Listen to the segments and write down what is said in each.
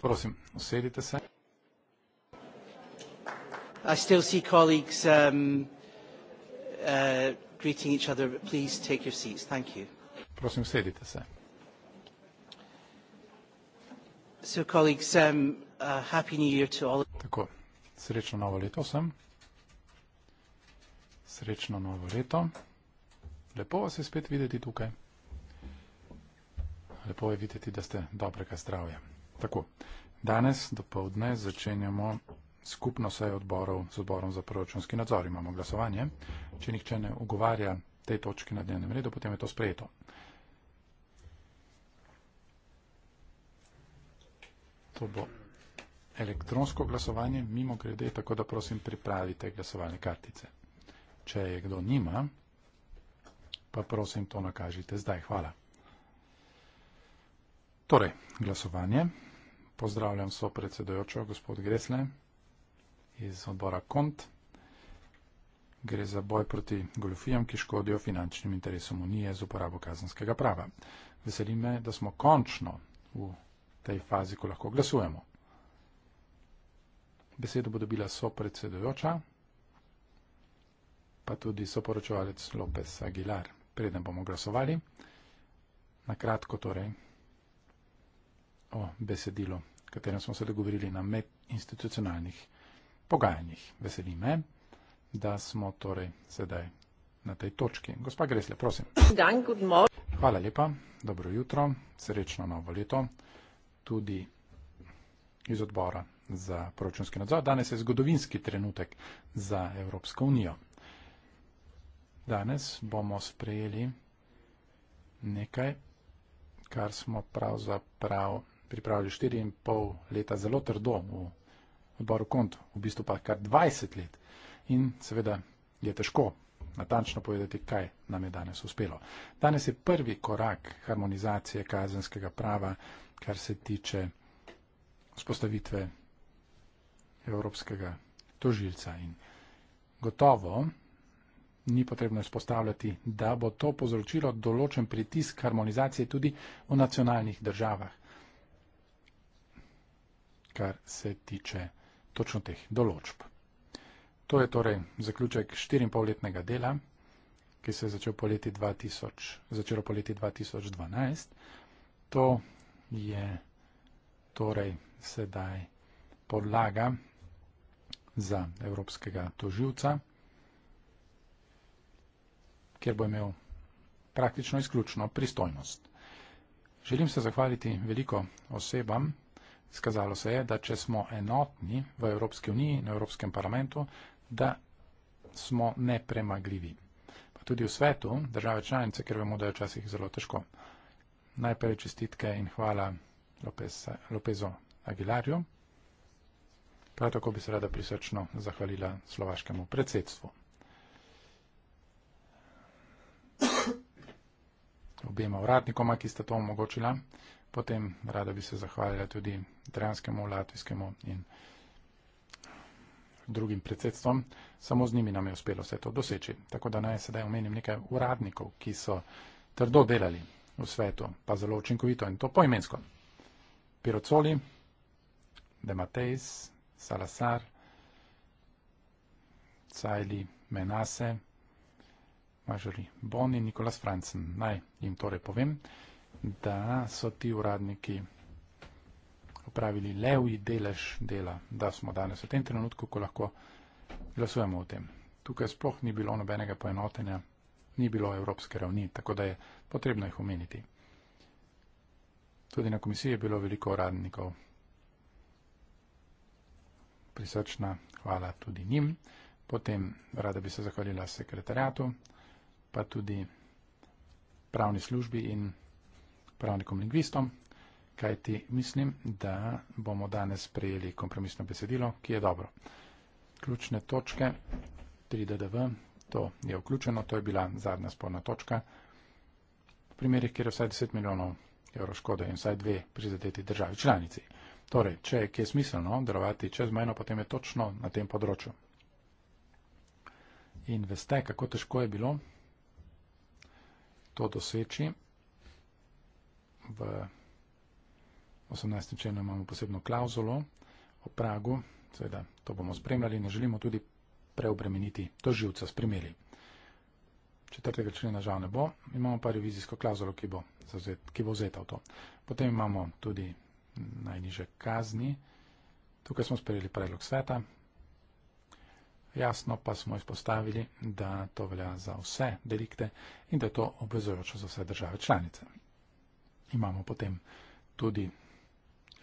Prosim, usedite se. I still see colleagues um, uh, greeting each other, but please take your seats. Thank you. Prosim, sedite se. So, colleagues, um, uh, Happy New Year to all of you. Srečno novo leto sem. Srečno novo leto. Lepo vas je spet videti tukaj lepo je videti, da ste dobrega zdravja. Tako, danes do povdne začenjamo skupno sejo odborov z odborom za proračunski nadzor. Imamo glasovanje. Če nihče ne ugovarja tej točki na dnevnem redu, potem je to sprejeto. To bo elektronsko glasovanje, mimo grede, tako da prosim pripravite glasovalne kartice. Če je kdo nima, pa prosim to nakažite zdaj. Hvala. Torej, glasovanje. Pozdravljam so predsedojočo gospod Gresle iz odbora KONT. Gre za boj proti goljofijam, ki škodijo finančnim interesom Unije z uporabo kazanskega prava. Veseli me, da smo končno v tej fazi, ko lahko glasujemo. Besedo bo dobila so predsedojoča, pa tudi soporočevalec Lopez Aguilar. Preden bomo glasovali, na kratko torej o besedilo, katero smo se dogovorili na medinstitucionalnih pogajanjih. Veseli me, da smo torej sedaj na tej točki. Gospa Gresle, prosim. Dan, Hvala lepa, dobro jutro, srečno novo leto. Tudi iz odbora za proračunski nadzor. Danes je zgodovinski trenutek za Evropsko unijo. Danes bomo sprejeli nekaj, kar smo pravzaprav prav pripravili štiri in pol leta zelo trdo v odboru kont, v bistvu pa kar 20 let. In seveda je težko natančno povedati, kaj nam je danes uspelo. Danes je prvi korak harmonizacije kazenskega prava, kar se tiče spostavitve evropskega tožilca. In gotovo ni potrebno izpostavljati, da bo to povzročilo določen pritisk harmonizacije tudi v nacionalnih državah kar se tiče točno teh določb. To je torej zaključek 4,5-letnega dela, ki se je začel poleti 2000, začelo poleti 2012. To je torej sedaj podlaga za evropskega toživca, kjer bo imel praktično izključno pristojnost. Želim se zahvaliti veliko osebam, Skazalo se je, da če smo enotni v Evropski uniji, na Evropskem parlamentu, da smo nepremagljivi. Pa tudi v svetu, države članice, ker vemo, da je včasih zelo težko. Najprej čestitke in hvala Lopez, Lopezo Aguilarju. Prav tako bi se rada prisrčno zahvalila slovaškemu predsedstvu. Obema uradnikoma, ki sta to omogočila, Potem rada bi se zahvalila tudi Trianskemu, Latvijskemu in drugim predsedstvom. Samo z njimi nam je uspelo vse to doseči. Tako da naj sedaj omenim nekaj uradnikov, ki so trdo delali v svetu, pa zelo učinkovito in to poimensko. Pirocoli, Demateis, Salazar, Cajli, Menase, Mažori, Boni, Nikolas Francen. Naj jim torej povem da so ti uradniki upravili levji delež dela, da smo danes v tem trenutku, ko lahko glasujemo o tem. Tukaj sploh ni bilo nobenega poenotenja, ni bilo evropske ravni, tako da je potrebno jih omeniti. Tudi na komisiji je bilo veliko uradnikov. Prisrčna hvala tudi njim. Potem rada bi se zahvalila sekretarjatu, pa tudi pravni službi in pravnikom lingvistom, kajti mislim, da bomo danes prejeli kompromisno besedilo, ki je dobro. Ključne točke 3DDV, to je vključeno, to je bila zadnja sporna točka. V primerih, kjer je vsaj 10 milijonov evrov škode in vsaj dve prizadeti državi članici. Torej, če je kje smiselno delovati čezmejno, potem je točno na tem področju. In veste, kako težko je bilo to doseči v 18. členu imamo posebno klauzulo o pragu, seveda to bomo spremljali, ne želimo tudi preobremeniti toživca s primeri. Četrtega člena žal ne bo, imamo pa revizijsko klauzulo, ki bo, zazet, ki bo zeta v to. Potem imamo tudi najniže kazni. Tukaj smo sprejeli predlog sveta. Jasno pa smo izpostavili, da to velja za vse delikte in da je to obvezujoče za vse države članice imamo potem tudi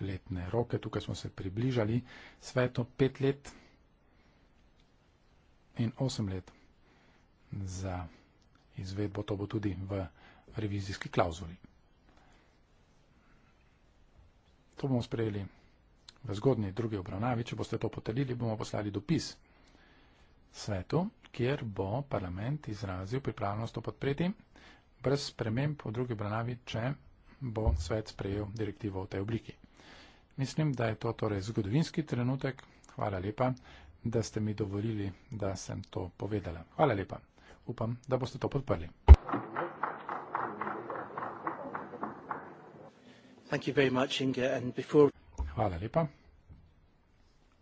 letne roke, tukaj smo se približali, sveto pet let in osem let za izvedbo, to bo tudi v revizijski klauzuli. To bomo sprejeli v zgodnji drugi obravnavi, če boste to potrdili, bomo poslali dopis svetu, kjer bo parlament izrazil pripravljenost to podpreti brez sprememb v drugi obravnavi, če bo svet sprejel direktivo v tej obliki. Mislim, da je to torej zgodovinski trenutek. Hvala lepa, da ste mi dovolili, da sem to povedala. Hvala lepa. Upam, da boste to podprli. Hvala lepa.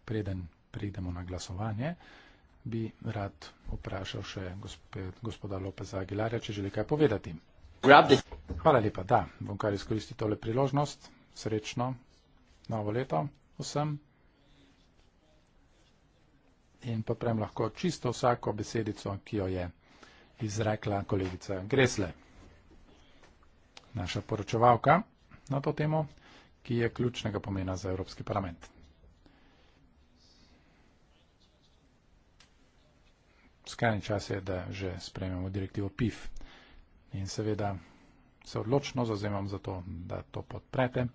Preden pridemo na glasovanje, bi rad vprašal še gospoda Lopeza Aguilarja, če želi kaj povedati. Grab this. Hvala lepa, da bom kar izkoristil tole priložnost. Srečno novo leto vsem. In pa prem lahko čisto vsako besedico, ki jo je izrekla kolegica Gresle, naša poročevalka na to temo, ki je ključnega pomena za Evropski parlament. Skrajni čas je, da že sprejmemo direktivo PIF. In seveda se odločno zazemam za to, da to podprete,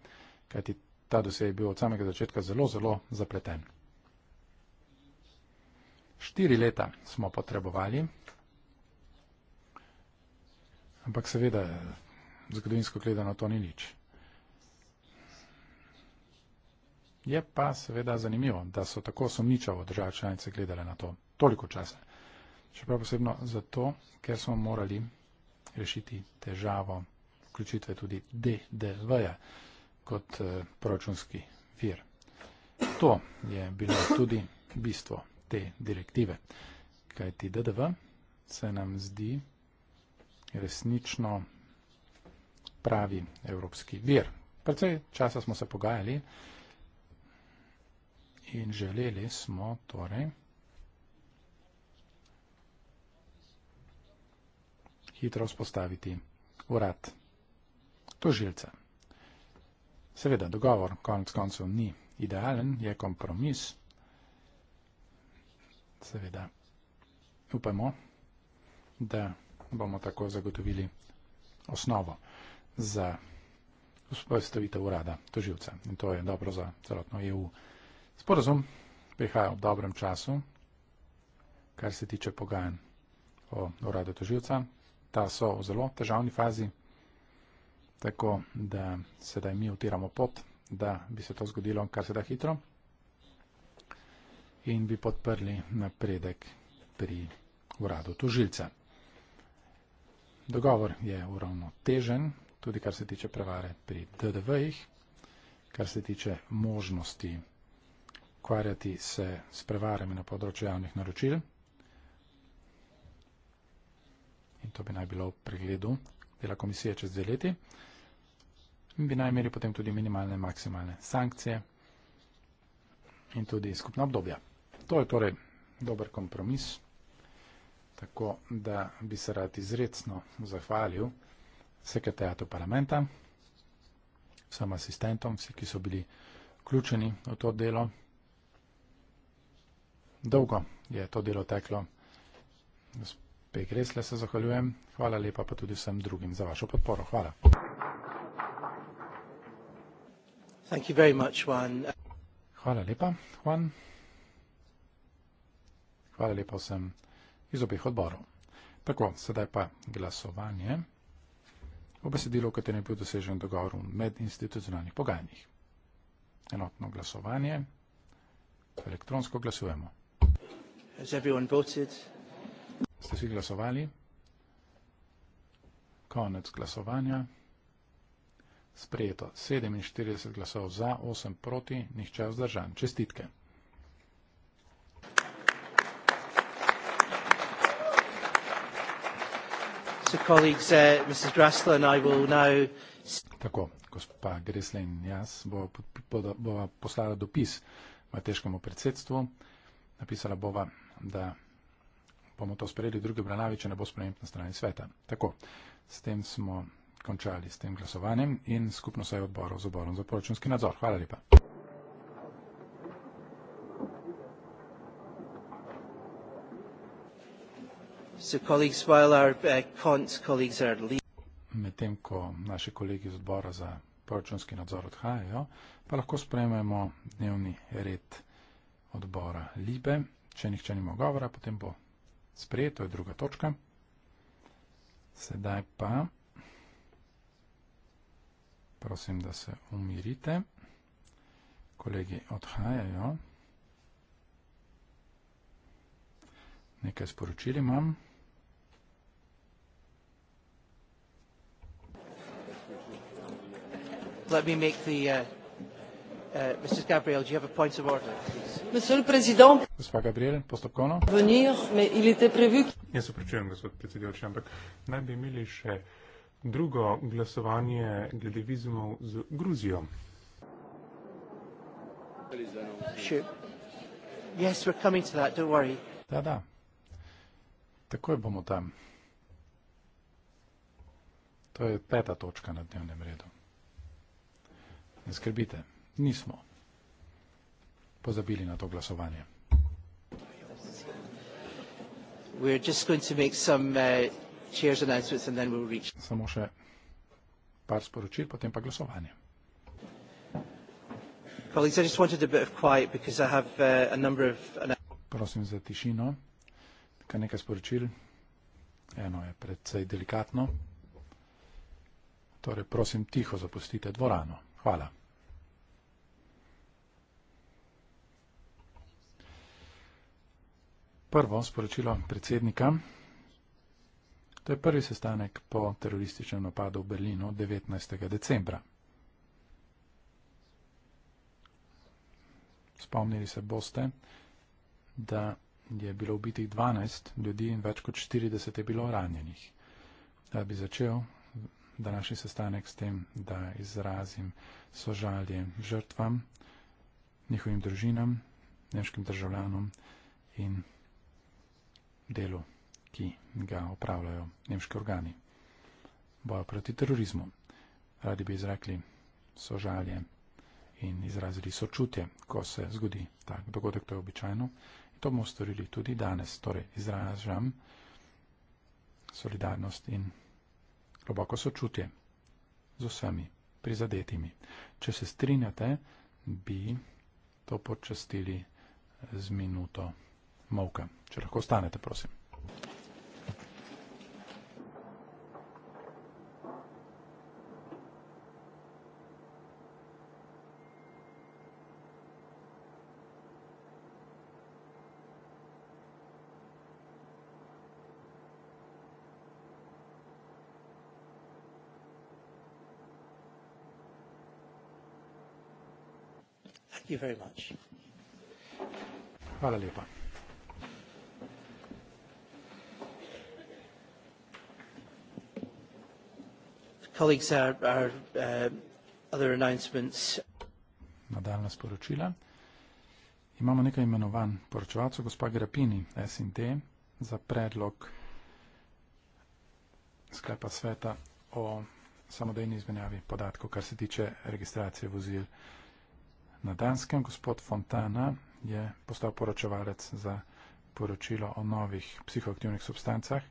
kajti ta doseg je bil od samega začetka zelo, zelo zapleten. Štiri leta smo potrebovali, ampak seveda zgodovinsko gledano to ni nič. Je pa seveda zanimivo, da so tako sumničavo države članice gledale na to toliko časa. Še prav posebno zato, ker smo morali rešiti težavo vključitve tudi DDV-ja kot eh, proračunski vir. To je bilo tudi bistvo te direktive, kajti DDV se nam zdi resnično pravi evropski vir. Predvsej časa smo se pogajali in želeli smo torej hitro vzpostaviti urad tožilce. Seveda, dogovor konec koncev ni idealen, je kompromis. Seveda, upamo, da bomo tako zagotovili osnovo za vzpostavitev urada tožilca. In to je dobro za celotno EU. Sporazum prihaja v dobrem času, kar se tiče pogajanj o uradu tožilca. Ta so v zelo težavni fazi tako da sedaj mi utiramo pot, da bi se to zgodilo kar se da hitro in bi podprli napredek pri uradu tužilca. Dogovor je uravno težen, tudi kar se tiče prevare pri DDV-jih, kar se tiče možnosti kvarjati se s prevarami na področju javnih naročil. In to bi naj bilo v pregledu dela komisije čez dve leti in bi naj imeli potem tudi minimalne in maksimalne sankcije in tudi skupna obdobja. To je torej dober kompromis, tako da bi se rad izredno zahvalil sekretarju parlamenta, vsem asistentom, vsi, ki so bili vključeni v to delo. Dolgo je to delo teklo. Gospe Gresle se zahvaljujem. Hvala lepa pa tudi vsem drugim za vašo podporo. Hvala. Thank you very much, Juan. Hvala lepa, Juan. Hvala lepa vsem iz obeh odborov. Tako, sedaj pa glasovanje o besedilu, v katerem je bil dosežen dogovor med institucionalnih pogajanjih. Enotno glasovanje. Elektronsko glasujemo. Ste vsi glasovali? Konec glasovanja sprejeto 47 glasov za, 8 proti, nihče vzdržan. Čestitke. Uh, Tako, gospa Gresle in jaz bova, bova poslala dopis Mateškemu predsedstvu. Napisala bova, da bomo to sprejeli v drugi obravnavi, če ne bo sprememb na strani sveta. Tako, s tem smo končali s tem glasovanjem in skupno se je odboru z oborom za poročunski nadzor. Hvala lepa. Uh, Medtem ko naši kolegi iz odbora za poročunski nadzor odhajajo, pa lahko sprejmemo dnevni red odbora Libe. Če nihče nima govora, potem bo sprejeto, je druga točka. Sedaj pa. Prosim, da se umirite. Kolegi odhajajo. Nekaj sporočil imam. Let me make the, uh, uh, Mrs. Gabriel, do you have a point of order, please? Monsieur le Président. Gospa Gabriel, postopkono. Venir, mais il était prévu. Jaz se pričujem, gospod predsedujoči, ampak naj bi imeli še uh, drugo glasovanje glede vizumov z Gruzijo. Yes, that, da, da. Takoj bomo tam. To je peta točka na dnevnem redu. Ne skrbite, nismo pozabili na to glasovanje. We're just going to make some uh, Cheers announcements and then we'll reach. Samo še par sporočil, potem pa glasovanje. Colleagues, I just wanted a bit of quiet because I have uh, a number of... Prosim za tišino. Kaj nekaj sporočil. Eno je predvsej delikatno. Torej, prosim, tiho zapustite dvorano. Hvala. Prvo sporočilo predsednika. To je prvi sestanek po terorističnem napadu v Berlinu 19. decembra. Spomnili se boste, da je bilo ubitih 12 ljudi in več kot 40 je bilo ranjenih. Da bi začel današnji sestanek s tem, da izrazim sožalje žrtvam, njihovim družinam, nemškim državljanom in delu ki ga opravljajo nemški organi. Bojo proti terorizmu. Radi bi izrekli sožalje in izrazili sočutje, ko se zgodi tak dogodek, to je običajno. In to bomo storili tudi danes. Torej izražam solidarnost in globoko sočutje z vsemi prizadetimi. Če se strinjate, bi to počastili z minuto molka. Če lahko stanete, prosim. you very much. Hvala lepa. Colleagues, our, our uh, other announcements. Nadaljna sporočila. Imamo nekaj imenovan poročevalcev, gospa Grapini, SND, za predlog sklepa sveta o samodejni izmenjavi podatkov, kar se tiče registracije vozil na Danskem. Gospod Fontana je postal poročevalec za poročilo o novih psihoaktivnih substancah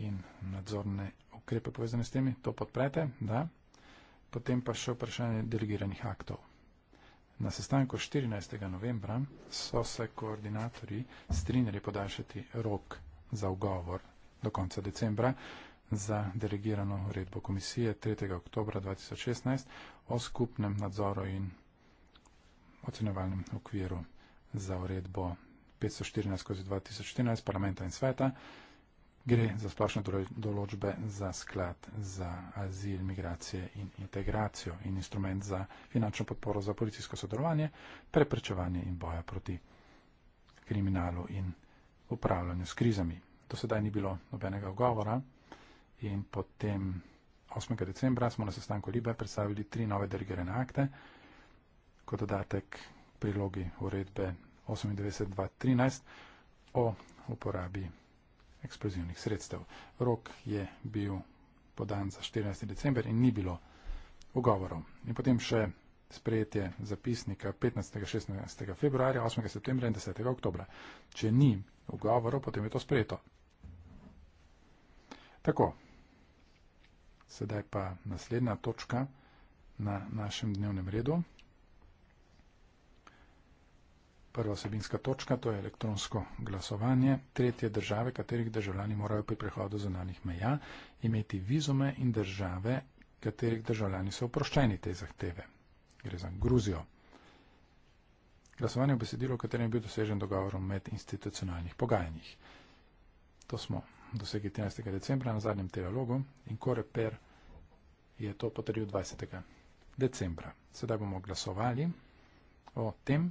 in nadzorne ukrepe povezane s temi. To podprete, da. Potem pa še vprašanje delegiranih aktov. Na sestanku 14. novembra so se koordinatorji strinjali podaljšati rok za ugovor do konca decembra za delegirano uredbo komisije 3. oktobra 2016 o skupnem nadzoru in ocenjevalnem okviru za uredbo 514-2014 parlamenta in sveta. Gre za splošne določbe za sklad za azil, migracije in integracijo in instrument za finančno podporo za policijsko sodelovanje, preprečevanje in boja proti kriminalu in upravljanju s krizami. Do sedaj ni bilo nobenega govora in potem 8. decembra smo na sestanku Libe predstavili tri nove delegirane akte kot dodatek prilogi uredbe 98.2.13 o uporabi eksplozivnih sredstev. Rok je bil podan za 14. december in ni bilo ugovorov. In potem še sprejetje zapisnika 15. 16. februarja, 8. septembra in 10. oktobra. Če ni ugovorov, potem je to sprejeto. Tako, Sedaj pa naslednja točka na našem dnevnem redu. Prva osebinska točka, to je elektronsko glasovanje. Tretje države, katerih državljani morajo pri prehodu zunanih meja imeti vizume in države, katerih državljani so oproščeni te zahteve. Gre za Gruzijo. Glasovanje je besedilo, v katerem je bil dosežen dogovor med institucionalnih pogajanjih. To smo dosegli 13. decembra na zadnjem teologu in Koreper je to potrdil 20. decembra. Sedaj bomo glasovali o tem.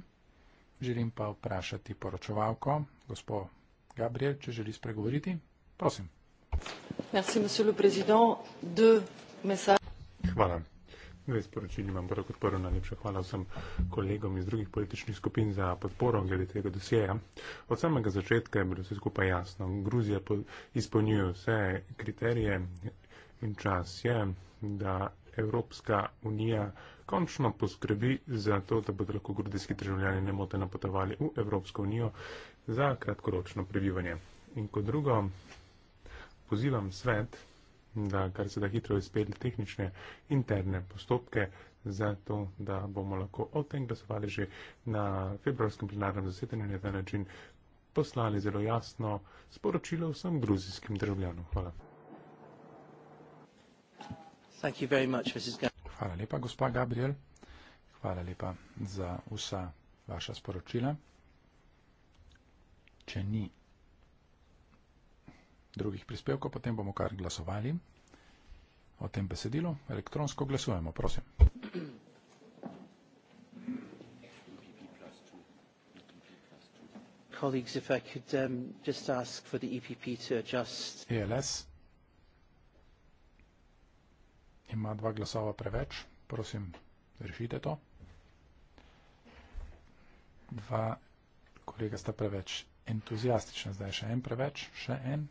Želim pa vprašati poročevalko, gospod Gabriel, če želi spregovoriti. Prosim. Merci, Hvala. Res poročil imam prav kot prvo najlepša hvala vsem kolegom iz drugih političnih skupin za podporo glede tega dosjeja. Od samega začetka je bilo vse skupaj jasno. Gruzija izpolnjuje vse kriterije in čas je, da Evropska unija končno poskrbi za to, da bodo lahko gruzijski državljani nemoteno potovali v Evropsko unijo za kratkoročno prebivanje. In kot drugo, pozivam svet, da kar se da hitro izpeljali tehnične interne postopke, zato da bomo lahko o tem glasovali že na februarskem plenarnem zasedanju in na ta način poslali zelo jasno sporočilo vsem gruzijskim državljanom. Hvala. Hvala lepa, gospa Gabriel. Hvala lepa za vsa vaša sporočila. Če ni drugih prispevkov, potem bomo kar glasovali o tem besedilu. Elektronsko glasujemo, prosim. Colleagues, if I could um, just ask for the EPP to adjust. ELS. Ima dva glasova preveč. Prosim, rešite to. Dva kolega sta preveč entuzijastična. Zdaj še en preveč. Še en.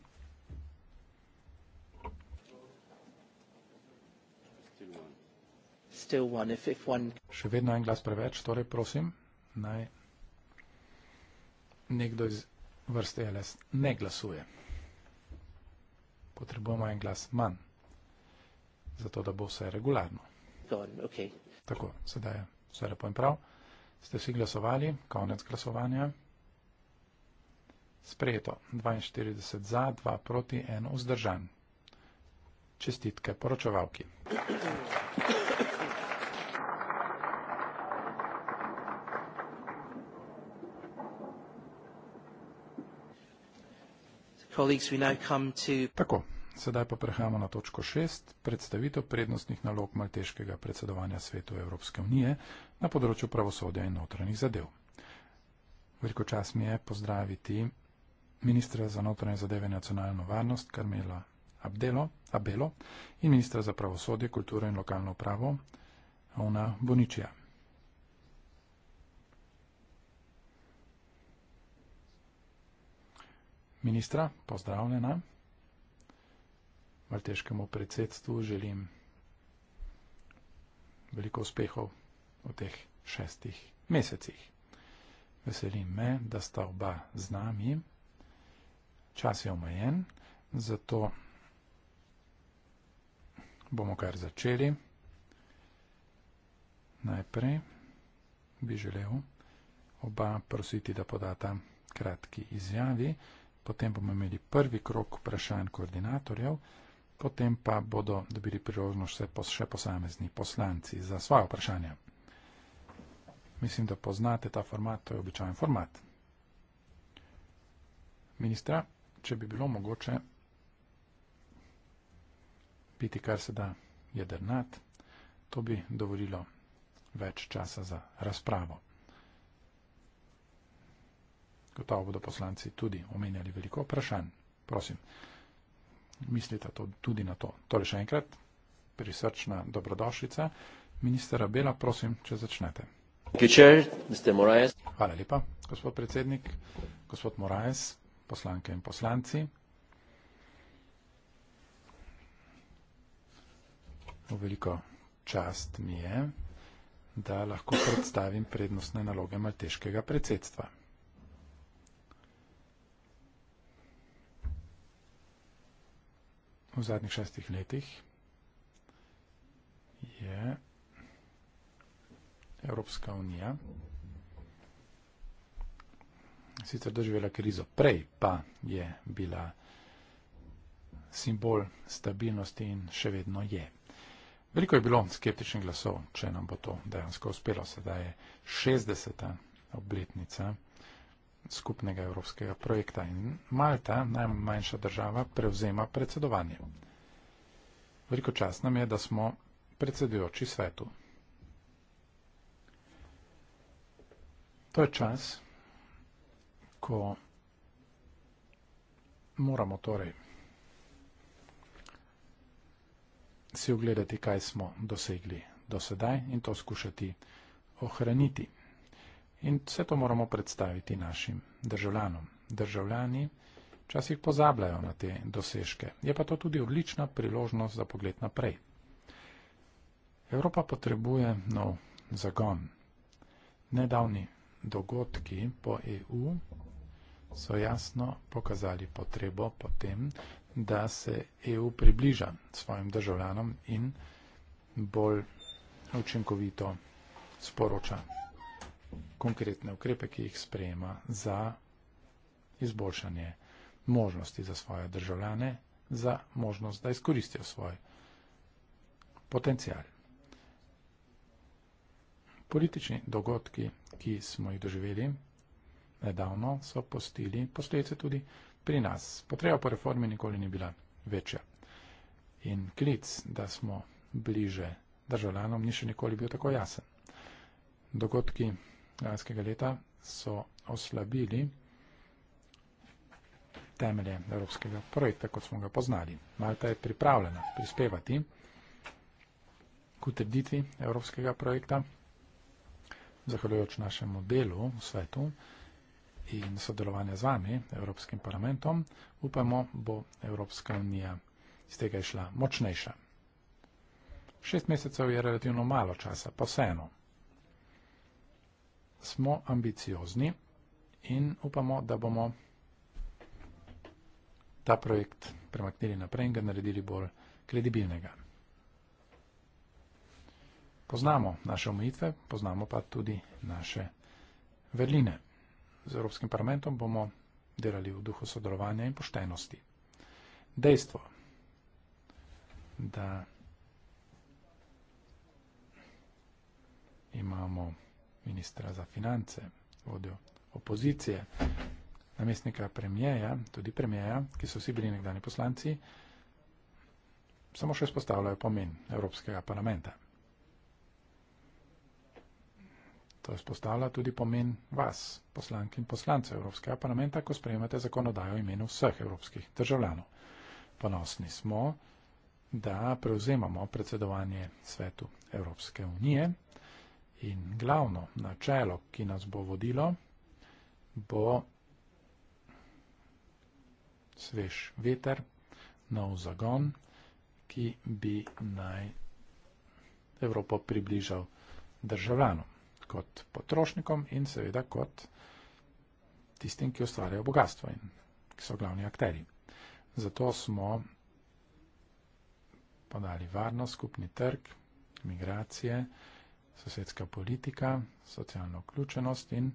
still one if if one Še vedno en glas preveč, torej prosim, naj nekdo iz vrste LS ne glasuje. Potrebujemo en glas manj, zato da bo vse regularno. Okay. Tako, sedaj je vse lepo in prav. Ste vsi glasovali, konec glasovanja. Sprejeto 42 za, 2 proti, 1 vzdržan. Čestitke poročevalki. Tako, sedaj pa prehajamo na točko šest, predstavitev prednostnih nalog malteškega predsedovanja svetu Evropske unije na področju pravosodja in notranjih zadev. Veliko čas mi je pozdraviti ministra za notranje zadeve in nacionalno varnost Karmela Abdelo, Abelo in ministra za pravosodje, kulturo in lokalno pravo Ona Boničija. ministra, pozdravljena. Malteškemu predsedstvu želim veliko uspehov v teh šestih mesecih. Veselim me, da sta oba z nami. Čas je omejen, zato bomo kar začeli. Najprej bi želel oba prositi, da podata kratki izjavi potem bomo imeli prvi krok vprašanj koordinatorjev, potem pa bodo dobili priložnost še posamezni poslanci za svoje vprašanja. Mislim, da poznate ta format, to je običajen format. Ministra, če bi bilo mogoče biti kar se da jedernat, to bi dovolilo več časa za razpravo. Gotovo bodo poslanci tudi omenjali veliko vprašanj. Prosim, mislite to, tudi na to. Torej še enkrat, prisrčna dobrodošlica. Ministra Bela, prosim, če začnete. Hvala lepa, gospod predsednik, gospod Moraes, poslanke in poslanci. V veliko čast mi je, da lahko predstavim prednostne naloge malteškega predsedstva. v zadnjih šestih letih je Evropska unija sicer doživela krizo prej, pa je bila simbol stabilnosti in še vedno je. Veliko je bilo skeptičnih glasov, če nam bo to dejansko uspelo. Sedaj je 60. obletnica skupnega evropskega projekta in Malta, najmanjša država, prevzema predsedovanje. Veliko čas nam je, da smo predsedujoči svetu. To je čas, ko moramo torej si ogledati, kaj smo dosegli do sedaj in to skušati ohraniti. In vse to moramo predstaviti našim državljanom. Državljani včasih pozabljajo na te dosežke. Je pa to tudi odlična priložnost za pogled naprej. Evropa potrebuje nov zagon. Nedavni dogodki po EU so jasno pokazali potrebo po tem, da se EU približa svojim državljanom in bolj učinkovito sporoča konkretne ukrepe, ki jih sprejema za izboljšanje možnosti za svoje državljane, za možnost, da izkoristijo svoj potencial. Politični dogodki, ki smo jih doživeli nedavno, so postili posledice tudi pri nas. Potreba po reformi nikoli ni bila večja. In klic, da smo bliže državljanom, ni še nikoli bil tako jasen. Dogodki lanskega leta so oslabili temelje evropskega projekta, kot smo ga poznali. Malta je pripravljena prispevati k utrditvi evropskega projekta, zahvaljujoč našemu delu v svetu in sodelovanje z vami, Evropskim parlamentom, upamo, bo Evropska unija iz tega išla močnejša. Šest mesecev je relativno malo časa, pa vseeno smo ambiciozni in upamo, da bomo ta projekt premaknili naprej in ga naredili bolj kredibilnega. Poznamo naše omejitve, poznamo pa tudi naše verline. Z Evropskim parlamentom bomo delali v duhu sodelovanja in poštenosti. Dejstvo, da imamo ministra za finance, vodjo opozicije, namestnika premijeja, tudi premijeja, ki so vsi bili nekdani poslanci, samo še spostavljajo pomen Evropskega parlamenta. To spostavlja tudi pomen vas, poslank in poslancev Evropskega parlamenta, ko sprejemate zakonodajo imenu vseh evropskih državljanov. Ponosni smo, da prevzemamo predsedovanje svetu Evropske unije. In glavno načelo, ki nas bo vodilo, bo svež veter, nov zagon, ki bi naj Evropo približal državljanom, kot potrošnikom in seveda kot tistim, ki ustvarjajo bogatstvo in ki so glavni akteri. Zato smo podali varnost, skupni trg, migracije sosedska politika, socialna vključenost in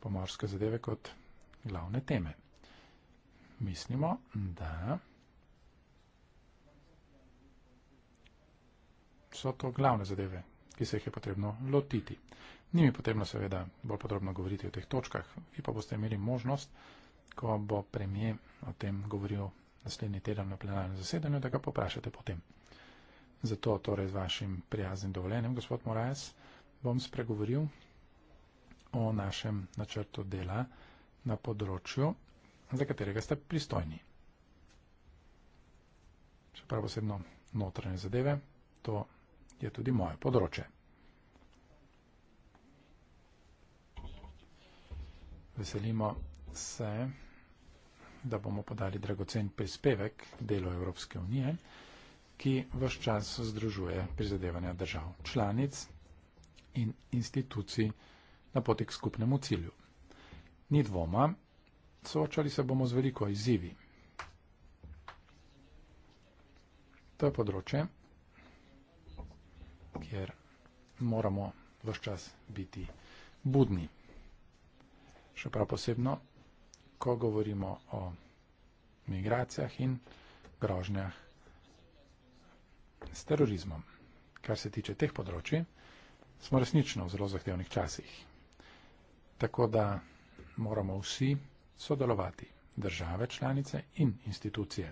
pomorske zadeve kot glavne teme. Mislimo, da so to glavne zadeve, ki se jih je potrebno lotiti. Ni mi potrebno seveda bolj podrobno govoriti o teh točkah, vi pa boste imeli možnost, ko bo premije o tem govoril naslednji teden na plenarnem zasedanju, da ga poprašate potem. Zato torej z vašim prijaznim dovoljenjem, gospod Morajas, bom spregovoril o našem načrtu dela na področju, za katerega ste pristojni. Še prav posebno notranje zadeve, to je tudi moje področje. Veselimo se, da bomo podali dragocen prispevek delu Evropske unije ki vse čas združuje prizadevanja držav članic in institucij na poti k skupnemu cilju. Ni dvoma, soočali se bomo z veliko izzivi. To je področje, kjer moramo vse čas biti budni. Še prav posebno, ko govorimo o migracijah in grožnjah s terorizmom. Kar se tiče teh področji, smo resnično v zelo zahtevnih časih. Tako da moramo vsi sodelovati, države, članice in institucije.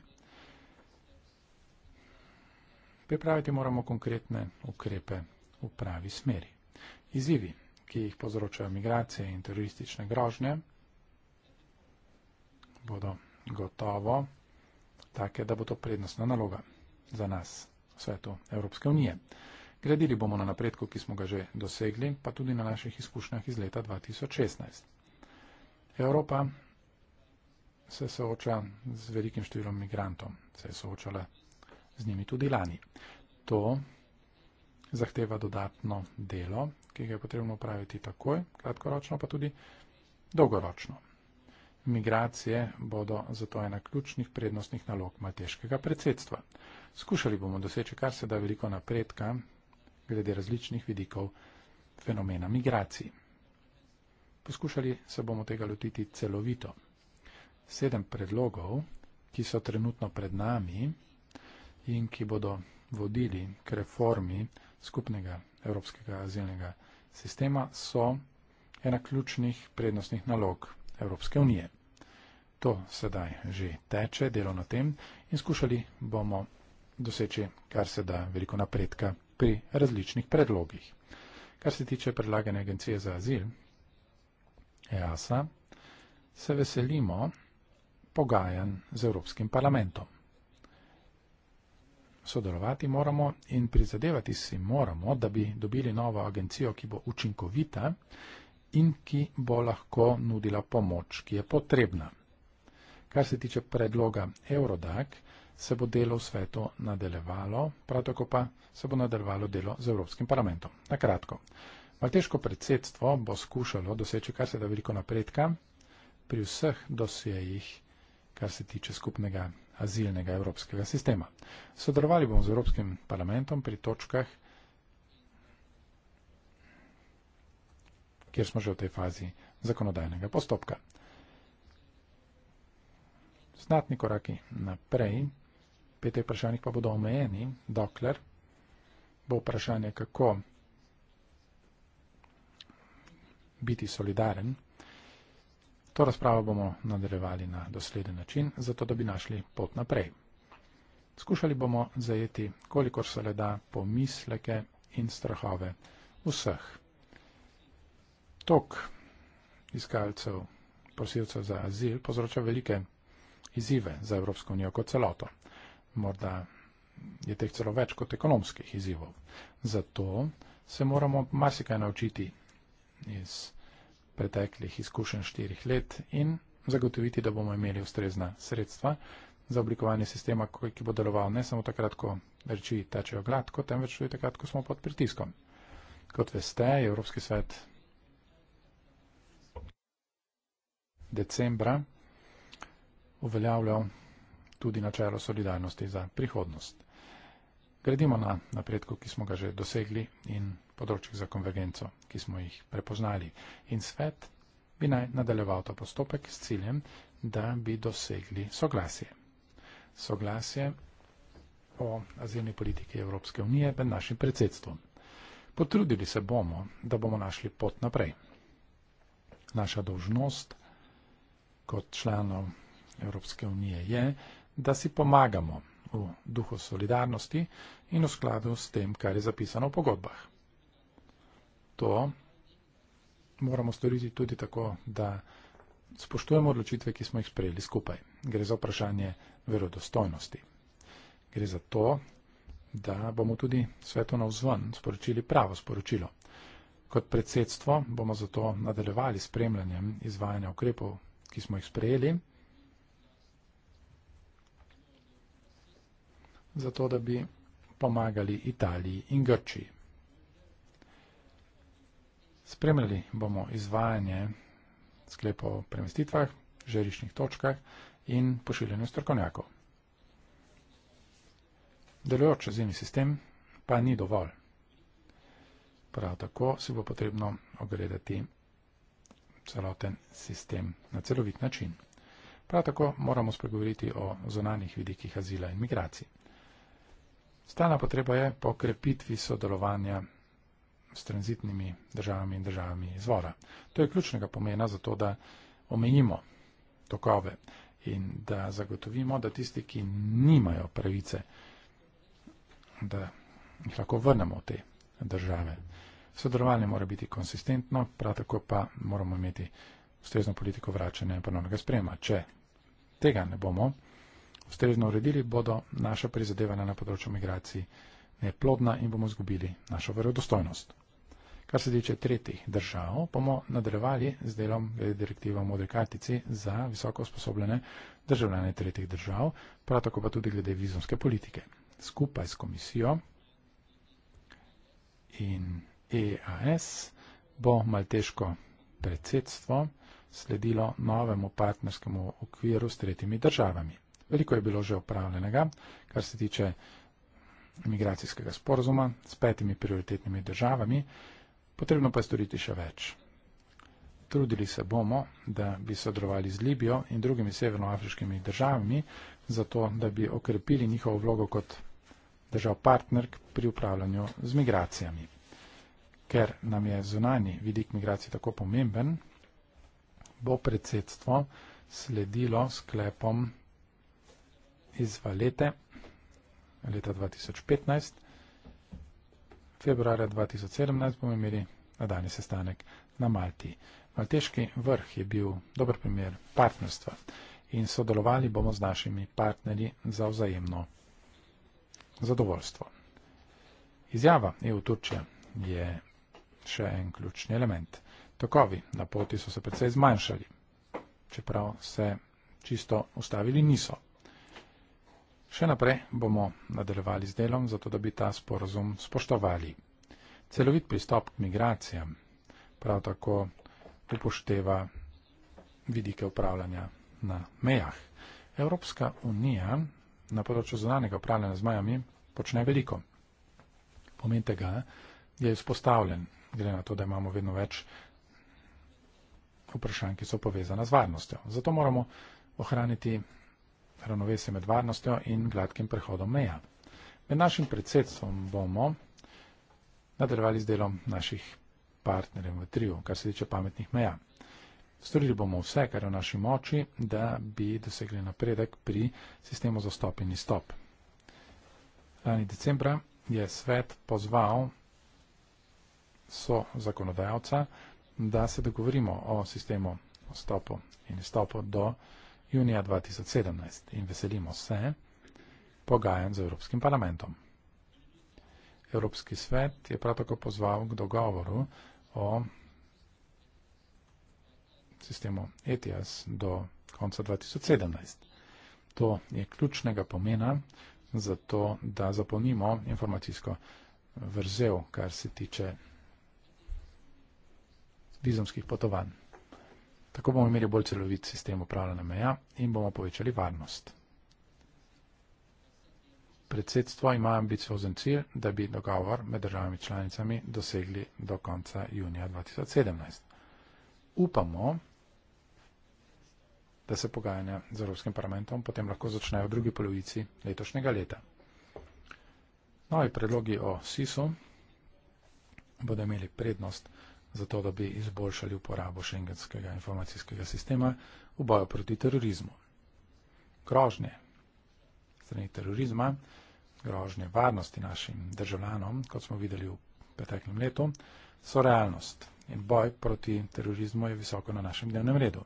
Pripraviti moramo konkretne ukrepe v pravi smeri. Izzivi, ki jih povzročajo migracije in teroristične grožnje, bodo gotovo take, da bo to prednostna naloga za nas svetu Evropske unije. Gradili bomo na napredku, ki smo ga že dosegli, pa tudi na naših izkušnjah iz leta 2016. Evropa se sooča z velikim številom migrantov, se je soočala z njimi tudi lani. To zahteva dodatno delo, ki ga je potrebno upraviti takoj, kratkoročno, pa tudi dolgoročno. Migracije bodo zato ena ključnih prednostnih nalog malteškega predsedstva. Skušali bomo doseči kar se da veliko napredka glede različnih vidikov fenomena migracij. Poskušali se bomo tega lotiti celovito. Sedem predlogov, ki so trenutno pred nami in ki bodo vodili k reformi skupnega evropskega azilnega sistema, so ena ključnih prednostnih nalog Evropske unije. To sedaj že teče, delo na tem in skušali bomo doseči kar se da veliko napredka pri različnih predlogih. Kar se tiče predlagane agencije za azil, EASA, se veselimo pogajanj z Evropskim parlamentom. Sodelovati moramo in prizadevati si moramo, da bi dobili novo agencijo, ki bo učinkovita in ki bo lahko nudila pomoč, ki je potrebna. Kar se tiče predloga Eurodac, se bo delo v svetu nadaljevalo, prav tako pa se bo nadaljevalo delo z Evropskim parlamentom. Na kratko. Malteško predsedstvo bo skušalo doseči kar se da veliko napredka pri vseh dosjejih, kar se tiče skupnega azilnega evropskega sistema. Sodelovali bomo z Evropskim parlamentom pri točkah, kjer smo že v tej fazi zakonodajnega postopka znatni koraki naprej. Pri teh vprašanjih pa bodo omejeni, dokler bo vprašanje, kako biti solidaren. To razpravo bomo nadaljevali na dosleden način, zato da bi našli pot naprej. Skušali bomo zajeti, kolikor se le da, pomisleke in strahove vseh. Tok iskalcev, prosilcev za azil, povzroča velike izzive za Evropsko unijo kot celoto. Morda je teh celo več kot ekonomskih izzivov. Zato se moramo marsikaj naučiti iz preteklih izkušenj štirih let in zagotoviti, da bomo imeli ustrezna sredstva za oblikovanje sistema, ki bo deloval ne samo takrat, ko reči tečejo gladko, temveč tudi takrat, ko smo pod pritiskom. Kot veste, je Evropski svet decembra uveljavljal tudi načelo solidarnosti za prihodnost. Gledimo na napredku, ki smo ga že dosegli in področjih za konvergenco, ki smo jih prepoznali. In svet bi naj nadaljeval ta postopek s ciljem, da bi dosegli soglasje. Soglasje o azilni politiki Evropske unije med našim predsedstvom. Potrudili se bomo, da bomo našli pot naprej. Naša dožnost kot članov Evropske unije je, da si pomagamo v duhu solidarnosti in v skladu s tem, kar je zapisano v pogodbah. To moramo storiti tudi tako, da spoštujemo odločitve, ki smo jih sprejeli skupaj. Gre za vprašanje verodostojnosti. Gre za to, da bomo tudi svetu na vzven sporočili pravo sporočilo. Kot predsedstvo bomo zato nadaljevali spremljanjem izvajanja ukrepov, ki smo jih sprejeli zato da bi pomagali Italiji in Grčiji. Spremljali bomo izvajanje sklepo o premestitvah, žeriščnih točkah in pošiljanju strokovnjakov. Delujoč zimni sistem pa ni dovolj. Prav tako si bo potrebno ogledati celoten sistem na celovit način. Prav tako moramo spregovoriti o zonanih vidikih azila in migracij. Stalna potreba je po krepitvi sodelovanja s tranzitnimi državami in državami izvora. To je ključnega pomena za to, da omenimo tokove in da zagotovimo, da tisti, ki nimajo pravice, da jih lahko vrnemo v te države. Sodelovanje mora biti konsistentno, prav tako pa moramo imeti ustrezno politiko vračanja in ponovnega sprejema. Če tega ne bomo, ustrezno uredili, bodo naša prizadevanja na področju migracij neplodna in bomo izgubili našo verodostojnost. Kar se tiče tretjih držav, bomo nadaljevali z delom glede direktive o modri kartici za visoko usposobljene državljane tretjih držav, prav tako pa tudi glede vizumske politike. Skupaj s komisijo in EAS bo malteško predsedstvo sledilo novemu partnerskemu okviru s tretjimi državami. Veliko je bilo že opravljenega, kar se tiče imigracijskega sporozuma s petimi prioritetnimi državami, potrebno pa je storiti še več. Trudili se bomo, da bi sodelovali z Libijo in drugimi severnoafriškimi državami, zato da bi okrepili njihovo vlogo kot držav partnerk pri upravljanju z migracijami. Ker nam je zunani vidik migracij tako pomemben, bo predsedstvo sledilo sklepom iz Valete leta 2015. Februarja 2017 bomo imeli nadaljni sestanek na Malti. Malteški vrh je bil dober primer partnerstva in sodelovali bomo z našimi partnerji za vzajemno zadovoljstvo. Izjava EU Turčija je še en ključni element. Tokovi na poti so se predvsej zmanjšali, čeprav se čisto ustavili niso. Še naprej bomo nadaljevali z delom, zato da bi ta sporozum spoštovali. Celovit pristop k migracijam prav tako upošteva vidike upravljanja na mejah. Evropska unija na področju zunanjega upravljanja z majami počne veliko. Pomen tega je izpostavljen, gre na to, da imamo vedno več vprašanj, ki so povezana z varnostjo. Zato moramo ohraniti ravnovesje med varnostjo in gladkim prehodom meja. Med našim predsedstvom bomo nadaljevali z delom naših partnerjev v triju, kar se tiče pametnih meja. Storili bomo vse, kar je v naši moči, da bi dosegli napredek pri sistemu za stop in izstop. Lani decembra je svet pozval so zakonodajalca, da se dogovorimo o sistemu stopu in izstopu do junija 2017 in veselimo se pogajanj z Evropskim parlamentom. Evropski svet je prav tako pozval k dogovoru o sistemu ETIAS do konca 2017. To je ključnega pomena za to, da zapolnimo informacijsko vrzel, kar se tiče vizumskih potovanj. Tako bomo imeli bolj celovit sistem upravljanja meja in bomo povečali varnost. Predsedstvo ima ambiciozen cilj, da bi dogovor med državami članicami dosegli do konca junija 2017. Upamo, da se pogajanja z Evropskim parlamentom potem lahko začnejo v drugi polovici letošnjega leta. Novi predlogi o SIS-u bodo imeli prednost zato da bi izboljšali uporabo šengenskega informacijskega sistema v boju proti terorizmu. Grožnje strani terorizma, grožnje varnosti našim državljanom, kot smo videli v preteklem letu, so realnost in boj proti terorizmu je visoko na našem dnevnem redu.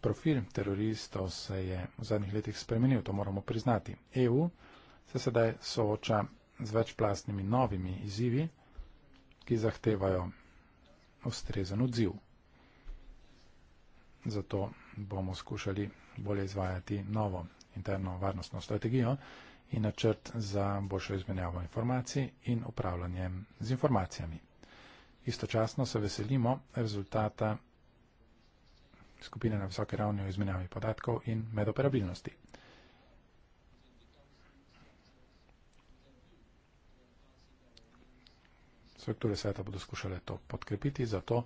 Profil teroristov se je v zadnjih letih spremenil, to moramo priznati. EU se sedaj sooča z večplastnimi novimi izzivi, ki zahtevajo ustrezen odziv. Zato bomo skušali bolje izvajati novo interno varnostno strategijo in načrt za boljšo izmenjavo informacij in upravljanje z informacijami. Istočasno se veselimo rezultata skupine na visoke ravni o izmenjavi podatkov in medoperabilnosti. Strukture sveta bodo skušale to podkrepiti zato,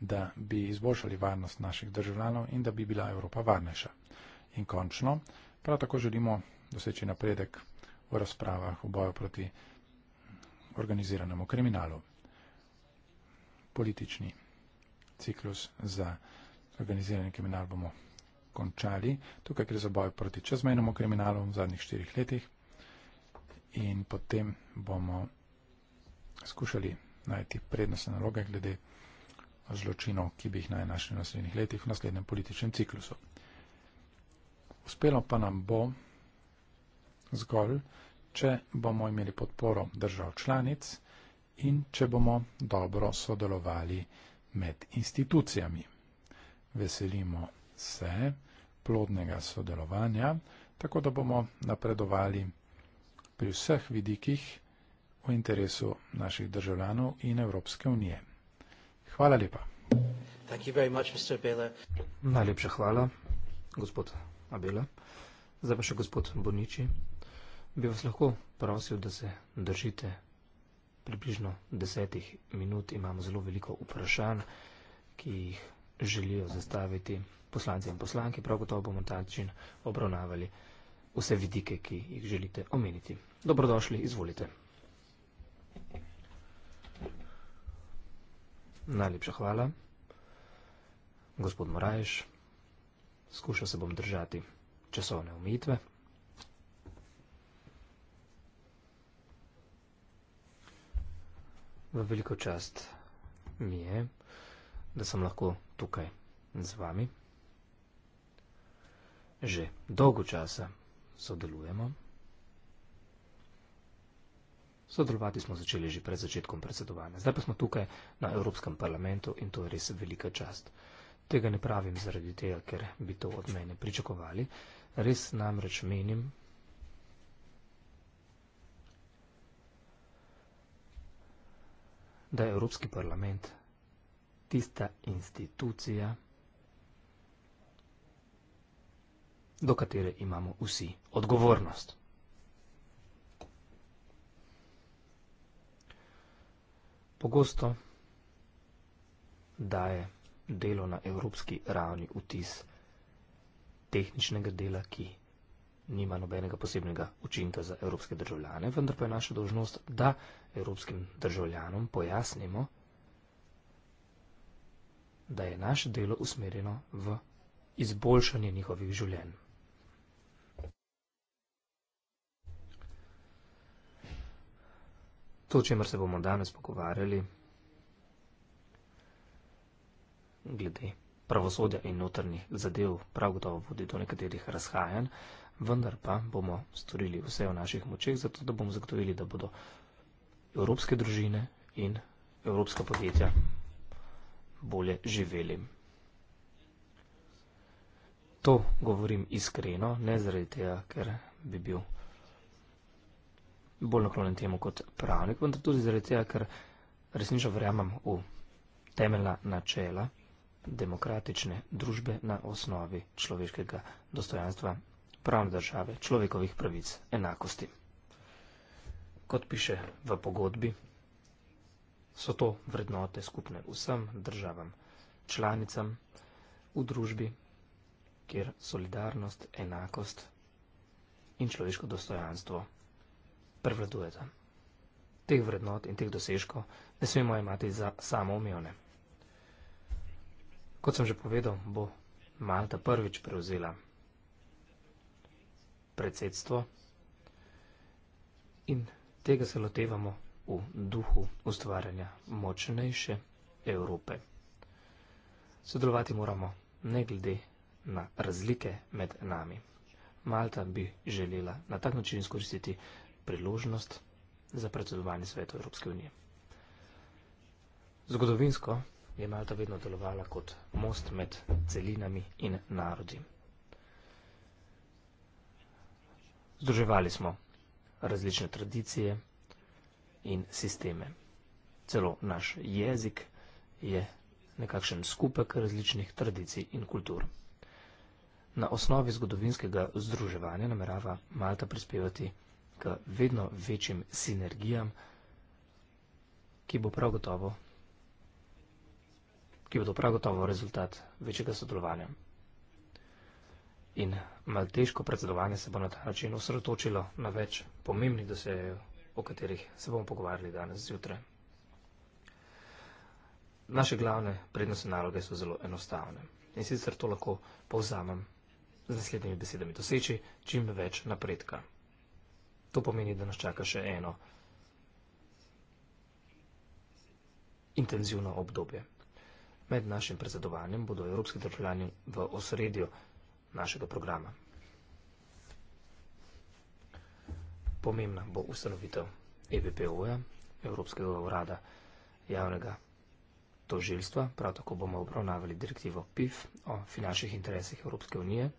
da bi izboljšali varnost naših državljanov in da bi bila Evropa varnejša. In končno, prav tako želimo doseči napredek v razpravah v boju proti organiziranemu kriminalu. Politični ciklus za organizirani kriminal bomo končali. Tukaj gre za boj proti čezmejnemu kriminalu v zadnjih štirih letih in potem bomo skušali najti prednostne naloge glede zločinov, ki bi jih naj našli v naslednjih letih, v naslednjem političnem ciklusu. Uspelo pa nam bo zgolj, če bomo imeli podporo držav članic in če bomo dobro sodelovali med institucijami. Veselimo se plodnega sodelovanja, tako da bomo napredovali pri vseh vidikih, v interesu naših državljanov in Evropske unije. Hvala lepa. Much, Najlepša hvala, gospod Abela. Zdaj pa še gospod Bonici. Bi vas lahko prosil, da se držite približno desetih minut. Imam zelo veliko vprašanj, ki jih želijo zastaviti poslanci in poslanki. Prav gotovo bomo ta način obravnavali vse vidike, ki jih želite omeniti. Dobrodošli, izvolite. Najlepša hvala. Gospod Morajš, skušal se bom držati časovne omejitve. V veliko čast mi je, da sem lahko tukaj z vami. Že dolgo časa sodelujemo. Sodelovati smo začeli že pred začetkom predsedovanja. Zdaj pa smo tukaj na Evropskem parlamentu in to je res velika čast. Tega ne pravim zaradi tega, ker bi to od mene pričakovali. Res namreč menim, da je Evropski parlament tista institucija, do katere imamo vsi odgovornost. pogosto daje delo na evropski ravni vtis tehničnega dela, ki nima nobenega posebnega učinka za evropske državljane, vendar pa je naša dolžnost, da evropskim državljanom pojasnimo, da je naše delo usmerjeno v izboljšanje njihovih življenj. To, o čemer se bomo danes pogovarjali, glede pravosodja in notrnih zadev, prav gotovo vodi do nekaterih razhajanj, vendar pa bomo storili vse v naših močeh, zato da bomo zagotovili, da bodo evropske družine in evropska podjetja bolje živeli. To govorim iskreno, ne zaradi tega, ker bi bil bolj naklonjen temu kot pravnik, vendar tudi zaradi tega, ker resnično verjamem v temeljna načela demokratične družbe na osnovi človeškega dostojanstva, pravne države, človekovih pravic, enakosti. Kot piše v pogodbi, so to vrednote skupne vsem državam, članicam v družbi, kjer solidarnost, enakost in človeško dostojanstvo prevladujeta. Teh vrednot in teh dosežkov ne smemo imati za samoumevne. Kot sem že povedal, bo Malta prvič prevzela predsedstvo in tega se lotevamo v duhu ustvarjanja močnejše Evrope. Sodelovati moramo ne glede na razlike med nami. Malta bi želela na tak način izkoristiti priložnost za predsedovanje svetu Evropske unije. Zgodovinsko je Malta vedno delovala kot most med celinami in narodi. Združevali smo različne tradicije in sisteme. Celo naš jezik je nekakšen skupek različnih tradicij in kultur. Na osnovi zgodovinskega združevanja namerava Malta prispevati k vedno večjim sinergijam, ki bo prav gotovo, ki bodo prav gotovo rezultat večjega sodelovanja. In malteško predsedovanje se bo na ta način osredotočilo na več pomembnih dosejev, o katerih se bomo pogovarjali danes zjutraj. Naše glavne prednostne naloge so zelo enostavne in sicer to lahko povzamem z naslednjimi besedami doseči čim več napredka. To pomeni, da nas čaka še eno intenzivno obdobje. Med našim predsedovanjem bodo evropski državljani v osredju našega programa. Pomembna bo ustanovitev EBPO-ja, Evropskega urada javnega tožilstva. Prav tako bomo obravnavali direktivo PIF o finančnih interesih Evropske unije.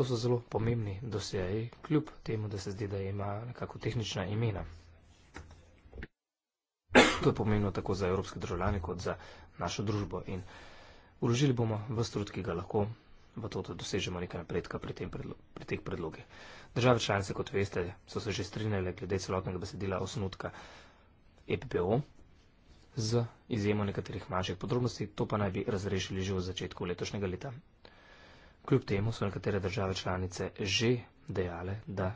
To so zelo pomembni dosjeji, kljub temu, da se zdi, da ima nekako tehnična imena. To je pomembno tako za evropske državljane, kot za našo družbo in uložili bomo v strud, ki ga lahko v to, da dosežemo nekaj napredka pri, tem, pri teh predlogih. Države članice, kot veste, so se že strinjale glede celotnega besedila osnutka EPPO z izjemo nekaterih manjših podrobnosti, to pa naj bi razrešili že v začetku letošnjega leta Kljub temu so nekatere države članice že dejale, da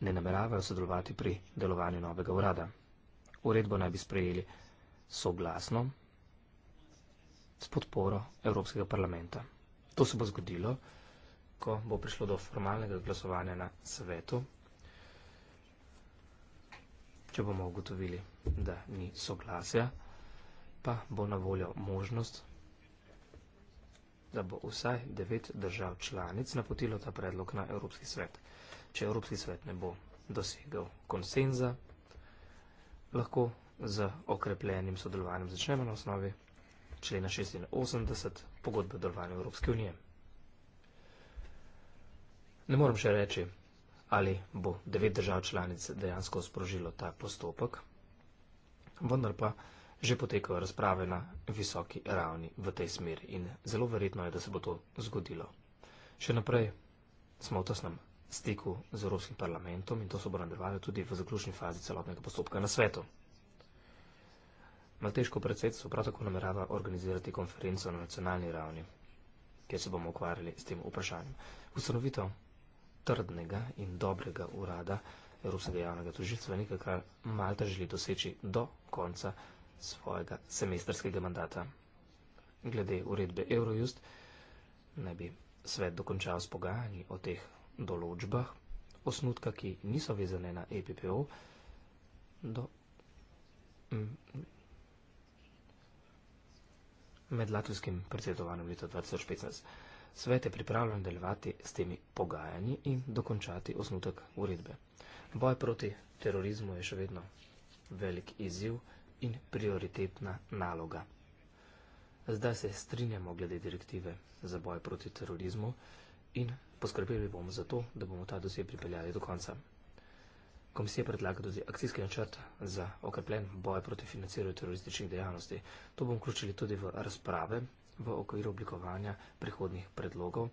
ne nameravajo sodelovati pri delovanju novega urada. Uredbo naj bi sprejeli soglasno s podporo Evropskega parlamenta. To se bo zgodilo, ko bo prišlo do formalnega glasovanja na svetu, če bomo ugotovili, da ni soglasja, pa bo na voljo možnost da bo vsaj devet držav članic napotilo ta predlog na Evropski svet. Če Evropski svet ne bo dosegel konsenza, lahko z okrepljenim sodelovanjem začnemo na osnovi člena 86 pogodbe o delovanju Evropske unije. Ne moram še reči, ali bo devet držav članic dejansko sprožilo ta postopek, vendar pa že potekajo razprave na visoki ravni v tej smeri in zelo verjetno je, da se bo to zgodilo. Še naprej smo v tesnem stiku z Evropskim parlamentom in to se bo nadaljevalo tudi v zaključni fazi celotnega postopka na svetu. Malteško predsedstvo prav tako namerava organizirati konferenco na nacionalni ravni, kjer se bomo ukvarjali s tem vprašanjem. Ustanovitev trdnega in dobrega urada Evropskega javnega tožilstva je nekaj, kar Malta želi doseči do konca svojega semestrskega mandata. Glede uredbe Eurojust naj bi svet dokončal s pogajanji o teh določbah osnutka, ki niso vezane na EPPO, do, med latvijskim predsedovanjem leta 2015. Svet je pripravljen delovati s temi pogajanji in dokončati osnutek uredbe. Boj proti terorizmu je še vedno velik izziv in prioritetna naloga. Zdaj se strinjamo glede direktive za boj proti terorizmu in poskrbeli bomo za to, da bomo ta dosje pripeljali do konca. Komisija predlaga tudi akcijski načrt za okrepljen boj proti financiranju terorističnih dejavnosti. To bomo vključili tudi v razprave v okviru oblikovanja prihodnih predlogov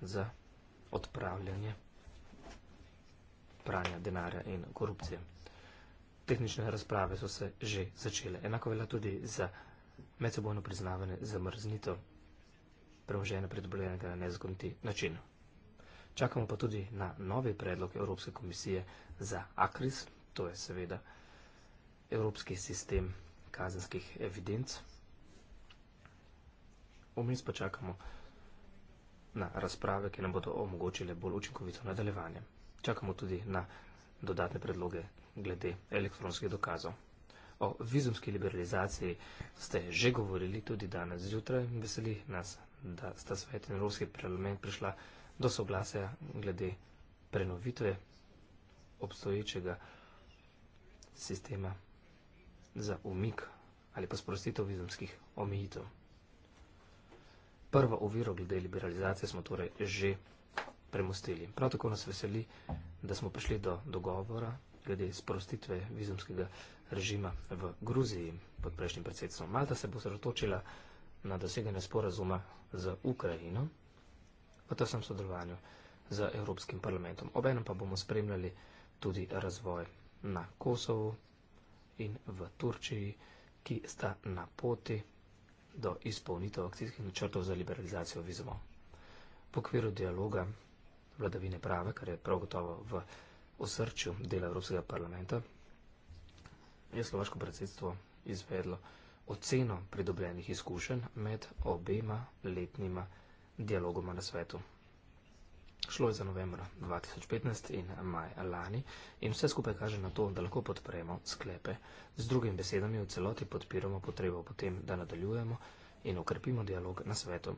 za odpravljanje pranja denarja in korupcije tehnične razprave so se že začele. Enako velja tudi za medsebojno priznavanje zamrznitev premoženja predobljenega na nezakoniti način. Čakamo pa tudi na novi predlog Evropske komisije za ACRIS, to je seveda Evropski sistem kazenskih evidenc. Vmes pa čakamo na razprave, ki nam bodo omogočile bolj učinkovito nadaljevanje. Čakamo tudi na dodatne predloge glede elektronskih dokazov. O vizumski liberalizaciji ste že govorili tudi danes zjutraj. Veseli nas, da sta svet in Evropski parlament prišla do soglasja glede prenovitve obstoječega sistema za umik ali pa sprostitev vizumskih omejitev. Prvo oviro glede liberalizacije smo torej že premustili. Prav tako nas veseli, da smo prišli do dogovora glede sprostitve vizumskega režima v Gruziji pod prejšnjim predsedstvom. Malta se bo sredotočila na doseganje sporazuma z Ukrajino v tesnem sodelovanju z Evropskim parlamentom. Obenem pa bomo spremljali tudi razvoj na Kosovu in v Turčiji, ki sta na poti do izpolnitev akcijskih načrtov za liberalizacijo vizumov. V okviru dialoga vladavine prave, kar je prav gotovo v Evropi, osrčju dela Evropskega parlamenta je slovaško predsedstvo izvedlo oceno pridobljenih izkušenj med obema letnima dialogoma na svetu. Šlo je za novembra 2015 in maj lani in vse skupaj kaže na to, da lahko podpremo sklepe. Z drugim besedami v celoti podpiramo potrebo potem, da nadaljujemo in ukrepimo dialog na svetu.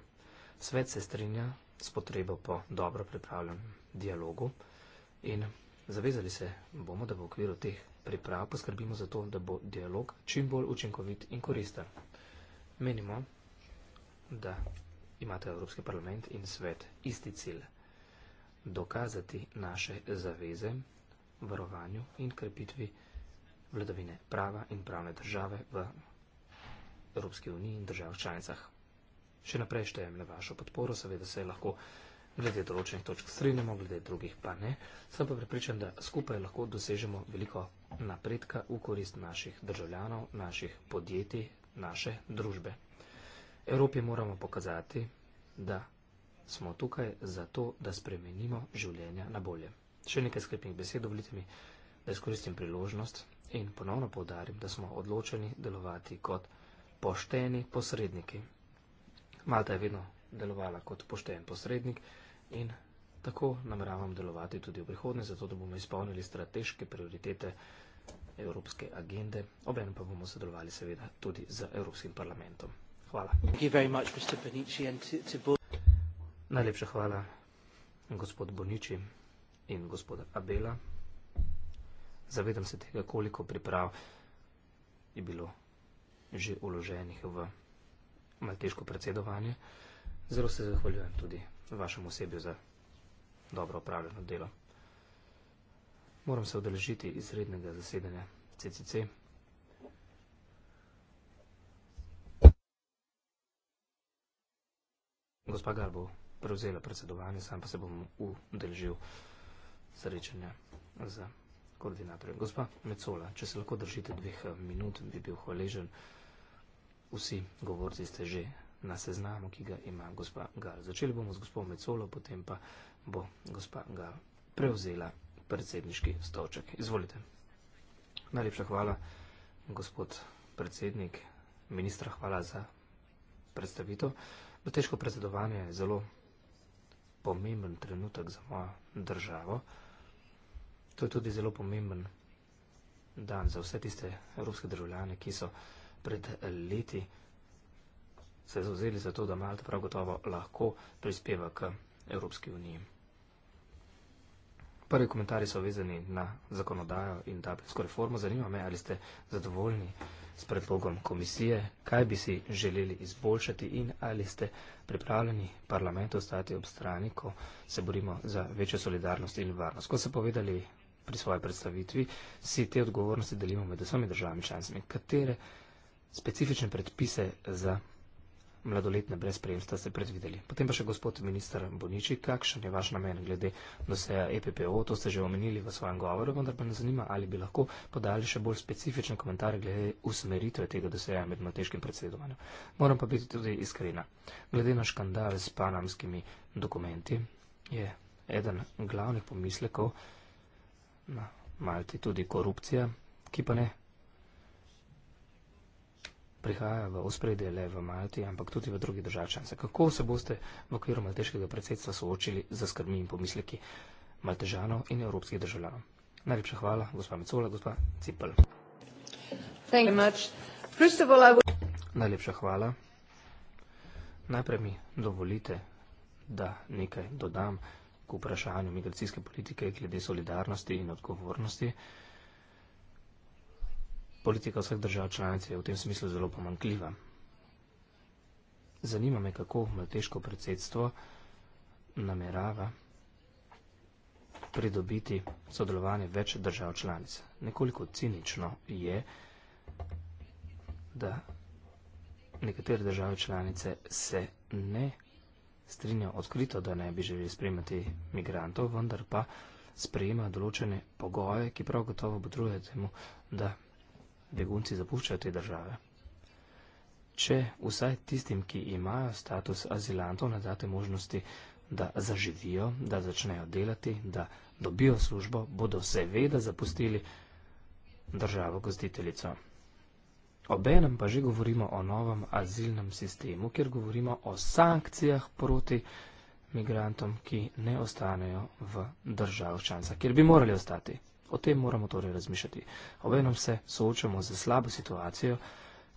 Svet se strinja s potrebo po dobro pripravljenem dialogu in Zavezali se bomo, da v okviru teh priprav poskrbimo za to, da bo dialog čim bolj učinkovit in koristen. Menimo, da imate Evropski parlament in svet isti cilj – dokazati naše zaveze, varovanju in krepitvi vladavine prava in pravne države v Evropski uniji in državah članicah. Še naprej štejem na vašo podporo, seveda se lahko vsega, glede določenih točk strinjamo, glede drugih pa ne. Sem pa pripričan, da skupaj lahko dosežemo veliko napredka v korist naših državljanov, naših podjetij, naše družbe. Evropi moramo pokazati, da smo tukaj zato, da spremenimo življenja na bolje. Še nekaj sklepnih besed, dovolite mi, da izkoristim priložnost in ponovno povdarim, da smo odločeni delovati kot pošteni posredniki. Malta je vedno delovala kot pošten posrednik in tako nameravam delovati tudi v prihodnje, zato da bomo izpolnili strateške prioritete Evropske agende, obenem pa bomo sodelovali seveda tudi z Evropskim parlamentom. Hvala. Najlepša hvala gospod Bonici in gospod Abela. Zavedam se tega, koliko priprav je bilo že uloženih v malteško predsedovanje. Zelo se zahvaljujem tudi v vašem osebju za dobro upravljeno delo. Moram se odeležiti izrednega zasedanja CCC. Gospa Gar bo prevzela predsedovanje, sam pa se bom udeležil srečanja z koordinatorjem. Gospa Mecola, če se lahko držite dveh minut, bi bil hvaležen. Vsi govorci ste že na seznamu, ki ga ima gospa Gal. Začeli bomo z gospo Mecolo, potem pa bo gospa Gal prevzela predsedniški stolček. Izvolite. Najlepša hvala, gospod predsednik, ministra, hvala za predstavitev. Težko predsedovanje je zelo pomemben trenutek za mojo državo. To je tudi zelo pomemben dan za vse tiste evropske državljane, ki so pred leti se zauzeli za to, da Malta prav gotovo lahko prispeva k Evropski uniji. Prvi komentarji so vezani na zakonodajo in tablinsko reformo. Zanima me, ali ste zadovoljni s predlogom komisije, kaj bi si želeli izboljšati in ali ste pripravljeni parlamentu ostati ob strani, ko se borimo za večjo solidarnost in varnost. Ko ste povedali pri svoji predstavitvi, si te odgovornosti delimo med vsemi državami članicami. Katere specifične predpise za mladoletne brez spremstva ste predvideli. Potem pa še gospod minister Boniči, kakšen je vaš namen glede doseja EPPO, to ste že omenili v svojem govoru, vendar pa me zanima, ali bi lahko podali še bolj specifičen komentar glede usmeritve tega doseja med mateškim predsedovanjem. Moram pa biti tudi iskrena. Glede na škandal s panamskimi dokumenti je eden glavnih pomislekov na Malti tudi korupcija, ki pa ne prihaja v ospredje le v Malti, ampak tudi v drugih držav članice. Kako se boste v okviru malteškega predsedstva soočili z skrbmi in pomisleki maltežanov in evropskih državljanov? Najlepša hvala, gospa Mecola, gospa Cipel. Najlepša hvala. Najprej mi dovolite, da nekaj dodam k vprašanju migracijske politike glede solidarnosti in odgovornosti. Uh, politika vseh držav članic je v tem smislu zelo pomankljiva. Zanima me, kako malteško predsedstvo namerava pridobiti sodelovanje več držav članic. Nekoliko cinično je, da nekatere države članice se ne strinjajo odkrito, da ne bi želeli sprejemati migrantov, vendar pa sprejema določene pogoje, ki prav gotovo potrujejo temu, da begunci zapuščajo te države. Če vsaj tistim, ki imajo status azilantov, ne date možnosti, da zaživijo, da začnejo delati, da dobijo službo, bodo seveda zapustili državo gostiteljico. Obenem pa že govorimo o novem azilnem sistemu, kjer govorimo o sankcijah proti migrantom, ki ne ostanejo v državah članica, kjer bi morali ostati. O tem moramo torej razmišljati. Obenem se soočamo z slabo situacijo,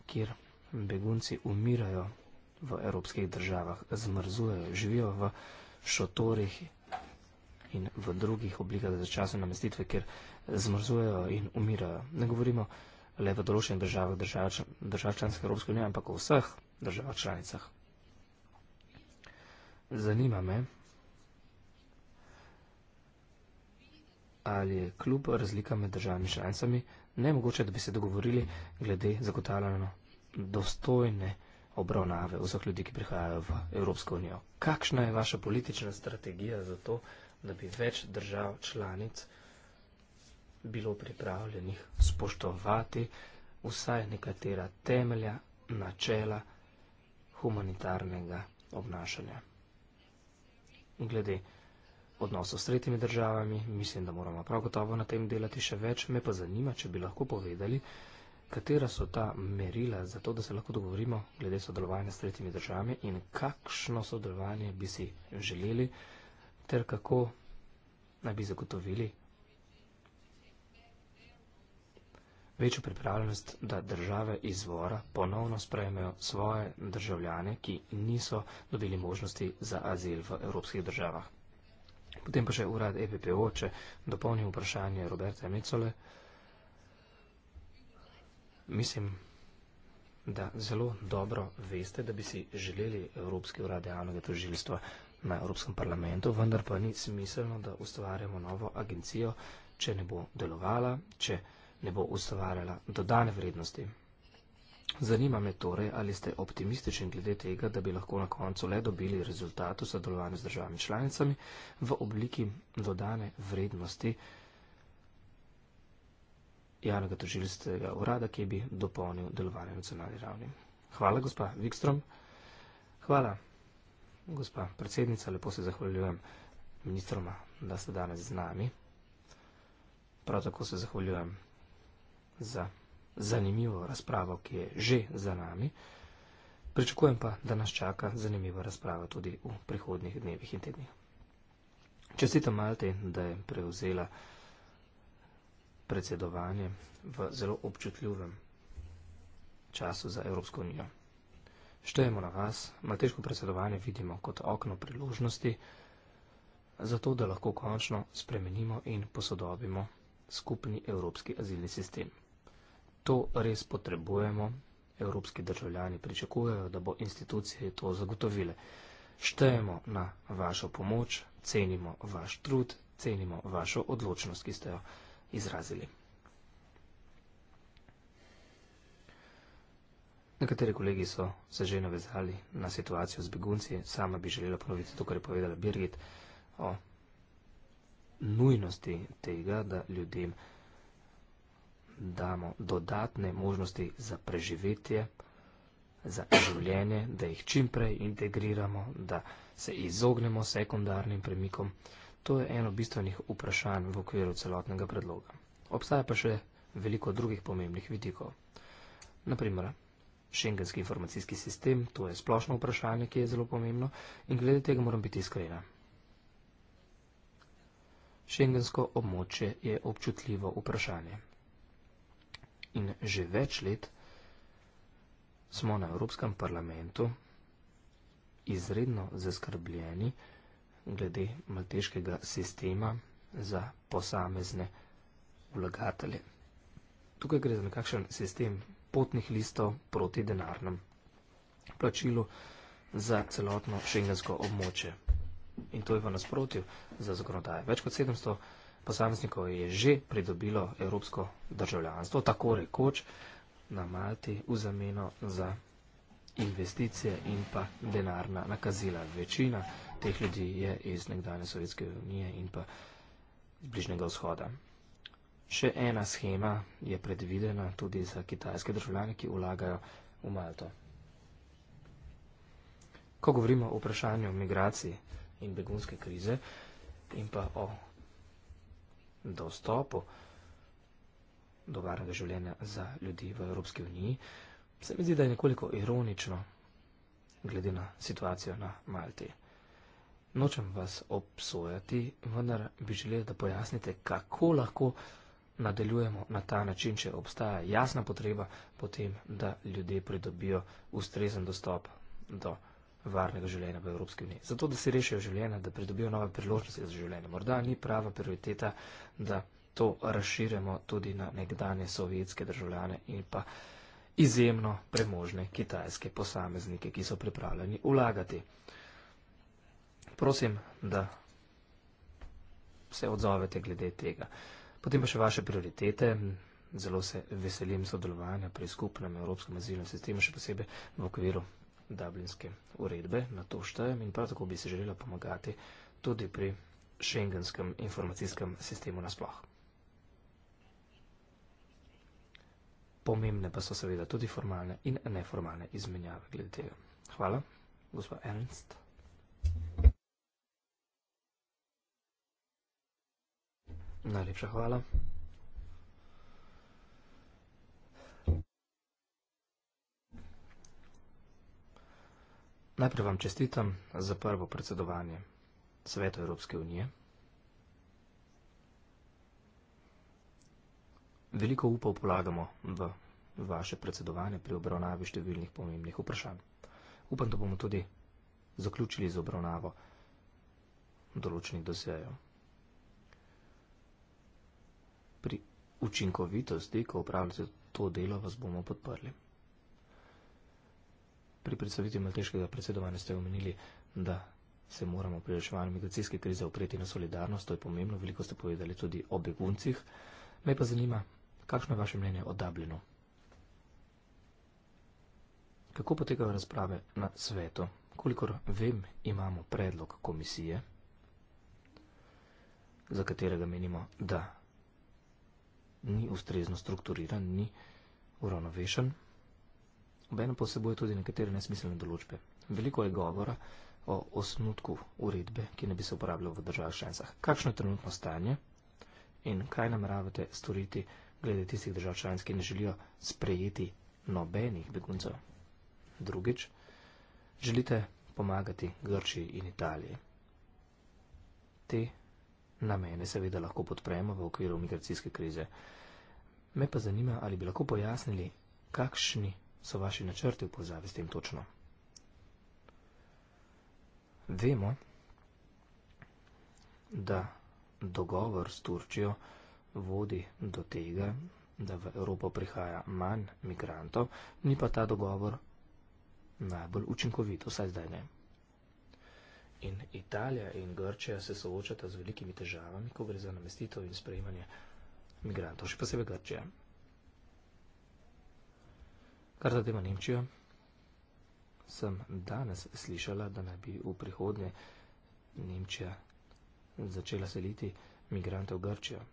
kjer begunci umirajo v evropskih državah, zmrzujejo, živijo v šotorih in v drugih oblikah začasne namestitve, kjer zmrzujejo in umirajo. Ne govorimo le v določenih državah, držav članice Evropske unije, ampak o vseh državah članicah. Zanima me, ali je kljub razlika med državami članicami ne mogoče, da bi se dogovorili glede zagotavljanja dostojne obravnave vseh ljudi, ki prihajajo v Evropsko unijo. Kakšna je vaša politična strategija za to, da bi več držav članic bilo pripravljenih spoštovati vsaj nekatera temelja načela humanitarnega obnašanja? Glede odnosov s tretjimi državami, mislim, da moramo prav gotovo na tem delati še več, me pa zanima, če bi lahko povedali, katera so ta merila za to, da se lahko dogovorimo glede sodelovanja s tretjimi državami in kakšno sodelovanje bi si želeli ter kako naj bi zagotovili večjo pripravljenost, da države izvora ponovno sprejmejo svoje državljane, ki niso dobili možnosti za azil v evropskih državah. Potem pa še urad EPPO, če dopolnim vprašanje Roberta Micole. Mislim, da zelo dobro veste, da bi si želeli Evropski urad javnega tožilstva na Evropskem parlamentu, vendar pa ni smiselno, da ustvarjamo novo agencijo, če ne bo delovala, če ne bo ustvarjala dodane vrednosti. Zanima me torej, ali ste optimističen glede tega, da bi lahko na koncu le dobili rezultat v sodelovanju z državami članicami v obliki dodane vrednosti javnega tožilstvega urada, ki bi dopolnil delovanje na nacionalni ravni. Hvala, gospa Wikstrom. Hvala, gospa predsednica. Lepo se zahvaljujem ministroma, da ste danes z nami. Prav tako se zahvaljujem za zanimivo razpravo, ki je že za nami. Pričakujem pa, da nas čaka zanimiva razprava tudi v prihodnjih dnevih in tednih. Čestitam Malte, da je prevzela predsedovanje v zelo občutljivem času za Evropsko unijo. Štejemo na vas, malteško predsedovanje vidimo kot okno priložnosti, zato da lahko končno spremenimo in posodobimo skupni evropski azilni sistem to res potrebujemo. Evropski državljani pričakujejo, da bo institucije to zagotovile. Štejemo na vašo pomoč, cenimo vaš trud, cenimo vašo odločnost, ki ste jo izrazili. Nekateri kolegi so se že navezali na situacijo z begunci. Sama bi želela ponoviti to, kar je povedala Birgit o nujnosti tega, da ljudem pomoč damo dodatne možnosti za preživetje, za življenje, da jih čim prej integriramo, da se izognemo sekundarnim premikom. To je eno bistvenih vprašanj v okviru celotnega predloga. Obstaja pa še veliko drugih pomembnih vidikov. Naprimer, šengenski informacijski sistem, to je splošno vprašanje, ki je zelo pomembno in glede tega moram biti iskrena. Šengensko območje je občutljivo vprašanje in že več let smo na Evropskem parlamentu izredno zaskrbljeni glede malteškega sistema za posamezne vlagatelje. Tukaj gre za nekakšen sistem potnih listov proti denarnem plačilu za celotno šengensko območje. In to je v nasprotju za zakonodaje. Več kot 700 posameznikov je že pridobilo evropsko državljanstvo, tako rekoč na Malti, v zameno za investicije in pa denarna nakazila. Večina teh ljudi je iz nekdanje Sovjetske unije in pa iz Bližnjega vzhoda. Še ena schema je predvidena tudi za kitajske državljane, ki vlagajo v Malto. Ko govorimo o vprašanju migracij in begunske krize in pa o dostopu do varnega življenja za ljudi v Evropski uniji, se mi zdi, da je nekoliko ironično, glede na situacijo na Malti. Nočem vas obsojati, vendar bi želel, da pojasnite, kako lahko nadaljujemo na ta način, če obstaja jasna potreba potem, da ljudje pridobijo ustrezen dostop do varnega življenja v Evropski uniji. Zato, da si rešijo življenja, da pridobijo nove priložnosti za življenje. Morda ni prava prioriteta, da to razširjamo tudi na nekdanje sovjetske državljane in pa izjemno premožne kitajske posameznike, ki so pripravljeni vlagati. Prosim, da se odzovete glede tega. Potem pa še vaše prioritete. Zelo se veselim sodelovanja pri skupnem evropskem azilnem sistemu, še posebej v okviru dublinske uredbe, na to štejem in prav tako bi si želela pomagati tudi pri šengenskem informacijskem sistemu nasploh. Pomembne pa so seveda tudi formalne in neformalne izmenjave glede tega. Hvala, gospod Ernst. Najlepša hvala. Najprej vam čestitam za prvo predsedovanje Sveto Evropske unije. Veliko upa upolagamo v vaše predsedovanje pri obravnavi številnih pomembnih vprašanj. Upam, da bomo tudi zaključili z obravnavo določenih dosejev. Pri učinkovitosti, ko upravljate to delo, vas bomo podprli pri predstavitvi malteškega predsedovanja ste omenili, da se moramo pri reševanju migracijske krize opreti na solidarnost, to je pomembno, veliko ste povedali tudi o beguncih. Me pa zanima, kakšno je vaše mnenje o Dublinu? Kako potekajo razprave na svetu? Kolikor vem, imamo predlog komisije, za katerega menimo, da ni ustrezno strukturiran, ni uravnovešen obenem poseboje tudi nekatere nesmiselne določbe. Veliko je govora o osnutku uredbe, ki ne bi se uporabljal v državah članicah. Kakšno je trenutno stanje in kaj nameravate storiti glede tistih držav članic, ki ne želijo sprejeti nobenih beguncev? Drugič, želite pomagati Grčiji in Italiji? Te namene seveda lahko podpremo v okviru migracijske krize. Me pa zanima, ali bi lahko pojasnili, kakšni so vaši načrti v povzavi s tem točno? Vemo, da dogovor s Turčijo vodi do tega, da v Evropo prihaja manj migrantov, ni pa ta dogovor najbolj učinkovit, vsaj zdaj ne. In Italija in Grčija se soočata z velikimi težavami, ko gre za namestitev in sprejemanje migrantov, še posebej Grčija. Kar zadeva Nemčijo, sem danes slišala, da naj bi v prihodnje Nemčija začela seliti migrante v Grčijo.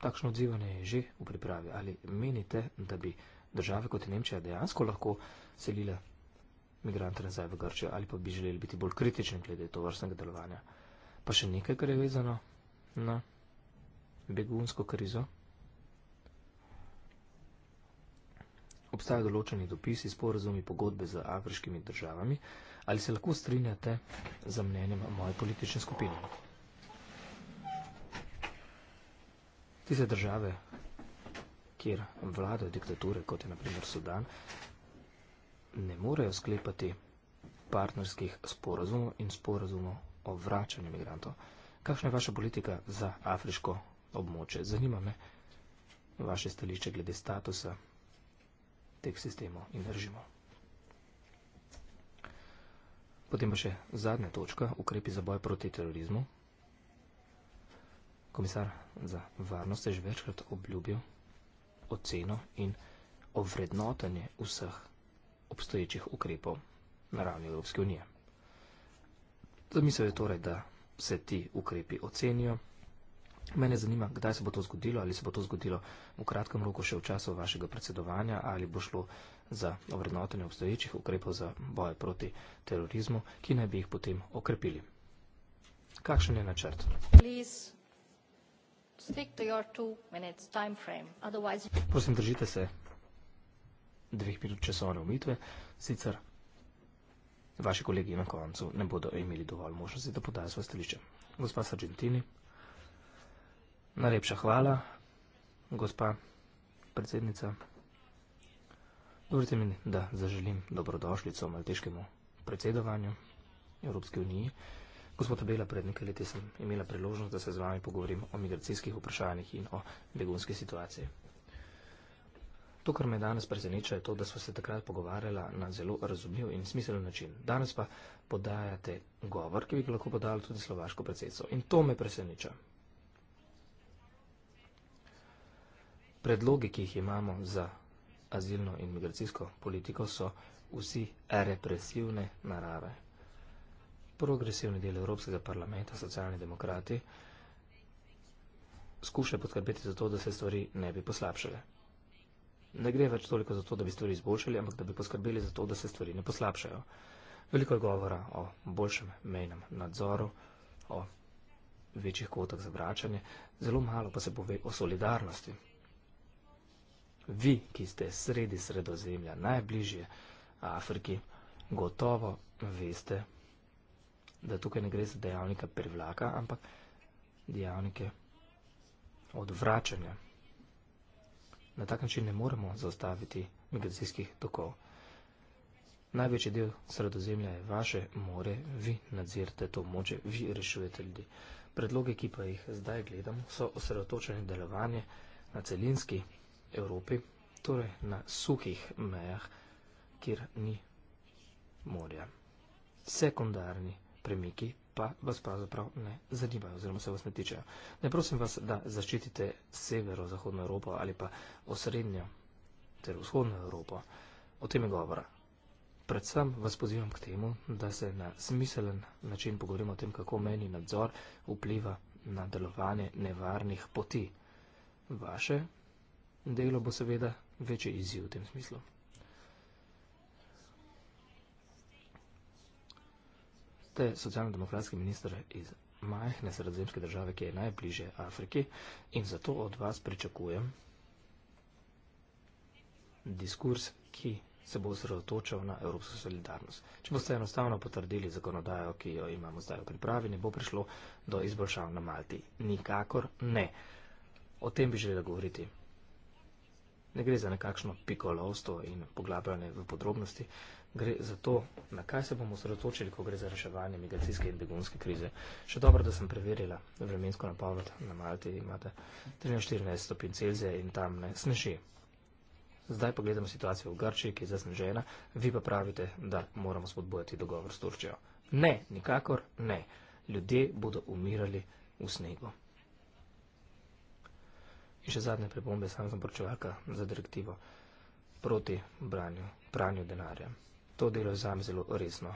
Takšno odzivanje je že v pripravi. Ali menite, da bi države kot Nemčija dejansko lahko selile migrante nazaj v Grčijo, ali pa bi želeli biti bolj kritični glede to vrstnega delovanja? Pa še nekaj, kar je vezano na begunsko krizo. obstajajo določeni dopisi, sporazumi, pogodbe z afriškimi državami. Ali se lahko strinjate za mnenjem moje politične skupine? Tise države, kjer vladajo diktature, kot je naprimer Sudan, ne morejo sklepati partnerskih sporazumov in sporazumov o vračanju imigrantov. Kakšna je vaša politika za afriško območje? Zanima me vaše stališče glede statusa teh sistemov in držimo. Potem pa še zadnja točka, ukrepi za boj proti terorizmu. Komisar za varnost je že večkrat obljubil oceno in ovrednotanje vseh obstoječih ukrepov na ravni Evropske unije. Zamisel je torej, da se ti ukrepi ocenijo Mene zanima, kdaj se bo to zgodilo, ali se bo to zgodilo v kratkem roku še v času vašega predsedovanja, ali bo šlo za ovrednotenje obstoječih ukrepov za boje proti terorizmu, ki naj bi jih potem okrepili. Kakšen je načrt? Prosim, držite se dveh minut časovne umitve, sicer vaši kolegi na koncu ne bodo imeli dovolj možnosti, da podajo svoje stališče. Gospa Sargentini. Najlepša hvala, gospa predsednica. Dovolite mi, da zaželim dobrodošlico malteškemu predsedovanju Evropske unije. Gospod Abela, pred nekaj leti sem imela priložnost, da se z vami pogovorim o migracijskih vprašanjih in o begunski situaciji. To, kar me danes preseneča, je to, da smo se takrat pogovarjala na zelo razumljiv in smiselen način. Danes pa podajate govor, ki bi ga lahko podalo tudi slovaško predsedstvo. In to me preseneča. predlogi, ki jih imamo za azilno in migracijsko politiko, so vsi represivne narave. Progresivni del Evropskega parlamenta, socialni demokrati, skušajo podkrbeti za to, da se stvari ne bi poslabšale. Ne gre več toliko za to, da bi stvari izboljšali, ampak da bi poskrbeli za to, da se stvari ne poslabšajo. Veliko je govora o boljšem mejnem nadzoru, o večjih kvotah za vračanje, zelo malo pa se pove o solidarnosti vi, ki ste sredi sredozemlja, najbližje Afriki, gotovo veste, da tukaj ne gre za dejavnika privlaka, ampak dejavnike odvračanja. Na tak način ne moremo zaustaviti migracijskih tokov. Največji del sredozemlja je vaše more, vi nadzirate to moče, vi rešujete ljudi. Predloge, ki pa jih zdaj gledam, so osredotočeni delovanje na celinski Evropi, torej na suhih mejah, kjer ni morja. Sekundarni premiki pa vas pravzaprav ne zanimajo, oziroma se vas ne tičejo. Ne prosim vas, da zaščitite severo-zahodno Evropo ali pa osrednjo ter vzhodno Evropo. O tem je govora. Predvsem vas pozivam k temu, da se na smiselen način pogovorimo o tem, kako meni nadzor vpliva na delovanje nevarnih poti. Vaše delo bo seveda večji izziv v tem smislu. Te socialno-demokratski minister iz majhne sredozemske države, ki je najbližje Afriki in zato od vas pričakujem diskurs, ki se bo osredotočal na evropsko solidarnost. Če boste enostavno potrdili zakonodajo, ki jo imamo zdaj v pripravi, ne bo prišlo do izboljšav na Malti. Nikakor ne. O tem bi želela govoriti ne gre za nekakšno pikolovstvo in poglabljanje v podrobnosti, gre za to, na kaj se bomo sredotočili, ko gre za reševanje migracijske in begunske krize. Še dobro, da sem preverila vremensko napoved na Malti, imate 13-14 stopin Celzija in tam ne sneži. Zdaj pa gledamo situacijo v Grčiji, ki je zasnežena, vi pa pravite, da moramo spodbojati dogovor s Turčijo. Ne, nikakor ne. Ljudje bodo umirali v snegu. In še zadnje pripombe, sam sem poročevalka za direktivo proti branju, pranju denarja. To delo je zame zelo resno.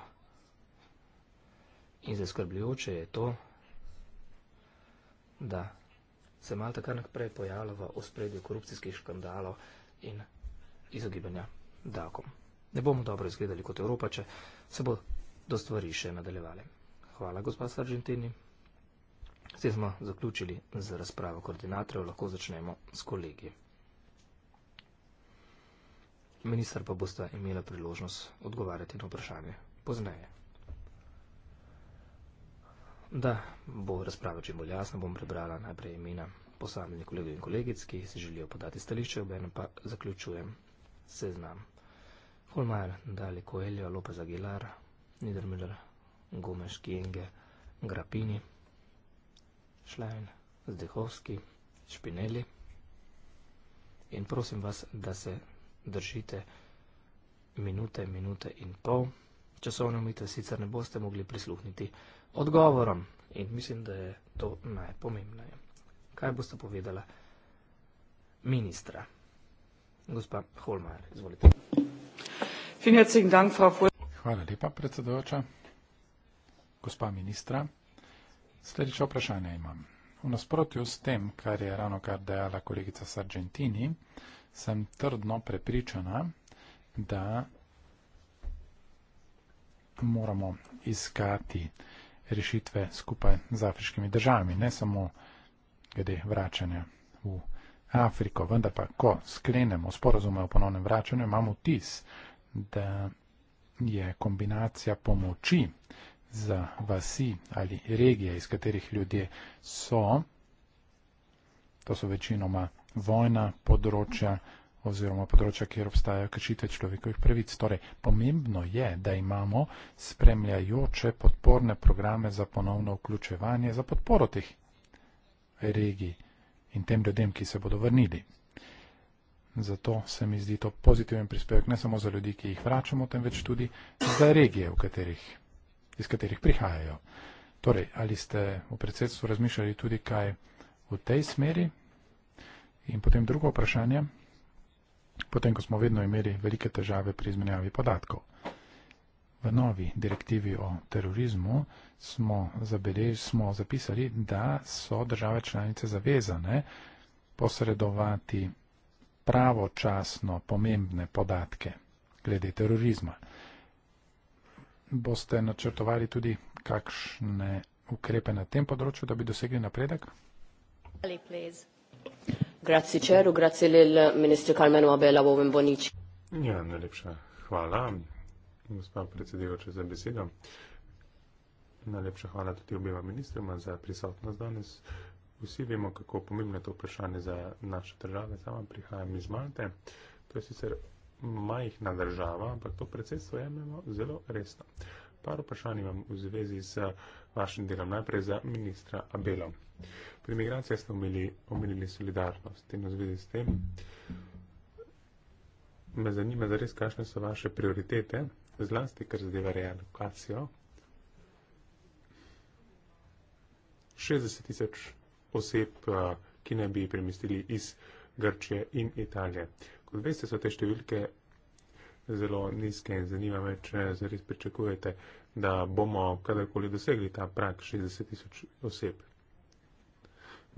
In zaskrbljujoče je to, da se malo tako naprej pojavlja v ospredju korupcijskih škandalov in izogibanja davkom. Ne bomo dobro izgledali kot Evropa, če se bo do stvari še nadaljevali. Hvala, gospod Sargentini. Zdaj smo zaključili z razpravo koordinatorjev, lahko začnemo s kolegi. Ministr pa boste imela priložnost odgovarjati na vprašanje pozneje. Da bo razprava čim bolj jasna, bom prebrala najprej imena posameznih kolegov in kolegic, ki si želijo podati stališče, ob enem pa zaključujem seznam. Holmajer, Dali, Coelho, Lopez Aguilar, Niedermüller, Gomes, Kienge, Grappini. Šlajn, Zdehovski, Špineli. In prosim vas, da se držite minute, minute in pol. Časovne omite sicer ne boste mogli prisluhniti odgovorom. In mislim, da je to najpomembneje. Kaj boste povedala ministra? Gospa Holmajer, izvolite. Hvala lepa, predsedujoča. Gospa ministra. Sledeče vprašanje imam. V nasprotju s tem, kar je ravno kar dejala kolegica Sargentini, sem trdno prepričana, da moramo iskati rešitve skupaj z afriškimi državami, ne samo glede vračanja v Afriko. Vendar pa, ko sklenemo sporozume o ponovnem vračanju, imamo vtis, da je kombinacija pomoči za vasi ali regije, iz katerih ljudje so. To so večinoma vojna področja oziroma področja, kjer obstajajo kršitve človekovih pravic. Torej, pomembno je, da imamo spremljajoče podporne programe za ponovno vključevanje, za podporo teh regij in tem ljudem, ki se bodo vrnili. Zato se mi zdi to pozitiven prispevek ne samo za ljudi, ki jih vračamo, temveč tudi za regije, v katerih iz katerih prihajajo. Torej, ali ste v predsedstvu razmišljali tudi kaj v tej smeri? In potem drugo vprašanje, potem ko smo vedno imeli velike težave pri izmenjavi podatkov. V novi direktivi o terorizmu smo, zabedež, smo zapisali, da so države članice zavezane posredovati pravočasno pomembne podatke glede terorizma boste načrtovali tudi kakšne ukrepe na tem področju, da bi dosegli napredek? Ja, najlepša hvala, gospod predsedujoči, za besedo. Najlepša hvala tudi obema ministroma za prisotnost danes. Vsi vemo, kako pomembno je to vprašanje za naše države. Sama prihajam iz Malte. To je sicer majhna država, ampak to predvsej sojememo zelo resno. Par vprašanj imam v zvezi z vašim delom. Najprej za ministra Abelo. Pri migraciji ste omenili, omenili solidarnost in v zvezi s tem me zanima zares, kakšne so vaše prioritete, zlasti, ker zadeva realokacijo. 60 tisoč oseb, eh, ki naj bi premestili iz Grčije in Italije veste, so te številke zelo nizke in zanima me, če zares pričakujete, da bomo kadarkoli dosegli ta prak 60 tisoč oseb.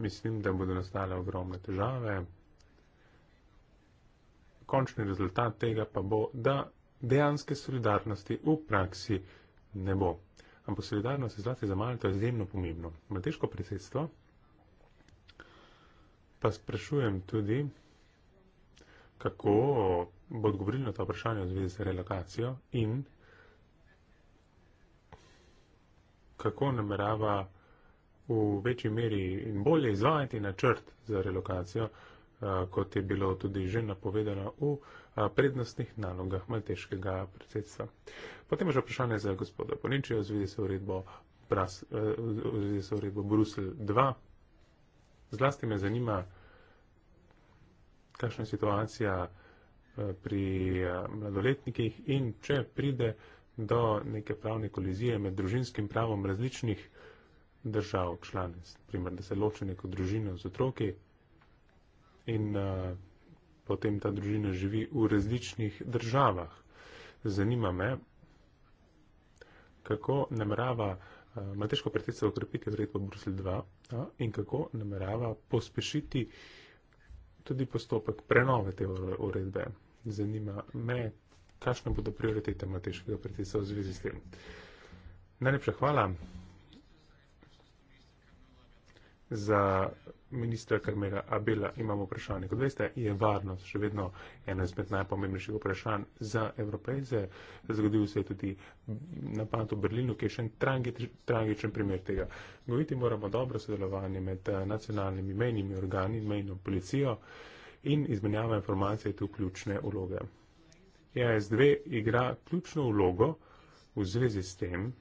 Mislim, da bodo nastale ogromne težave. Končni rezultat tega pa bo, da dejanske solidarnosti v praksi ne bo. Ampak solidarnost je zlasti za Malto izjemno pomembno. Malteško predsedstvo pa sprašujem tudi, kako bo odgovoril na ta vprašanje v zvezi z relokacijo in kako namerava v večji meri in bolje izvajati načrt za relokacijo, eh, kot je bilo tudi že napovedano v eh, prednostnih nalogah malteškega predsedstva. Potem je že vprašanje za gospoda Poničijo v zvezi s uredbo Bras, eh, v zvezi s uredbo Brusel 2. Zlasti me zanima, kakšna je situacija eh, pri eh, mladoletnikih in če pride do neke pravne kolizije med družinskim pravom različnih držav, članic, primer, da se loče neko družino z otroki in eh, potem ta družina živi v različnih državah. Zanima me, kako namerava Mateško predsedstvo ukrepiti odredbo Brusel 2 in kako namerava pospešiti uh, tudi postopek prenove te uredbe. Zanima me, kakšne bodo prioritete mateškega predsedstva v zvezi s tem. Najlepša hvala za ministra Karmela Abela imamo vprašanje. Kot veste, je varnost še vedno eno izmed najpomembnejših vprašanj za evropejce. Zgodil se je tudi napad v Berlinu, ki je še en tragičen primer tega. Govoriti moramo dobro sodelovanje med eh, nacionalnimi mejnimi organi, mejno policijo in izmenjava informacije tu ključne vloge. Ja, ES2 igra ključno vlogo v zvezi s tem,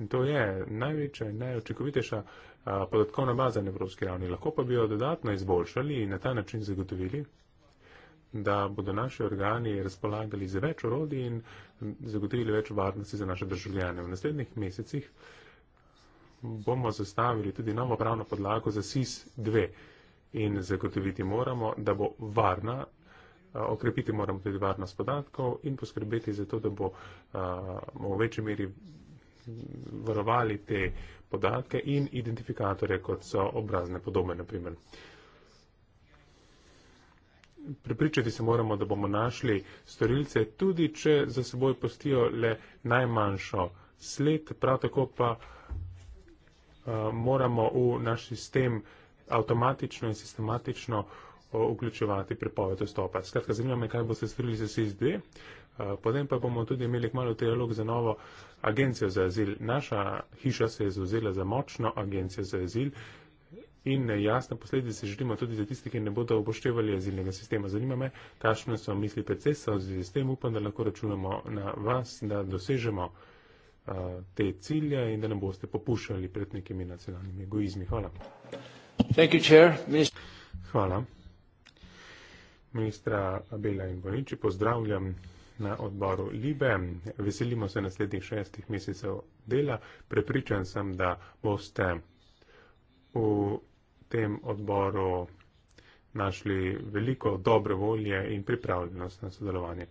In to je največja in najočekovitejša a, podatkovna baza na evropski ravni. Lahko pa bi jo dodatno izboljšali in na ta način zagotovili, da bodo naši organi razpolagali z več orodi in zagotovili več varnosti za naše državljane. V naslednjih mesecih bomo zastavili tudi novo pravno podlago za SIS-2 in zagotoviti moramo, da bo varna. Okrepiti moramo tudi varnost podatkov in poskrbeti za to, da bomo v večji meri varovali te podatke in identifikatorje, kot so obrazne podobe, naprimer. Pripričati se moramo, da bomo našli storilce, tudi če za seboj postijo le najmanjšo sled, prav tako pa uh, moramo v naš sistem avtomatično in sistematično uh, vključevati prepoved vstopa. Skratka, zanima me, kaj boste storili z SSD. Eh, potem pa bomo tudi imeli kmalo dialog za novo agencijo za azil. Naša hiša se je zauzela za močno agencijo za azil in jasne posledice želimo tudi za tiste, ki ne bodo upoštevali azilnega sistema. Zanima me, kakšne so misli predsedstva v zvezi s tem. Upam, da lahko računamo na vas, da dosežemo eh, te cilje in da ne boste popuščali pred nekimi nacionalnimi egoizmi. Hvala. Hvala. Ministra Bela in Bonici, pozdravljam na odboru Libe. Veselimo se naslednjih šestih mesecev dela. Prepričan sem, da boste v tem odboru našli veliko dobre volje in pripravljenost na sodelovanje.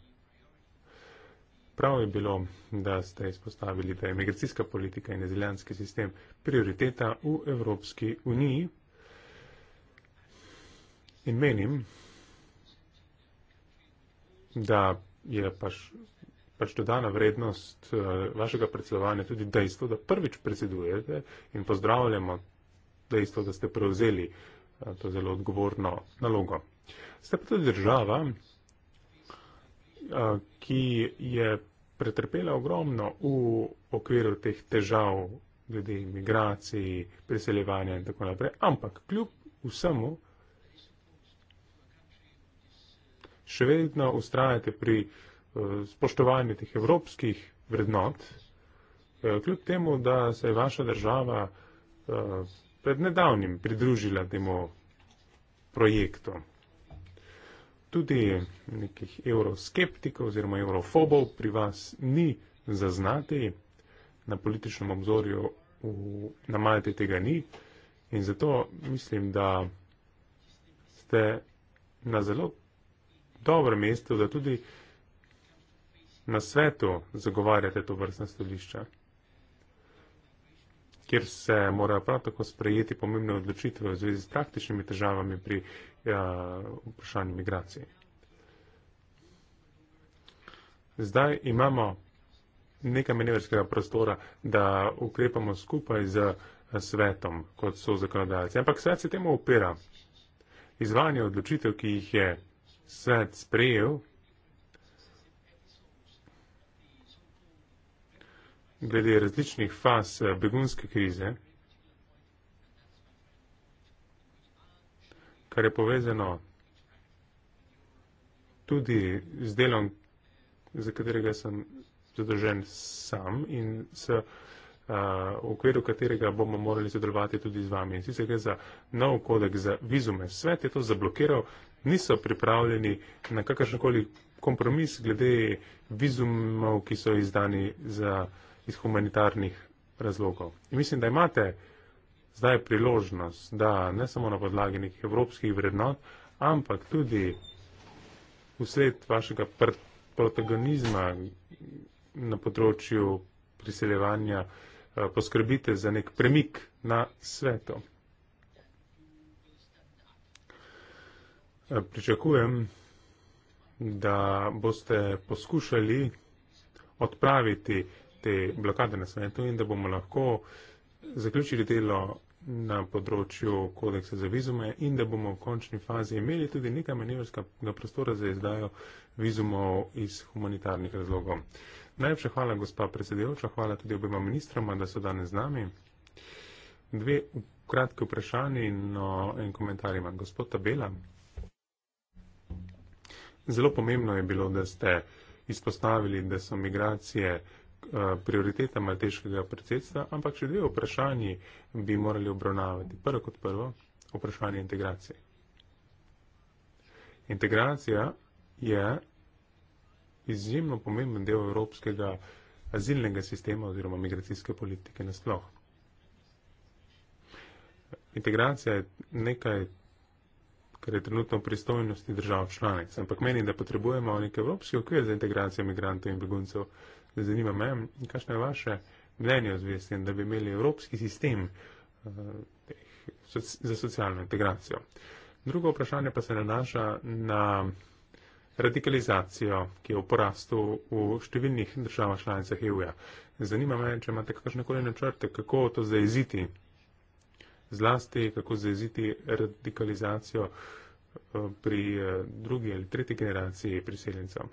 Prav je bilo, da ste izpostavili, da je imigracijska politika in azilijanski sistem prioriteta v Evropski uniji. In menim, da je pač, pač dodana vrednost eh, vašega predsedovanja tudi dejstvo, da prvič predsedujete in pozdravljamo dejstvo, da ste prevzeli eh, to zelo odgovorno nalogo. Ste pa tudi država, eh, ki je pretrpela ogromno v okviru teh težav glede imigracij, priseljevanja in tako naprej, ampak kljub vsemu, še vedno ustrajate pri eh, spoštovanju teh evropskih vrednot, eh, kljub temu, da se je vaša država eh, pred nedavnim pridružila temu projektu. Tudi nekih euroskeptikov oziroma eurofobov pri vas ni zaznati, na političnem obzorju v, na Malti tega ni in zato mislim, da ste na zelo dobro mesto, da tudi na svetu zagovarjate to vrstne stališča, kjer se morajo prav tako sprejeti pomembne odločitve v zvezi s praktičnimi težavami pri uh, vprašanju migracije. Zdaj imamo nekaj manevrskega prostora, da ukrepamo skupaj z svetom, kot so zakonodajci. Ampak svet se temu upira. Izvanje odločitev, ki jih je svet sprejel, glede različnih faz eh, begunske krize, kar je povezano tudi z delom, za katerega sem zadržen sam in s v okviru katerega bomo morali sodelovati tudi z vami. In sicer gre za nov kodek za vizume. Svet je to zablokiral, niso pripravljeni na kakršenkoli kompromis glede vizumov, ki so izdani za, iz humanitarnih razlogov. In mislim, da imate zdaj priložnost, da ne samo na podlagi nekih evropskih vrednot, ampak tudi vsled vašega pr protagonizma na področju priseljevanja uh, Eh, poskrbite za nek premik na svetu. Eh, pričakujem, da boste poskušali odpraviti te blokade na svetu in da bomo lahko zaključili delo na področju kodeksa za vizume in da bomo v končni fazi imeli tudi nekaj manjivarskega prostora za izdajo vizumov iz humanitarnih razlogov. Najlepša hvala, gospa predsedujoča, hvala tudi obema ministroma, da so danes z nami. Dve kratke vprašanje in, no, in komentar imam. Gospod Tabela, zelo pomembno je bilo, da ste izpostavili, da so migracije eh, prioriteta malteškega predsedstva, ampak še dve vprašanji bi morali obravnavati. Prvo kot prvo, vprašanje integracije. Integracija je izjemno pomemben del evropskega azilnega sistema oziroma migracijske politike nasploh. Integracija je nekaj, kar je trenutno v pristojnosti držav članic, ampak meni, da potrebujemo nek evropski okvir za integracijo migrantov in beguncev, zanima me, kakšno je vaše mnenje o zvesti, da bi imeli evropski sistem uh, za socialno integracijo. Drugo vprašanje pa se nanaša na radikalizacijo, ki je v porastu v številnih državah članicah EU-ja. Zanima me, če imate kakšne koli načrte, kako to zaeziti, zlasti kako zaeziti radikalizacijo eh, pri eh, drugi ali tretji generaciji priseljencev.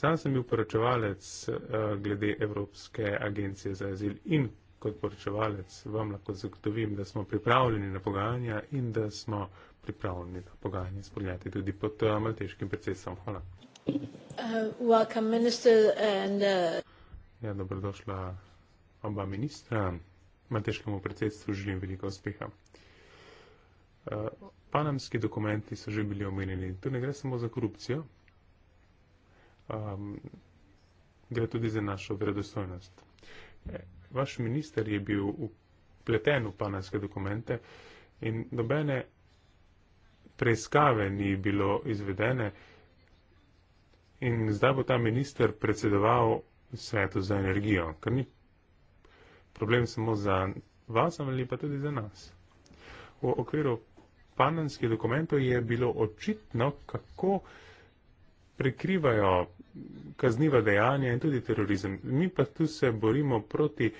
Sam sem bil poročevalec eh, glede Evropske agencije za azil in kot poročevalec vam lahko zagotovim, da smo pripravljeni na pogajanja in da smo pripravljeni na pogajanje spodnjati tudi pod uh, malteškim predsedstvom. Hvala. Uh, welcome, minister, and, uh... ja, dobrodošla oba ministra. Malteškemu predsedstvu želim veliko uspeha. Uh, panamski dokumenti so že bili omenjeni. Tu ne gre samo za korupcijo. Um, gre tudi za našo verodostojnost. Eh, vaš minister je bil vpleten v panamske dokumente in dobene preiskave ni bilo izvedene in zdaj bo ta minister predsedoval svetu za energijo, kar ni problem samo za vas, ali pa tudi za nas. V okviru panamskih dokumentov je bilo očitno, kako prikrivajo kazniva dejanja in tudi terorizem. Mi pa tu se borimo proti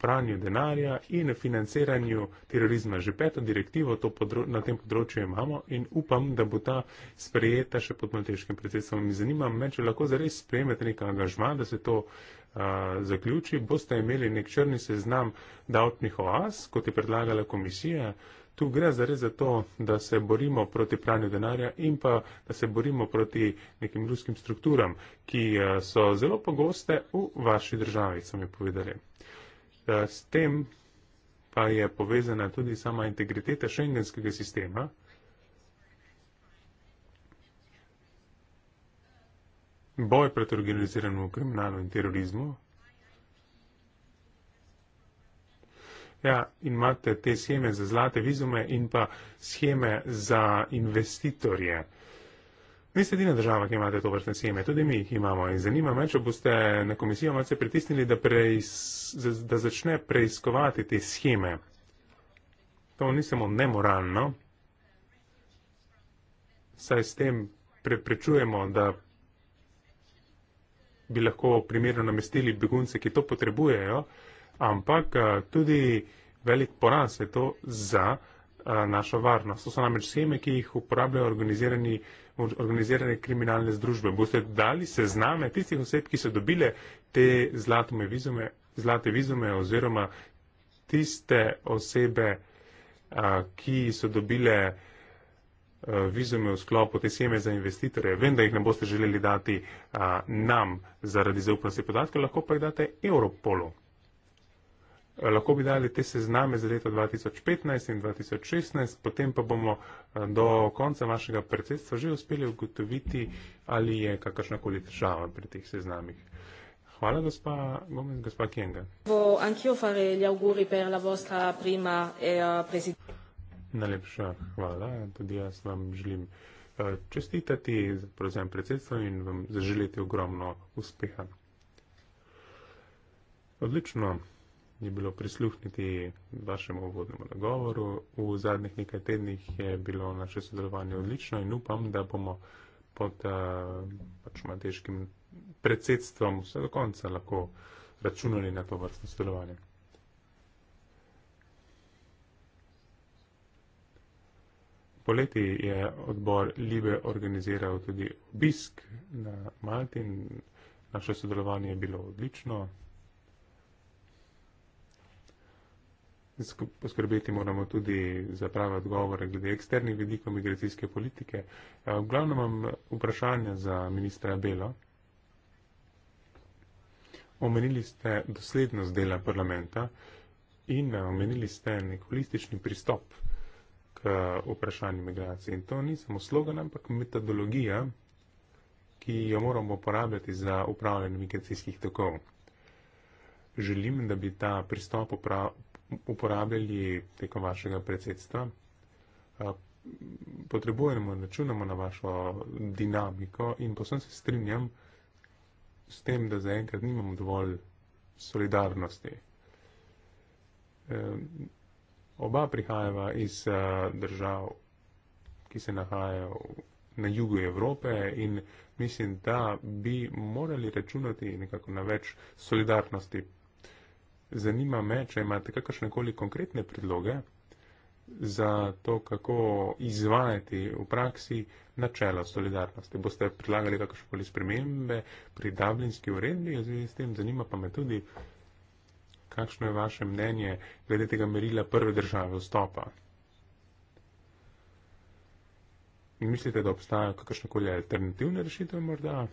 pranju denarja in financiranju terorizma. Že peto direktivo podro, na tem področju imamo in upam, da bo ta sprejeta še pod malteškim predsedstvom. Mi zanima me, če lahko zares sprejmete nek angažma, da se to a, zaključi. Boste imeli nek črni seznam davčnih oaz, kot je predlagala komisija. Tu gre zares za to, da se borimo proti pranju denarja in pa da se borimo proti nekim ruskim strukturam, ki so zelo pogoste v vaši državi, so mi povedali. Eh, s tem pa je povezana tudi sama integriteta šengenskega sistema. Boj proti organiziranemu kriminalu in terorizmu. Ja, in imate te scheme za zlate vizume in pa scheme za investitorje. Vi ste edina država, ki imate to vrstne sceme, tudi mi jih imamo in zanima me, če boste na komisijo malce pritisnili, da, preiz, da začne preiskovati te sceme. To ni samo nemoralno, saj s tem preprečujemo, da bi lahko primerno namestili begunce, ki to potrebujejo, ampak eh, tudi velik poraz je to za eh, našo varnost. To so namreč sceme, ki jih uporabljajo organizirani organizirane kriminalne združbe. Boste dali sezname tistih oseb, ki so dobile te zlatome vizume, zlate vizume oziroma tiste osebe, ki so dobile vizume v sklopu te sheme za investitorje. Vem, da jih ne boste želeli dati nam zaradi zaupnosti podatkov, lahko pa jih date Europolu. Eh, lahko bi dali te sezname za leto 2015 in 2016, potem pa bomo eh, do konca vašega predsedstva že uspeli ugotoviti, ali je kakršnakoli težava pri teh seznamih. Hvala, gospa Gomez, gospa Kenga. Eh, Najlepša hvala, tudi jaz vam želim čestitati za prevzem predsedstva in vam zaželiti ogromno uspeha. Odlično je bilo prisluhniti vašemu uvodnemu nagovoru. V zadnjih nekaj tednih je bilo naše sodelovanje odlično in upam, da bomo pod eh, pač mateškim predsedstvom vse do konca lahko računali na to vrstno sodelovanje. Poleti je odbor Libe organiziral tudi obisk na Malti in naše sodelovanje je bilo odlično, poskrbeti moramo tudi za prave odgovore glede eksternih vidikov migracijske politike. Ja, v glavnem imam vprašanje za ministra Belo. Omenili ste doslednost dela parlamenta in eh, omenili ste nek holistični pristop k vprašanju migracije. In to ni samo slogan, ampak metodologija, ki jo moramo uporabljati za upravljanje migracijskih tokov. Želim, da bi ta pristop uporabljali tekom vašega predsedstva. Potrebujemo in računamo na vašo dinamiko in posem se strinjam s tem, da zaenkrat nimamo dovolj solidarnosti. E, oba prihajava iz držav, ki se nahajajo na jugu Evrope in mislim, da bi morali računati nekako na več solidarnosti Zanima me, če imate kakršne koli konkretne predloge za to, kako izvajati v praksi načelo solidarnosti. Boste predlagali kakršne koli spremembe pri Dublinski uredbi, jaz vidim s tem, zanima pa me tudi, kakšno je vaše mnenje glede tega merila prve države vstopa. In mislite, da obstajajo kakršne koli alternativne rešitve morda?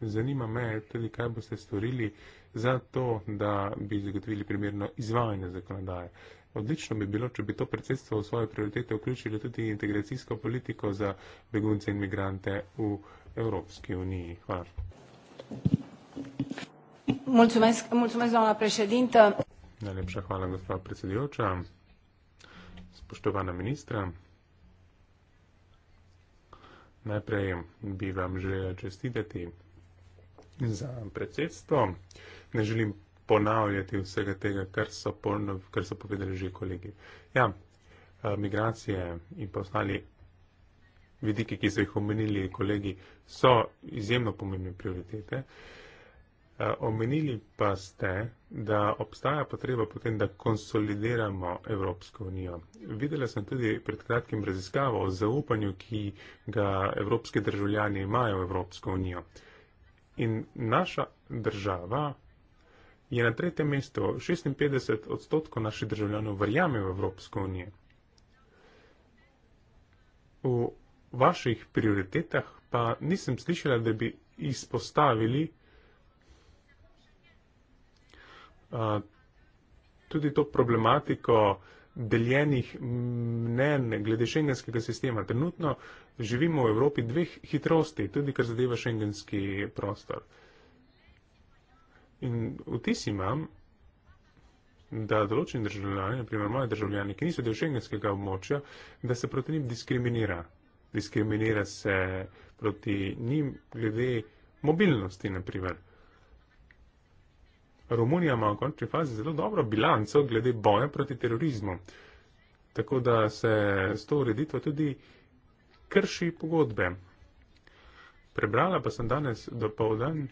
Zanima me tudi, kaj boste storili za to, da bi zagotovili primerno izvajanje zakonodaje. Odlično bi bilo, če bi to predsedstvo v svoje prioritete vključilo tudi integracijsko politiko za begunce in migrante v Evropski uniji. Hvala. Mulțumesc, mulțumesc, doamna președintă. Najlepša hvala, gospa predsedujoča. Spoštovana ministra, najprej bi vam želela čestitati za predsedstvo. Ne želim ponavljati vsega tega, kar so, polno, kar so povedali že kolegi. Ja, eh, migracije in pa ostali vidiki, ki so jih omenili kolegi, so izjemno pomembne prioritete. Eh, omenili pa ste, da obstaja potreba potem, da konsolidiramo Evropsko unijo. Videla sem tudi pred kratkim raziskavo o zaupanju, ki ga evropski državljani imajo v Evropsko unijo. In naša država je na tretjem mestu, 56 odstotkov naših državljanov verjame v Evropsko unijo. V vaših prioritetah pa nisem slišala, da bi izpostavili uh, tudi to problematiko deljenih mnen glede šengenskega sistema. Trenutno uh, živimo v Evropi dveh hitrosti, tudi kar zadeva šengenski prostor. In vtis imam, da določeni državljani, naprimer moji državljani, ki niso del šengenskega območja, da se proti njim diskriminira. Diskriminira se proti njim glede mobilnosti, naprimer. Romunija ima v končni fazi zelo dobro bilanco glede boja proti terorizmu. Tako da se s to ureditvo tudi krši pogodbe. Prebrala pa sem danes do povdan,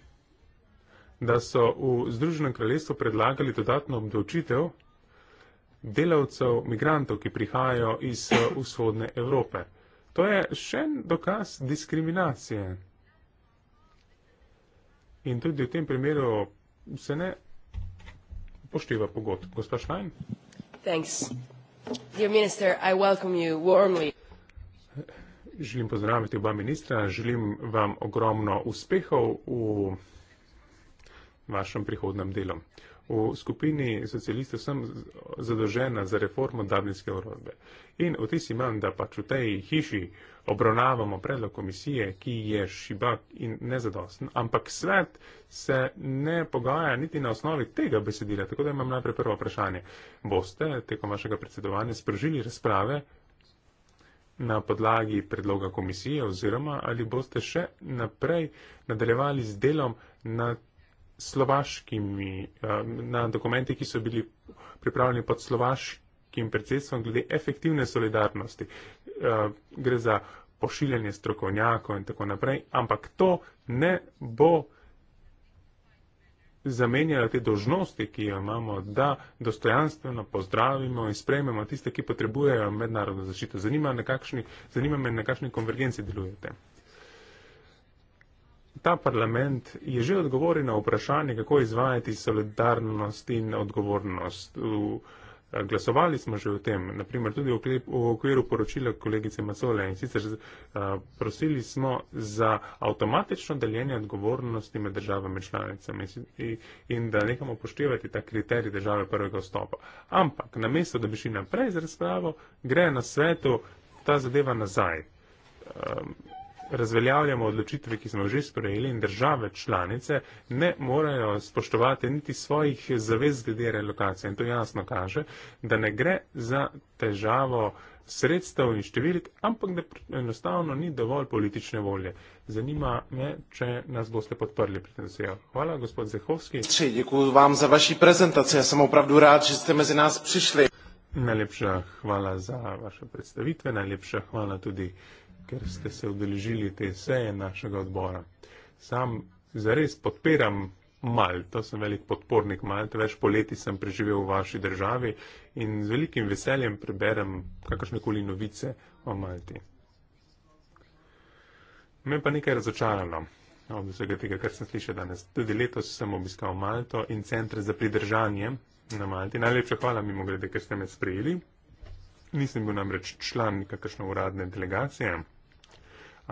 da so v Združenem kraljestvu predlagali dodatno obdavčitev delavcev, migrantov, ki prihajajo iz eh, vzhodne Evrope. To je še en dokaz diskriminacije. In tudi v tem primeru se ne pošteva pogod. Gospa Štajn. Thanks. Dear minister, I welcome you warmly. Eh, želim pozdraviti oba ministra, želim vam ogromno uspehov v vašem prihodnem delu. V skupini socialistov sem zadolžena za reformo davninske urodbe. In v tisi imam, da pač v tej hiši obravnavamo predlog komisije, ki je šibak in nezadosten, ampak svet se ne pogaja niti na osnovi tega besedila. Tako da imam najprej prvo vprašanje. Boste tekom vašega predsedovanja sprožili razprave na podlagi predloga komisije oziroma ali boste še naprej nadaljevali z delom na slovaškimi, eh, na dokumenti, ki so bili pripravljeni pod slovaškim predsedstvom glede efektivne solidarnosti. Eh, gre za pošiljanje strokovnjakov in tako naprej, ampak to ne bo zamenjala te dožnosti, ki jo imamo, da dostojanstveno pozdravimo in sprejmemo tiste, ki potrebujejo mednarodno zaščito. Zanima, kakšni, zanima me, na kakšni konvergenci delujete. Ta parlament je že odgovoril na vprašanje, kako izvajati solidarnost in odgovornost v, Glasovali smo že o tem, naprimer tudi v okviru poročila kolegice Masole in sicer prosili smo za avtomatično deljenje odgovornosti med državami članicami in da nekamo poštevati ta kriterij države prvega vstopa. Ampak namesto, da bi šli naprej z razpravo, gre na svetu ta zadeva nazaj razveljavljamo odločitve, ki smo že sprejeli in države članice ne morejo spoštovati niti svojih zavez glede relokacije. In to jasno kaže, da ne gre za težavo sredstev in številk, ampak da enostavno ni dovolj politične volje. Zanima me, če nas boste podprli pri tem sejo. Hvala, gospod Zehovski. Če, děkuji vam za vaši prezentaci. Ja sem opravdu rad, že ste mezi nas prišli. Najlepša hvala za vaše predstavitve, najlepša hvala tudi ker ste se odeležili te seje našega odbora. Sam zares podpiram Malto, sem velik podpornik Malte, več poleti sem preživel v vaši državi in z velikim veseljem preberem kakršnekoli novice o Malti. Me pa nekaj razočaralo od vsega tega, kar sem slišal danes. Tudi letos sem obiskal Malto in centr za pridržanje na Malti. Najlepša hvala mimo grede, ker ste me sprejeli. Nisem bil namreč član kakršne uradne delegacije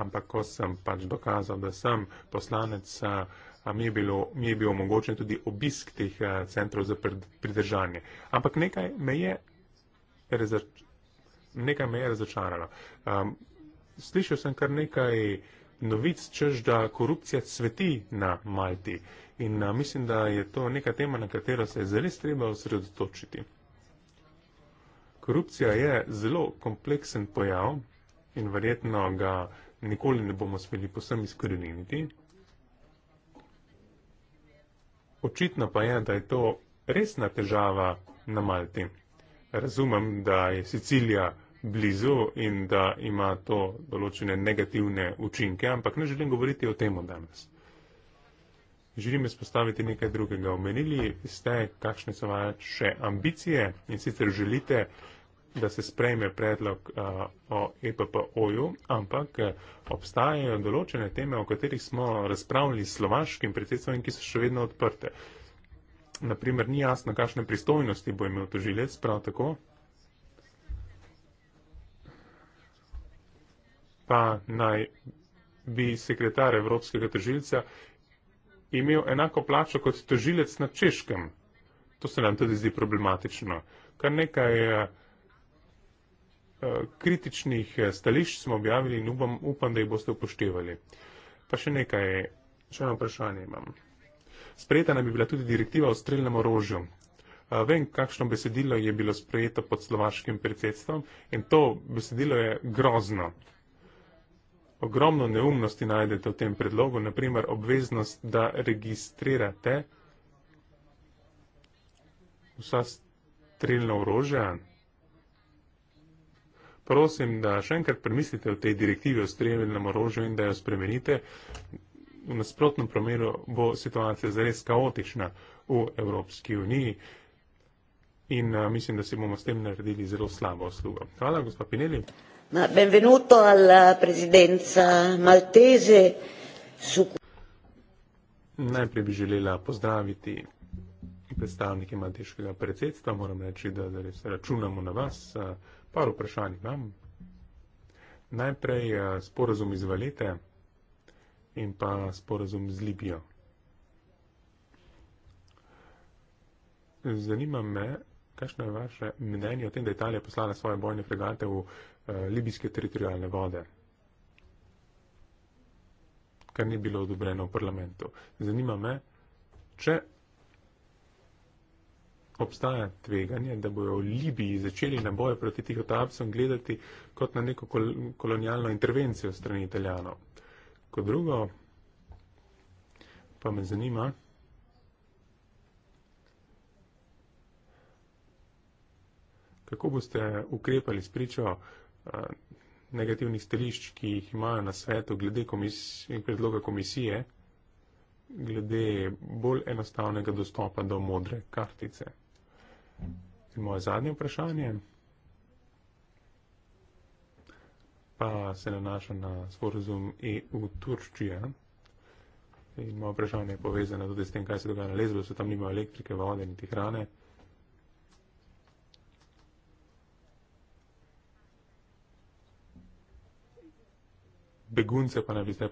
ampak ko sem pač dokazal, da sem poslanec, eh, mi je, bilo, mi je bil omogočen tudi obisk teh eh, centrov za pridržanje. Ampak nekaj me je, razoč, nekaj me je razočaralo. Um, slišal sem kar nekaj novic, čež da korupcija cveti na Malti. In a, eh, mislim, da je to neka tema, na katero se je zelo treba osredotočiti. Korupcija je zelo kompleksen pojav in verjetno ga nikoli ne bomo smeli posem izkoreniniti. Očitno pa je, da je to resna težava na Malti. Razumem, da je Sicilija blizu in da ima to določene negativne učinke, ampak ne želim govoriti o tem danes. Želim izpostaviti nekaj drugega. Omenili ste, kakšne so vaše ambicije in sicer želite, da se sprejme predlog uh, o EPPO-ju, ampak uh, obstajajo določene teme, o katerih smo razpravljali s slovaškim predsedstvom in ki so še vedno odprte. Naprimer, ni jasno, kakšne pristojnosti bo imel tožilec, prav tako. Pa naj bi sekretar Evropskega tožilca imel enako plačo kot tožilec na češkem. To se nam tudi zdi problematično. Kar nekaj uh, Eh, kritičnih eh, stališč smo objavili in upam, upam da jih boste upoštevali. Pa še nekaj, še eno vprašanje imam. Sprejeta naj bi bila tudi direktiva o streljnem orožju. Eh, vem, kakšno besedilo je bilo sprejeto pod slovaškim predsedstvom in to besedilo je grozno. Ogromno neumnosti najdete v tem predlogu, naprimer obveznost, da registrirate vsa streljna orožja prosim, da še enkrat premislite o tej direktivi o streljenem orožju in da jo spremenite. V nasprotnem primeru bo situacija zares kaotična v Evropski uniji in a, eh, mislim, da si bomo s tem naredili zelo slabo uslugo. Hvala, gospod Pineli. Benvenuto alla presidenza maltese. Su... Najprej bi želela pozdraviti predstavniki malteškega predsedstva, moram reči, da, da res računamo na vas. Par vprašanj imam. Najprej sporazum iz Valete in pa sporazum z Libijo. Zanima me, kakšno je vaše mnenje o tem, da Italija poslala svoje bojne fregate v libijske teritorijalne vode kar ni bilo odobreno v parlamentu. Zanima me, če obstaja tveganje, da bojo v Libiji začeli na boje proti tih otapcem gledati kot na neko kol kolonialno intervencijo strani Italijanov. Kot drugo, pa me zanima, kako boste ukrepali s pričo eh, negativnih stališč, ki jih imajo na svetu glede komis predloga komisije, glede bolj enostavnega dostopa do modre kartice. In moje zadnje vprašanje pa se nanaša na sporozum EU-Turčija. In moje vprašanje je povezano tudi s tem, kaj se dogaja na Lezbosu, tam nima elektrike, vode niti hrane. Begunce pa naj bi zdaj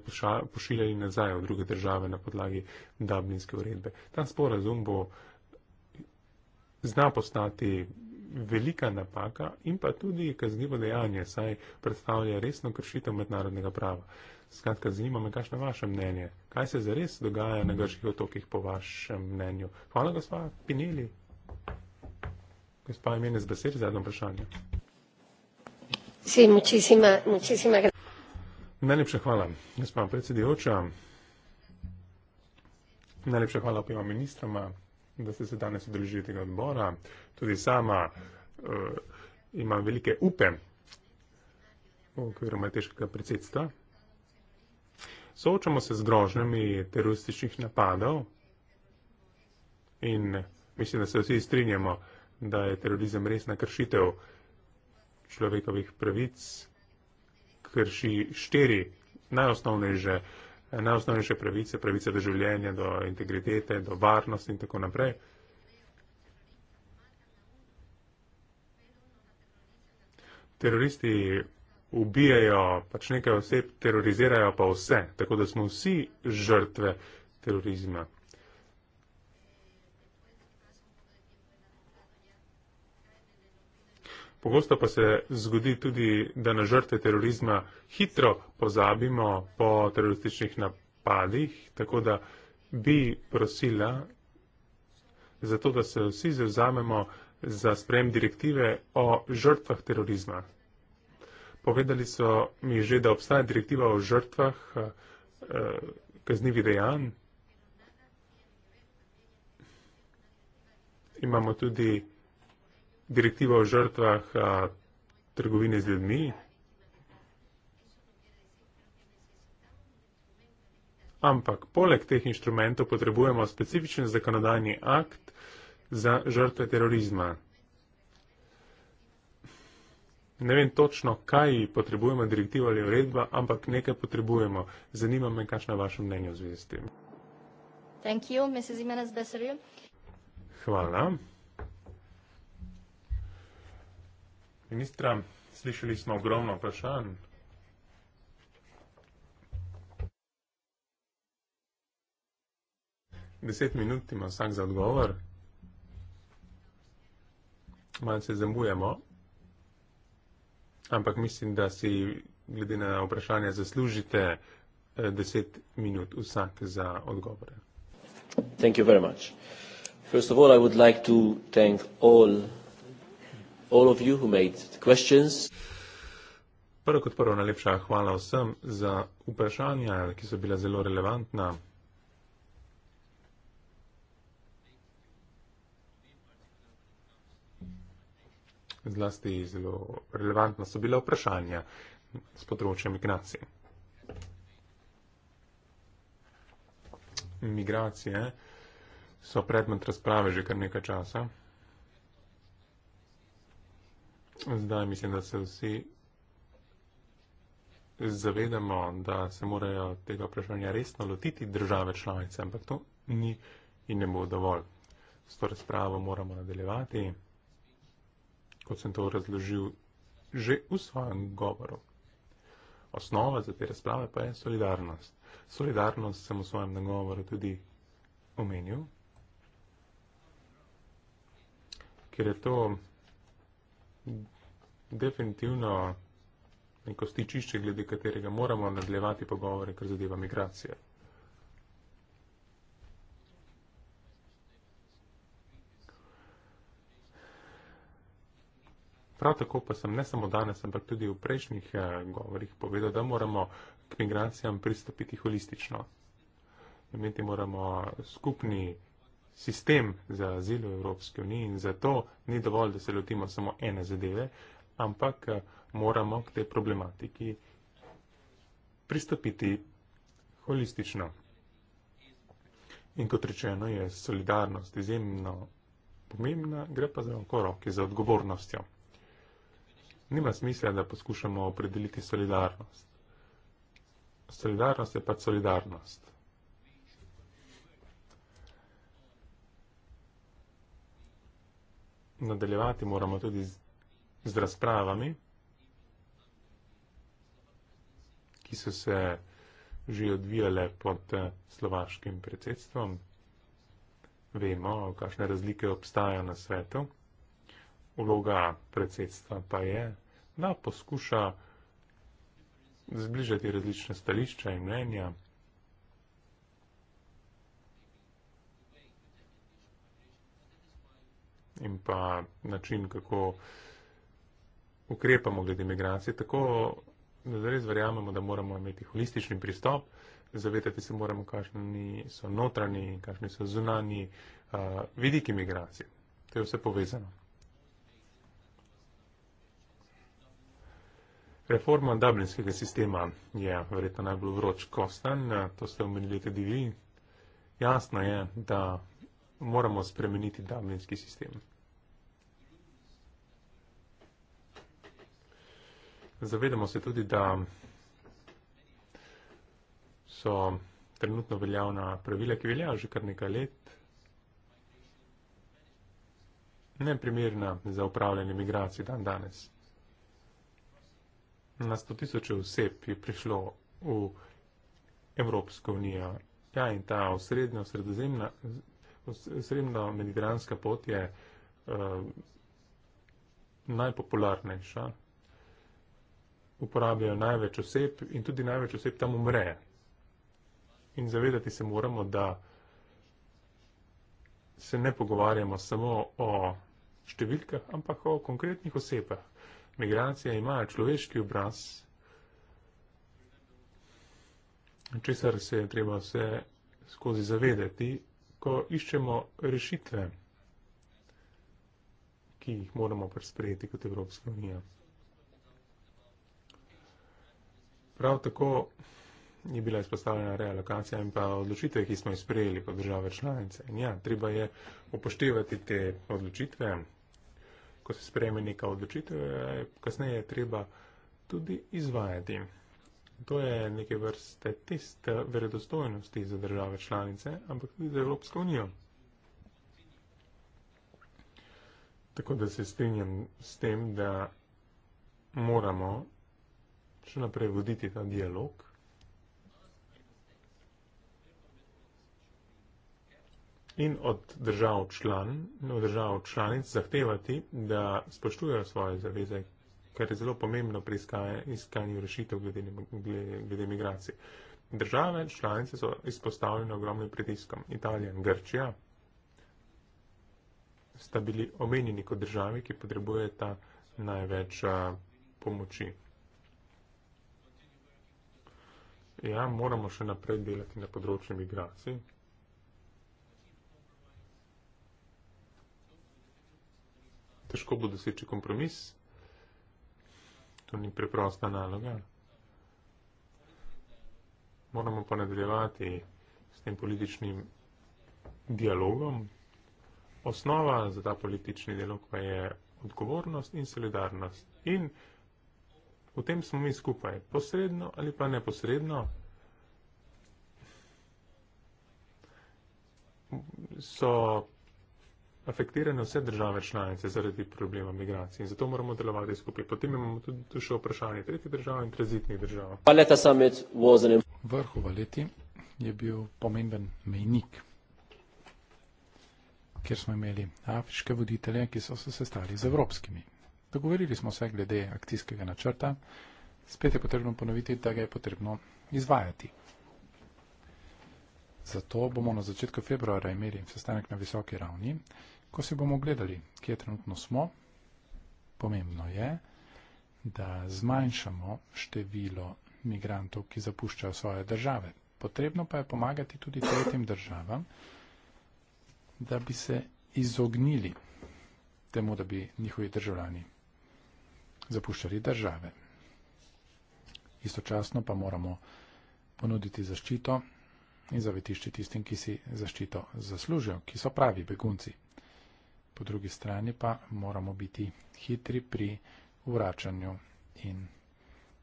pošiljali nazaj v druge države na podlagi Dublinske uredbe. Ta sporazum bo uh, zna postati velika napaka in pa tudi kaznivo dejanje, saj predstavlja resno kršitev mednarodnega prava. Skratka, zanima me, kakšno je vaše mnenje? Kaj se zares dogaja na grških otokih po vašem mnenju? Hvala, gospa Pineli. Gospa imene z besed, zadnjo vprašanje. Najlepša hvala, gospa predsedujoča. Najlepša hvala obima ministroma, da ste se danes udeležili tega odbora. Tudi sama uh, imam velike upe v okviru majteškega predsedstva. Soočamo se z grožnjami terorističnih napadov in mislim, da se vsi strinjamo, da je terorizem resna kršitev človekovih pravic, krši štiri najosnovnejše uh, najosnovnejše pravice, pravice do življenja, do integritete, do varnosti in tako naprej. Teroristi ubijajo pač nekaj oseb, terorizirajo pa vse, tako da smo vsi žrtve terorizma. Pogosto pa se zgodi tudi, da na žrtve terorizma hitro pozabimo po terorističnih napadih, tako da bi prosila za to, da se vsi zavzamemo za sprejem direktive o žrtvah terorizma. Povedali so mi že, da obstaja direktiva o žrtvah eh, kaznivih dejanj. Imamo tudi direktiva o žrtvah a, trgovine z ljudmi. Ampak poleg teh inštrumentov potrebujemo specifičen zakonodajni akt za žrtve terorizma. Ne vem točno, kaj potrebujemo, direktiva ali uredba, ampak nekaj potrebujemo. Zanima me, kakšno je vaše mnenje v zvezi s tem. Thank you, Mrs. Hvala. Ministra, slišali smo ogromno vprašanj. Deset minut ima vsak za odgovor. Malce zamujamo, ampak mislim, da si glede na vprašanje zaslužite eh, deset minut vsak za odgovore. Thank you very much. First of all, I would like to thank all all of you who made the questions. Prvo kot prvo, najlepša hvala vsem za vprašanja, ki so bila zelo relevantna. Zlasti zelo relevantna so bila vprašanja z področja migracije. Migracije so predmet razprave že kar nekaj časa. Zdaj mislim, da se vsi zavedamo, da se morajo tega vprašanja resno lotiti države članice, ampak to ni in ne bo dovolj. S to razpravo moramo nadaljevati, kot sem to razložil že v svojem govoru. Osnova za te razprave pa je solidarnost. Solidarnost sem v svojem nagovoru tudi omenil, ker je to definitivno neko stičišče, glede katerega moramo nadlevati pogovore, kar zadeva migracije. Prav tako pa sem ne samo danes, ampak tudi v prejšnjih eh, govorih povedal, da moramo k migracijam pristopiti holistično. Imeti moramo skupni sistem za azil v Evropski uniji in zato ni dovolj, da se lotimo samo ene zadeve, ampak eh, moramo k tej problematiki pristopiti holistično. In kot rečeno, je solidarnost izjemno pomembna, gre pa za oko roke za odgovornostjo. Nima smisla, da poskušamo opredeliti solidarnost. Solidarnost je pa solidarnost. nadaljevati moramo tudi z, z razpravami, ki so se že odvijale pod eh, slovaškim predsedstvom. Vemo, kakšne razlike obstajajo na svetu. Uloga predsedstva pa je, da poskuša zbližati različne stališča in mnenja. in pa način, kako ukrepamo glede migracije, tako da res verjamemo, da moramo imeti holistični pristop, zavedati se moramo, kakšni so notranji in kakšni so zunani uh, vidiki migracije. To je vse povezano. Reforma dublinskega sistema je verjetno najbolj vroč kostan, to ste omenili tudi vi. Jasno je, da moramo spremeniti dublinski sistem. Zavedamo se tudi, da so trenutno veljavna pravila, ki veljajo že kar nekaj let, neprimerna za upravljanje migracij dan danes. Na 100 tisoče oseb je prišlo v Evropsko unijo. Ja, in ta osrednja, sredozemna Srednja mediteranska pot je uh, najpopularnejša, uporabljajo največ oseb in tudi največ oseb tam umre. In zavedati se moramo, da se ne pogovarjamo samo o številkah, ampak o konkretnih osebah. Migracija ima človeški obraz, česar se je treba vse skozi zavedati ko iščemo rešitve, ki jih moramo presprejeti kot Evropska unija. Prav tako je bila izpostavljena realokacija in pa odločitve, ki smo jih sprejeli kot države članice. In ja, treba je upoštevati te odločitve. Ko se sprejme neka odločitev, kasneje je treba tudi izvajati. To je neke vrste test verodostojnosti za države članice, ampak tudi za Evropsko unijo. Tako da se strinjam s tem, da moramo še naprej voditi ta dialog. In od držav, član, od držav članic zahtevati, da spoštujejo svoje zaveze, kar je zelo pomembno pri iskanju rešitev glede, glede, glede migracij. Države članice so izpostavljene ogromnim pritiskom. Italija in Grčija sta bili omenjeni kot državi, ki potrebujeta največ pomoči. Ja, moramo še naprej delati na področju migracij. Težko bo doseči kompromis, to ni preprosta naloga. Moramo pa nadaljevati s tem političnim dialogom. Osnova za ta politični dialog pa je odgovornost in solidarnost. In v tem smo mi skupaj, posredno ali pa neposredno, so afektirane vse države članice zaradi problema migracij in zato moramo delovati skupaj. Potem imamo tudi tu še vprašanje tretjih držav in trezitnih držav. Vrhu valeti je bil pomemben mejnik, kjer smo imeli afriške voditelje, ki so se sestali z evropskimi. Dogovorili smo se glede akcijskega načrta, spet je potrebno ponoviti, da ga je potrebno izvajati. Zato bomo na začetku februarja imeli sestanek na visoki ravni. Ko si bomo gledali, kje trenutno smo, pomembno je, da zmanjšamo število migrantov, ki zapuščajo svoje države. Potrebno pa je pomagati tudi tretjim državam, da bi se izognili temu, da bi njihovi državljani zapuščali države. Istočasno pa moramo ponuditi zaščito in zavetišče tistim, ki si zaščito zaslužijo, ki so pravi begunci po drugi strani pa moramo biti hitri pri vračanju in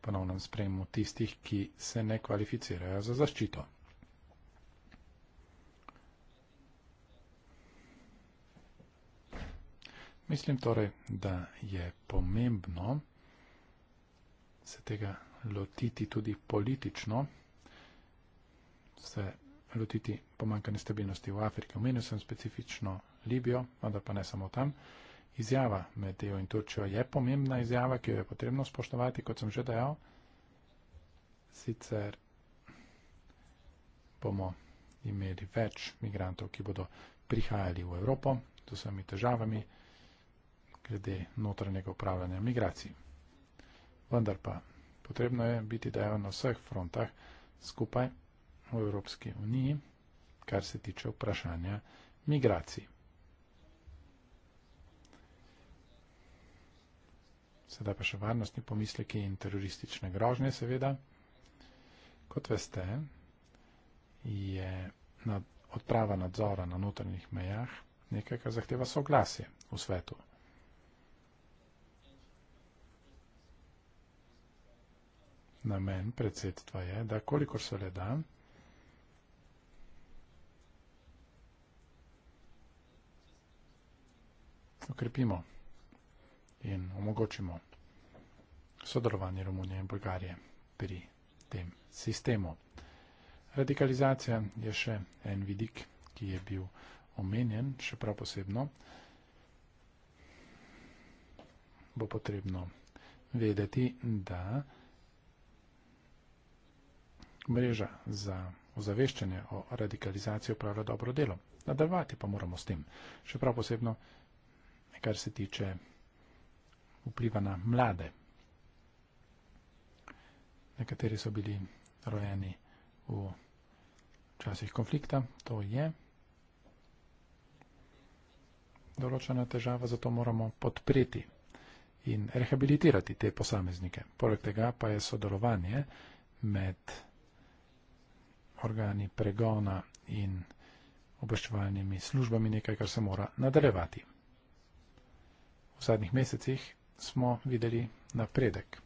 ponovnem sprejemu tistih, ki se ne kvalificirajo za zaščito. Mislim torej, da je pomembno se tega lotiti tudi politično, se lotiti pomankanje stabilnosti v Afriki. Omenil sem specifično Libijo, vendar pa ne samo tam. Izjava med EU in Turčijo je pomembna izjava, ki jo je potrebno spoštovati, kot sem že dejal. Sicer bomo imeli več migrantov, ki bodo prihajali v Evropo z vsemi težavami glede notranjega upravljanja migracij. Vendar pa potrebno je biti dejal na vseh frontah skupaj v Evropski uniji, kar se tiče vprašanja migracij. sedaj pa še varnostni pomisleki in teroristične grožnje, seveda. Kot veste, je nad, odprava nadzora na notranjih mejah nekaj, kar zahteva soglasje v svetu. Namen predsedstva je, da kolikor se le da, ukrepimo. Okay, in omogočimo sodelovanje Romunije in Bolgarije pri tem sistemu. Radikalizacija je še en vidik, ki je bil omenjen, še prav posebno. Bo potrebno vedeti, da mreža za ozaveščanje o radikalizaciji upravlja dobro delo. Nadaljevati pa moramo s tem, še prav posebno, kar se tiče vpliva na mlade. Nekateri so bili rojeni v časih konflikta, to je določena težava, zato moramo podpreti in rehabilitirati te posameznike. Poleg tega pa je sodelovanje med organi pregona in obveščevalnimi službami nekaj, kar se mora nadaljevati. V zadnjih mesecih smo videli napredek.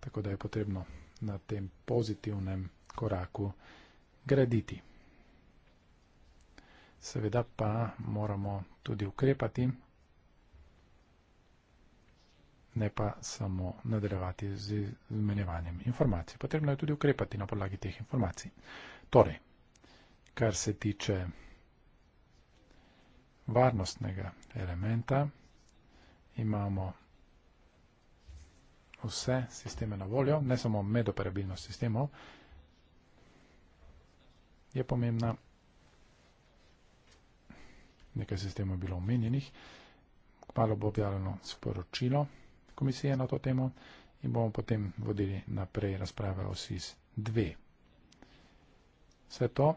Tako da je potrebno na tem pozitivnem koraku graditi. Seveda pa moramo tudi ukrepati, ne pa samo nadaljevati z izmenjevanjem informacij. Potrebno je tudi ukrepati na podlagi teh informacij. Torej, kar se tiče varnostnega elementa, imamo vse sisteme na voljo, ne samo medoperabilnost sistemov, je pomembna. Nekaj sistemov je bilo omenjenih. Kmalo bo objavljeno sporočilo komisije na to temo in bomo potem vodili naprej razprave o SIS-2. Vse to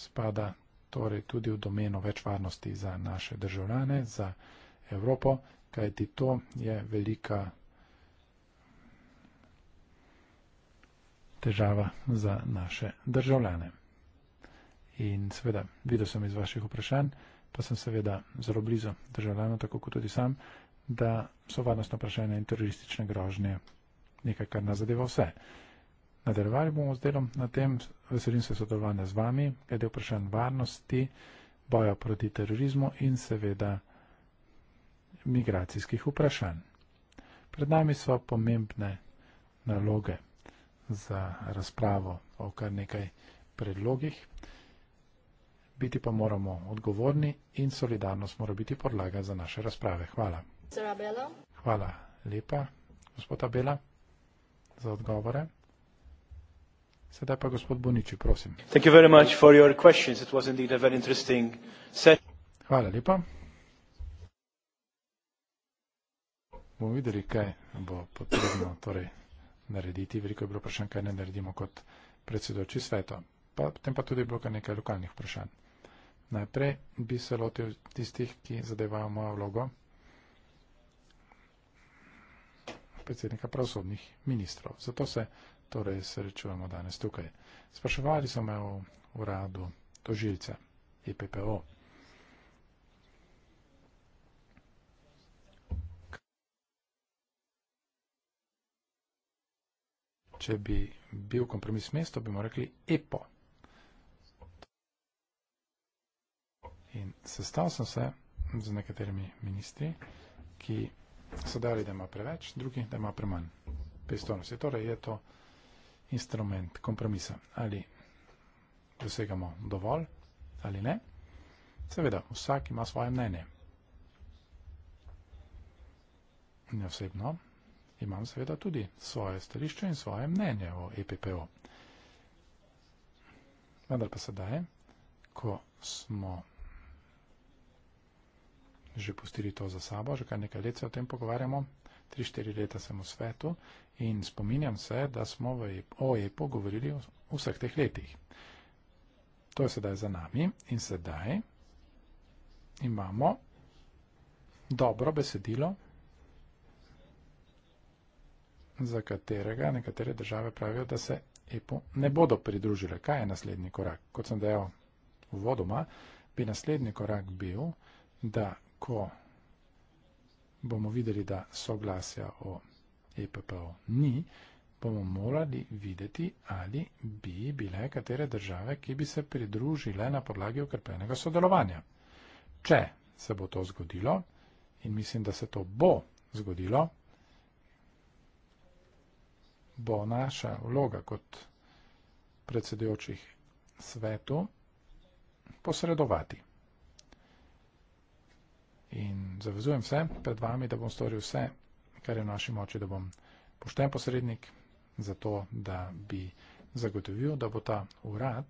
spada torej tudi v domeno več varnosti za naše državljane, za Evropo, kajti to je velika težava za naše državljane. In seveda, videl sem iz vaših vprašanj, pa sem seveda zelo blizu državljanov, tako kot tudi sam, da so varnostno vprašanje in teroristične grožnje nekaj, kar nas zadeva vse. Nadaljevali bomo z delom na tem, veselim se sodelovanja z vami, glede vprašanj varnosti, boja proti terorizmu in seveda migracijskih vprašanj. Pred nami so pomembne naloge za razpravo o kar nekaj predlogih. Biti pa moramo odgovorni in solidarnost mora biti podlaga za naše razprave. Hvala. Hvala lepa, gospod Abela, za odgovore. Sedaj pa gospod Bonici, prosim. Hvala lepa. bomo videli, kaj bo potrebno torej, narediti. Veliko je bilo vprašanj, kaj ne naredimo kot predsedoči sveto. Pa, potem pa tudi je bilo kar nekaj lokalnih vprašanj. Najprej bi se lotil tistih, ki zadevajo mojo vlogo predsednika pravosodnih ministrov. Zato se torej srečujemo danes tukaj. Spraševali so me v uradu tožilca EPPO. če bi bil kompromis mesto, bi mu rekli epo. In sestal sem se z nekaterimi ministri, ki so dali, da ima preveč, drugi, da ima premanj pristojnosti. Torej je to instrument kompromisa. Ali dosegamo dovolj ali ne. Seveda, vsak ima svoje mnenje. Neosebno. Ja, imam seveda tudi svoje stališče in svoje mnenje o EPPO. Vendar pa sedaj, ko smo že pustili to za sabo, že kar nekaj let se o tem pogovarjamo, 3-4 leta sem v svetu in spominjam se, da smo v EPO, o EPO govorili v vseh teh letih. To je sedaj za nami in sedaj imamo dobro besedilo za katerega nekatere države pravijo, da se EPO ne bodo pridružile. Kaj je naslednji korak? Kot sem dejal v vodoma, bi naslednji korak bil, da ko bomo videli, da soglasja o EPP-u ni, bomo morali videti, ali bi bile katere države, ki bi se pridružile na podlagi okrepenega sodelovanja. Če se bo to zgodilo, in mislim, da se to bo zgodilo, bo naša vloga kot predsedujočih svetu posredovati. In zavezujem se pred vami, da bom storil vse, kar je v naši moči, da bom pošten posrednik za to, da bi zagotovil, da bo ta urad,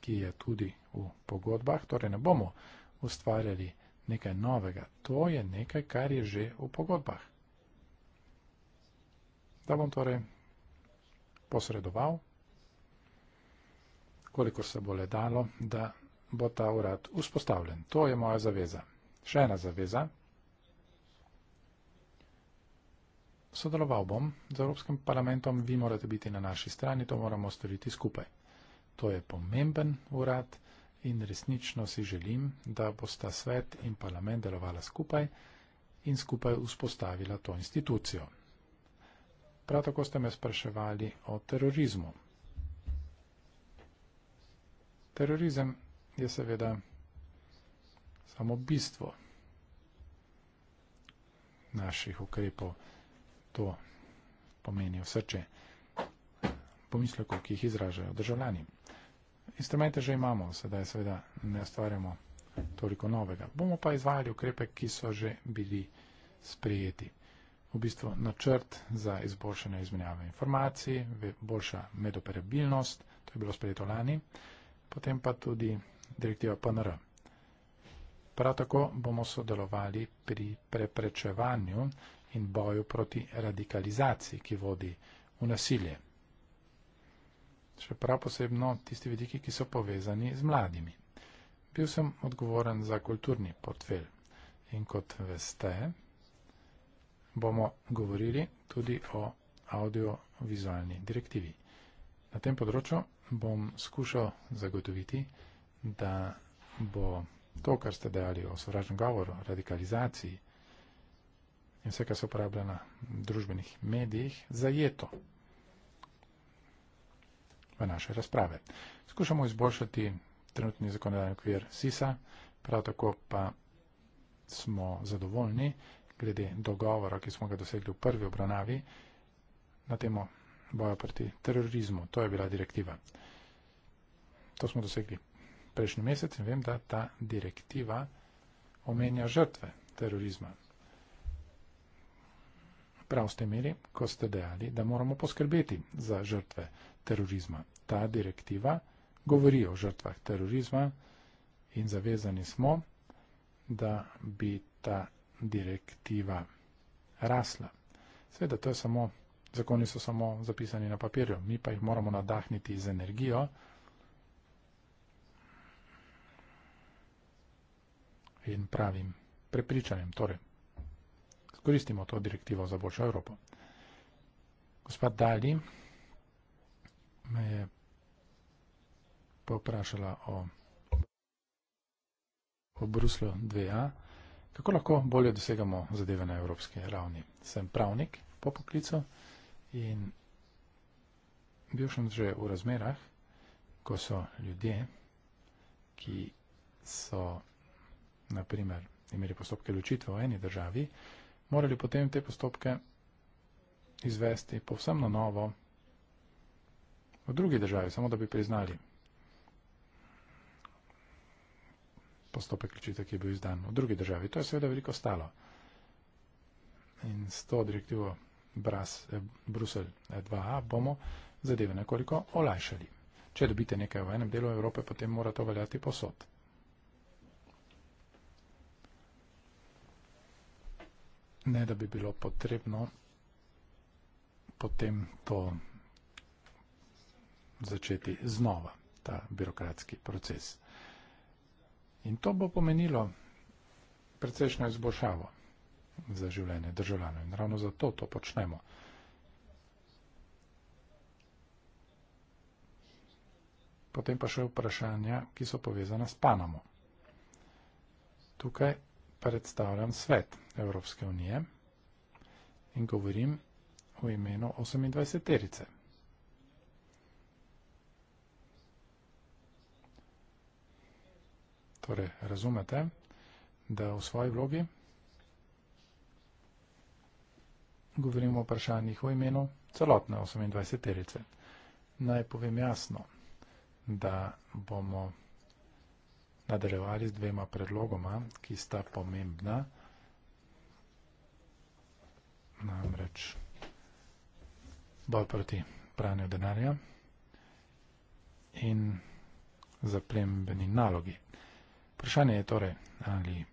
ki je tudi v pogodbah, torej ne bomo ustvarjali nekaj novega. To je nekaj, kar je že v pogodbah da bom torej posredoval, kolikor se bo le dalo, da bo ta urad vzpostavljen. To je moja zaveza. Še ena zaveza. Sodeloval bom z Evropskim parlamentom, vi morate biti na naši strani, to moramo storiti skupaj. To je pomemben urad in resnično si želim, da bosta svet in parlament delovala skupaj in skupaj vzpostavila to institucijo. Prav tako ste me spraševali o terorizmu. Terorizem je seveda samo bistvo naših ukrepov. To pomeni v srče pomislekov, ki jih izražajo državljani. Instrumente že imamo, sedaj seveda ne ustvarjamo toliko novega. Bomo pa izvajali ukrepe, ki so že bili sprejeti v bistvu načrt za izboljšanje izmenjave informacij, boljša medoperabilnost, to je bilo sprejeto lani, potem pa tudi direktiva PNR. Prav tako bomo sodelovali pri preprečevanju in boju proti radikalizaciji, ki vodi v nasilje. Še prav posebno tisti vidiki, ki so povezani z mladimi. Bil sem odgovoren za kulturni portfelj in kot veste, bomo govorili tudi o audiovizualni direktivi. Na tem področju bom skušal zagotoviti, da bo to, kar ste dejali o sovražnem govoru, radikalizaciji in vse, kar se uporablja na družbenih medijih, zajeto v naše razprave. Skušamo izboljšati trenutni zakonodajni okvir SISA, prav tako pa smo zadovoljni, glede dogovora, ki smo ga dosegli v prvi obravnavi na temo boja proti terorizmu. To je bila direktiva. To smo dosegli prejšnji mesec in vem, da ta direktiva omenja žrtve terorizma. Prav ste imeli, ko ste dejali, da moramo poskrbeti za žrtve terorizma. Ta direktiva govori o žrtvah terorizma in zavezani smo, da bi ta direktiva rasla. Sveda, to je samo, zakoni so samo zapisani na papirju, mi pa jih moramo nadahniti z energijo. In pravim prepričanjem, torej, koristimo to direktivo za boljšo Evropo. Gospod Dali me je poprašala o, o Bruslu 2a kako lahko bolje dosegamo zadeve na evropski ravni. Sem pravnik po poklicu in bil sem že v razmerah, ko so ljudje, ki so naprimer imeli postopke ločitve v eni državi, morali potem te postopke izvesti povsem na novo v drugi državi, samo da bi priznali postopek ključitev, ki je bil izdan v drugi državi. To je seveda veliko stalo. In s to direktivo Bras, eh, Brusel 2a eh, bomo zadeve nekoliko olajšali. Če dobite nekaj v enem delu Evrope, potem mora to veljati posod. Ne, da bi bilo potrebno potem to začeti znova, ta birokratski proces. In to bo pomenilo precejšno izboljšavo za življenje državljanov. In ravno zato to počnemo. Potem pa še vprašanja, ki so povezana s Panamo. Tukaj predstavljam svet Evropske unije in govorim v imenu 28. -terice. Torej, razumete, da v svoji vlogi govorimo o vprašanjih v imenu celotne 28-terice. Naj povem jasno, da bomo nadaljevali z dvema predlogoma, ki sta pomembna. Namreč boj proti pranju denarja in zaplembeni nalogi. Vprašanje je torej, ali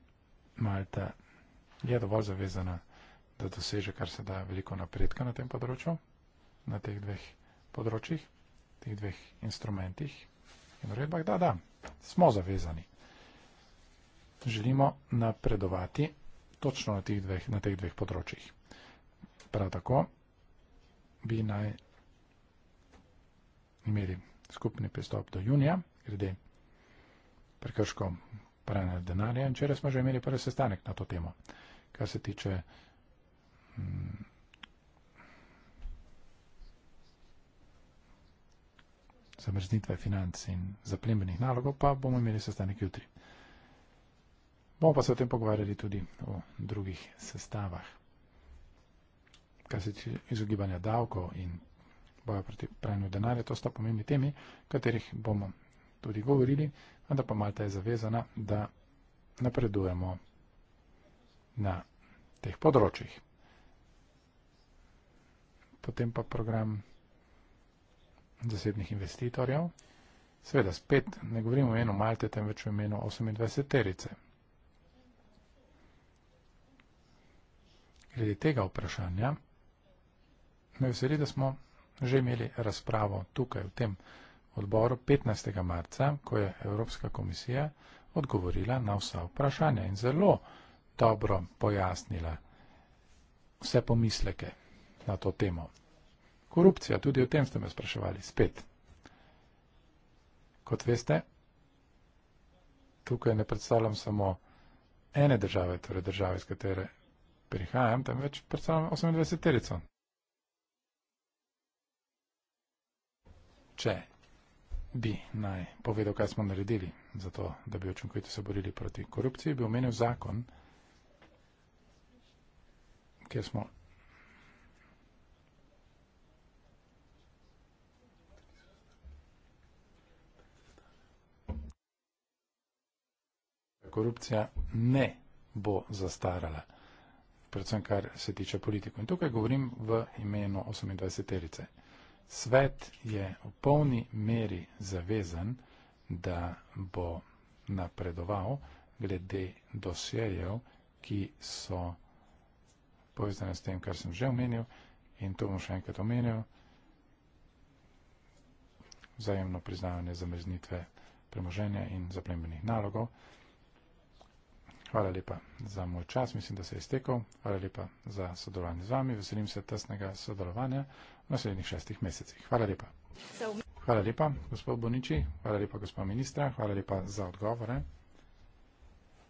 Malta je dovolj zavezana, da doseže kar se da veliko napredka na tem področju, na teh dveh področjih, teh dveh instrumentih in uredbah. Da, da, smo zavezani. Želimo napredovati točno na teh dveh, na teh dveh področjih. Prav tako bi naj imeli skupni pristop do junija, glede prekrškom pranja denarja. Včeraj smo že imeli prvi sestanek na to temo, kar se tiče mm, zamrznitve financ in zaplembenih nalogov, pa bomo imeli sestanek jutri. Bomo pa se o tem pogovarjali tudi o drugih sestavah, kar se tiče izogibanja davkov in boja proti pranju denarja. To sta pomembni temi, katerih bomo tudi govorili, vendar pa Malta je zavezana, da napredujemo na teh področjih. Potem pa program zasebnih investitorjev. Seveda spet ne govorimo o imenu Malte, temveč o imenu 28 terice. Glede tega vprašanja me veseli, da smo že imeli razpravo tukaj v tem odboru 15. marca, ko je Evropska komisija odgovorila na vsa vprašanja in zelo dobro pojasnila vse pomisleke na to temo. Korupcija, tudi o tem ste me spraševali spet. Kot veste, tukaj ne predstavljam samo ene države, torej države, iz katere prihajam, temveč predstavljam 28 terico. Če bi naj povedal, kaj smo naredili, zato da bi očunkovito se borili proti korupciji, bi omenil zakon, kjer smo. Korupcija ne bo zastarala, predvsem kar se tiče politikov. In tukaj govorim v imenu 28-terice. Svet je v polni meri zavezan, da bo napredoval glede dosjejev, ki so povezane s tem, kar sem že omenil in to bom še enkrat omenil, vzajemno priznavanje zamrznitve premoženja in zaplembenih nalogov. Hvala lepa za moj čas, mislim, da se je iztekel. Hvala lepa za sodelovanje z vami. Veselim se tesnega sodelovanja v naslednjih šestih mesecih. Hvala lepa. Hvala lepa, gospod Boniči, hvala lepa, gospod ministra, hvala lepa za odgovore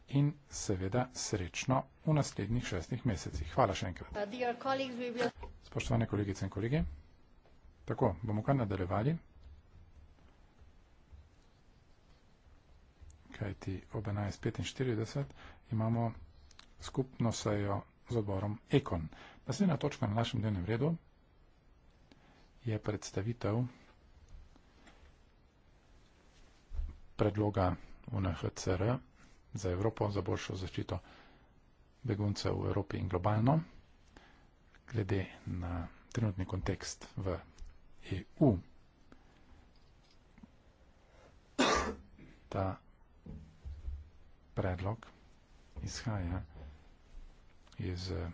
in seveda srečno v naslednjih šestih mesecih. Hvala še enkrat. Uh, Spoštovane kolegice in kolegi, tako bomo kar nadaljevali. kajti ob 11.45 imamo skupno sejo z odborom Ekon. Naslednja točka na našem dnevnem redu je predstavitev predloga UNHCR za Evropo, za boljšo zaščito beguncev v Evropi in globalno, glede na trenutni kontekst v EU. Ta predlog izhaja iz eh,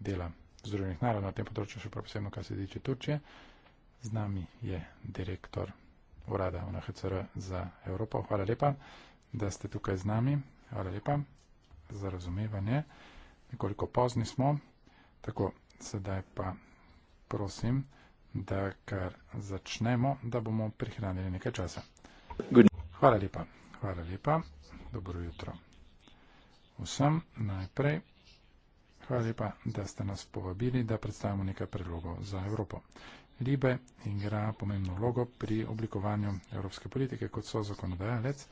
dela Združenih narodov na tem področju, še posebej, kar se tiče Turčije. Z nami je direktor urada UNHCR za Evropo. Hvala lepa, da ste tukaj z nami. Hvala lepa za razumevanje. Nekoliko pozni smo. Tako, sedaj pa prosim, da kar začnemo, da bomo prihranili nekaj časa. Hvala lepa. Hvala lepa dobro jutro. Vsem najprej hvala lepa, da ste nas povabili, da predstavimo nekaj predlogov za Evropo. Libe igra pomembno vlogo pri oblikovanju evropske politike kot so zakonodajalec,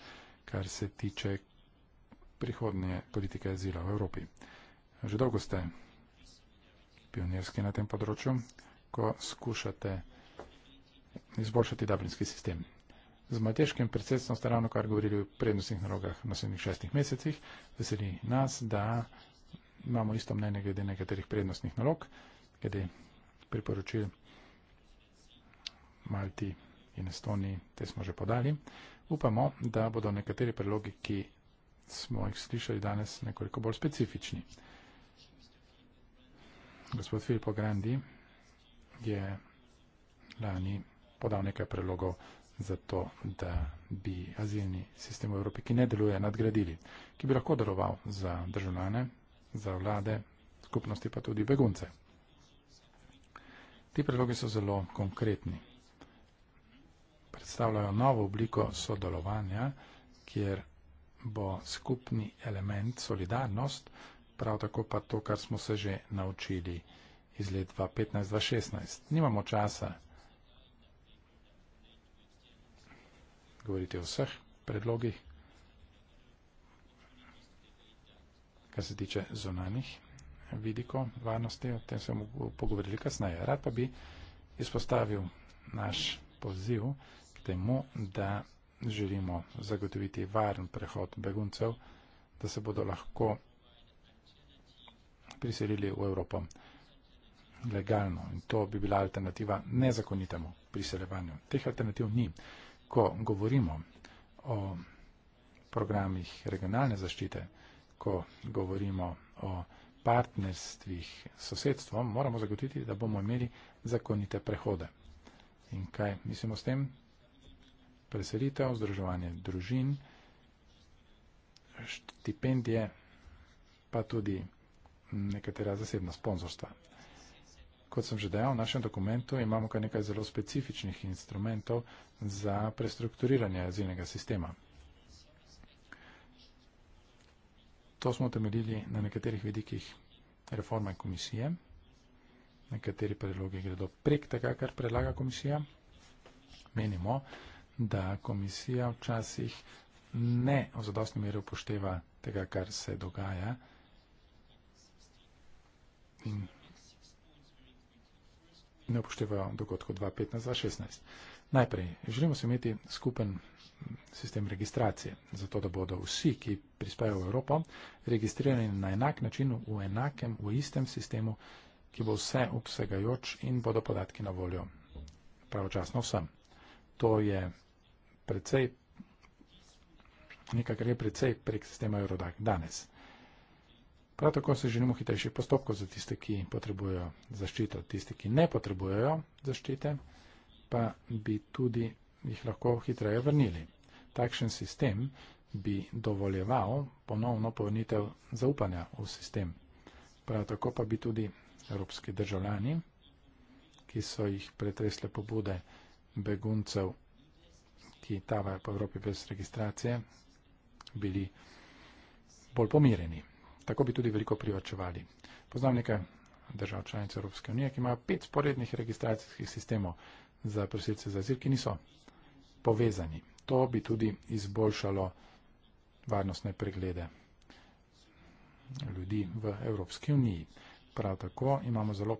kar se tiče prihodnje politike azila v Evropi. Že dolgo ste pionirski na tem področju, ko skušate izboljšati dublinski sistem. Z malteškim predsedstvom ste ravno kar govorili o prednostnih narogah v naslednjih šestih mesecih. Veseli nas, da imamo isto mnenje glede nekaterih prednostnih nalog, glede priporočil Malti in Estoniji, te smo že podali. Upamo, da bodo nekateri predlogi, ki smo jih slišali danes, nekoliko bolj specifični. Gospod Filipo Grandi je lani podal nekaj predlogov za to, da bi azilni sistem v Evropi, ki ne deluje, nadgradili, ki bi lahko deloval za državljane, za vlade, skupnosti pa tudi begunce. Ti predlogi so zelo konkretni. Predstavljajo novo obliko sodelovanja, kjer bo skupni element solidarnost, prav tako pa to, kar smo se že naučili iz let 2015-2016. Nimamo časa govoriti o vseh predlogih, kar se tiče zunanih vidikov varnosti, o tem se bomo pogovorili kasneje. Rad pa bi izpostavil naš poziv k temu, da želimo zagotoviti varen prehod beguncev, da se bodo lahko priselili v Evropo legalno. In to bi bila alternativa nezakonitemu priseljevanju. Teh alternativ ni ko govorimo o programih regionalne zaščite, ko govorimo o partnerstvih s sosedstvom, moramo zagotiti, da bomo imeli zakonite prehode. In kaj mislimo s tem? Preselitev, združevanje družin, štipendije, pa tudi nekatera zasebna sponzorstva. Kot sem že dejal, v našem dokumentu imamo kar nekaj zelo specifičnih instrumentov za prestrukturiranje azilnega sistema. To smo temeljili na nekaterih vidikih reforme komisije. Nekateri predlogi gredo prek tega, kar predlaga komisija. Menimo, da komisija včasih ne v zadostni meri upošteva tega, kar se dogaja. In in upoštevajo dogodkov 2.15.2.16. Najprej želimo se imeti skupen sistem registracije, zato da bodo vsi, ki prispajo v Evropo, registrirani na enak način, v enakem, v istem sistemu, ki bo vse obsegajoč in bodo podatki na voljo pravočasno vsem. To je precej, nekaj, kar je precej prek sistema Eurodac danes. Prav tako se želimo hitrejših postopkov za tiste, ki potrebujejo zaščito, tiste, ki ne potrebujejo zaščite, pa bi tudi jih lahko hitreje vrnili. Takšen sistem bi dovoljeval ponovno povrnitev zaupanja v sistem. Prav tako pa bi tudi evropski državljani, ki so jih pretresle pobude beguncev, ki tavajo po Evropi brez registracije, bili bolj pomireni tako bi tudi veliko privačevali. Poznam nekaj držav članic Evropske unije, ki imajo pet sporednih registracijskih sistemov za prosilce za azil, ki niso povezani. To bi tudi izboljšalo varnostne preglede ljudi v Evropski uniji. Prav tako imamo zelo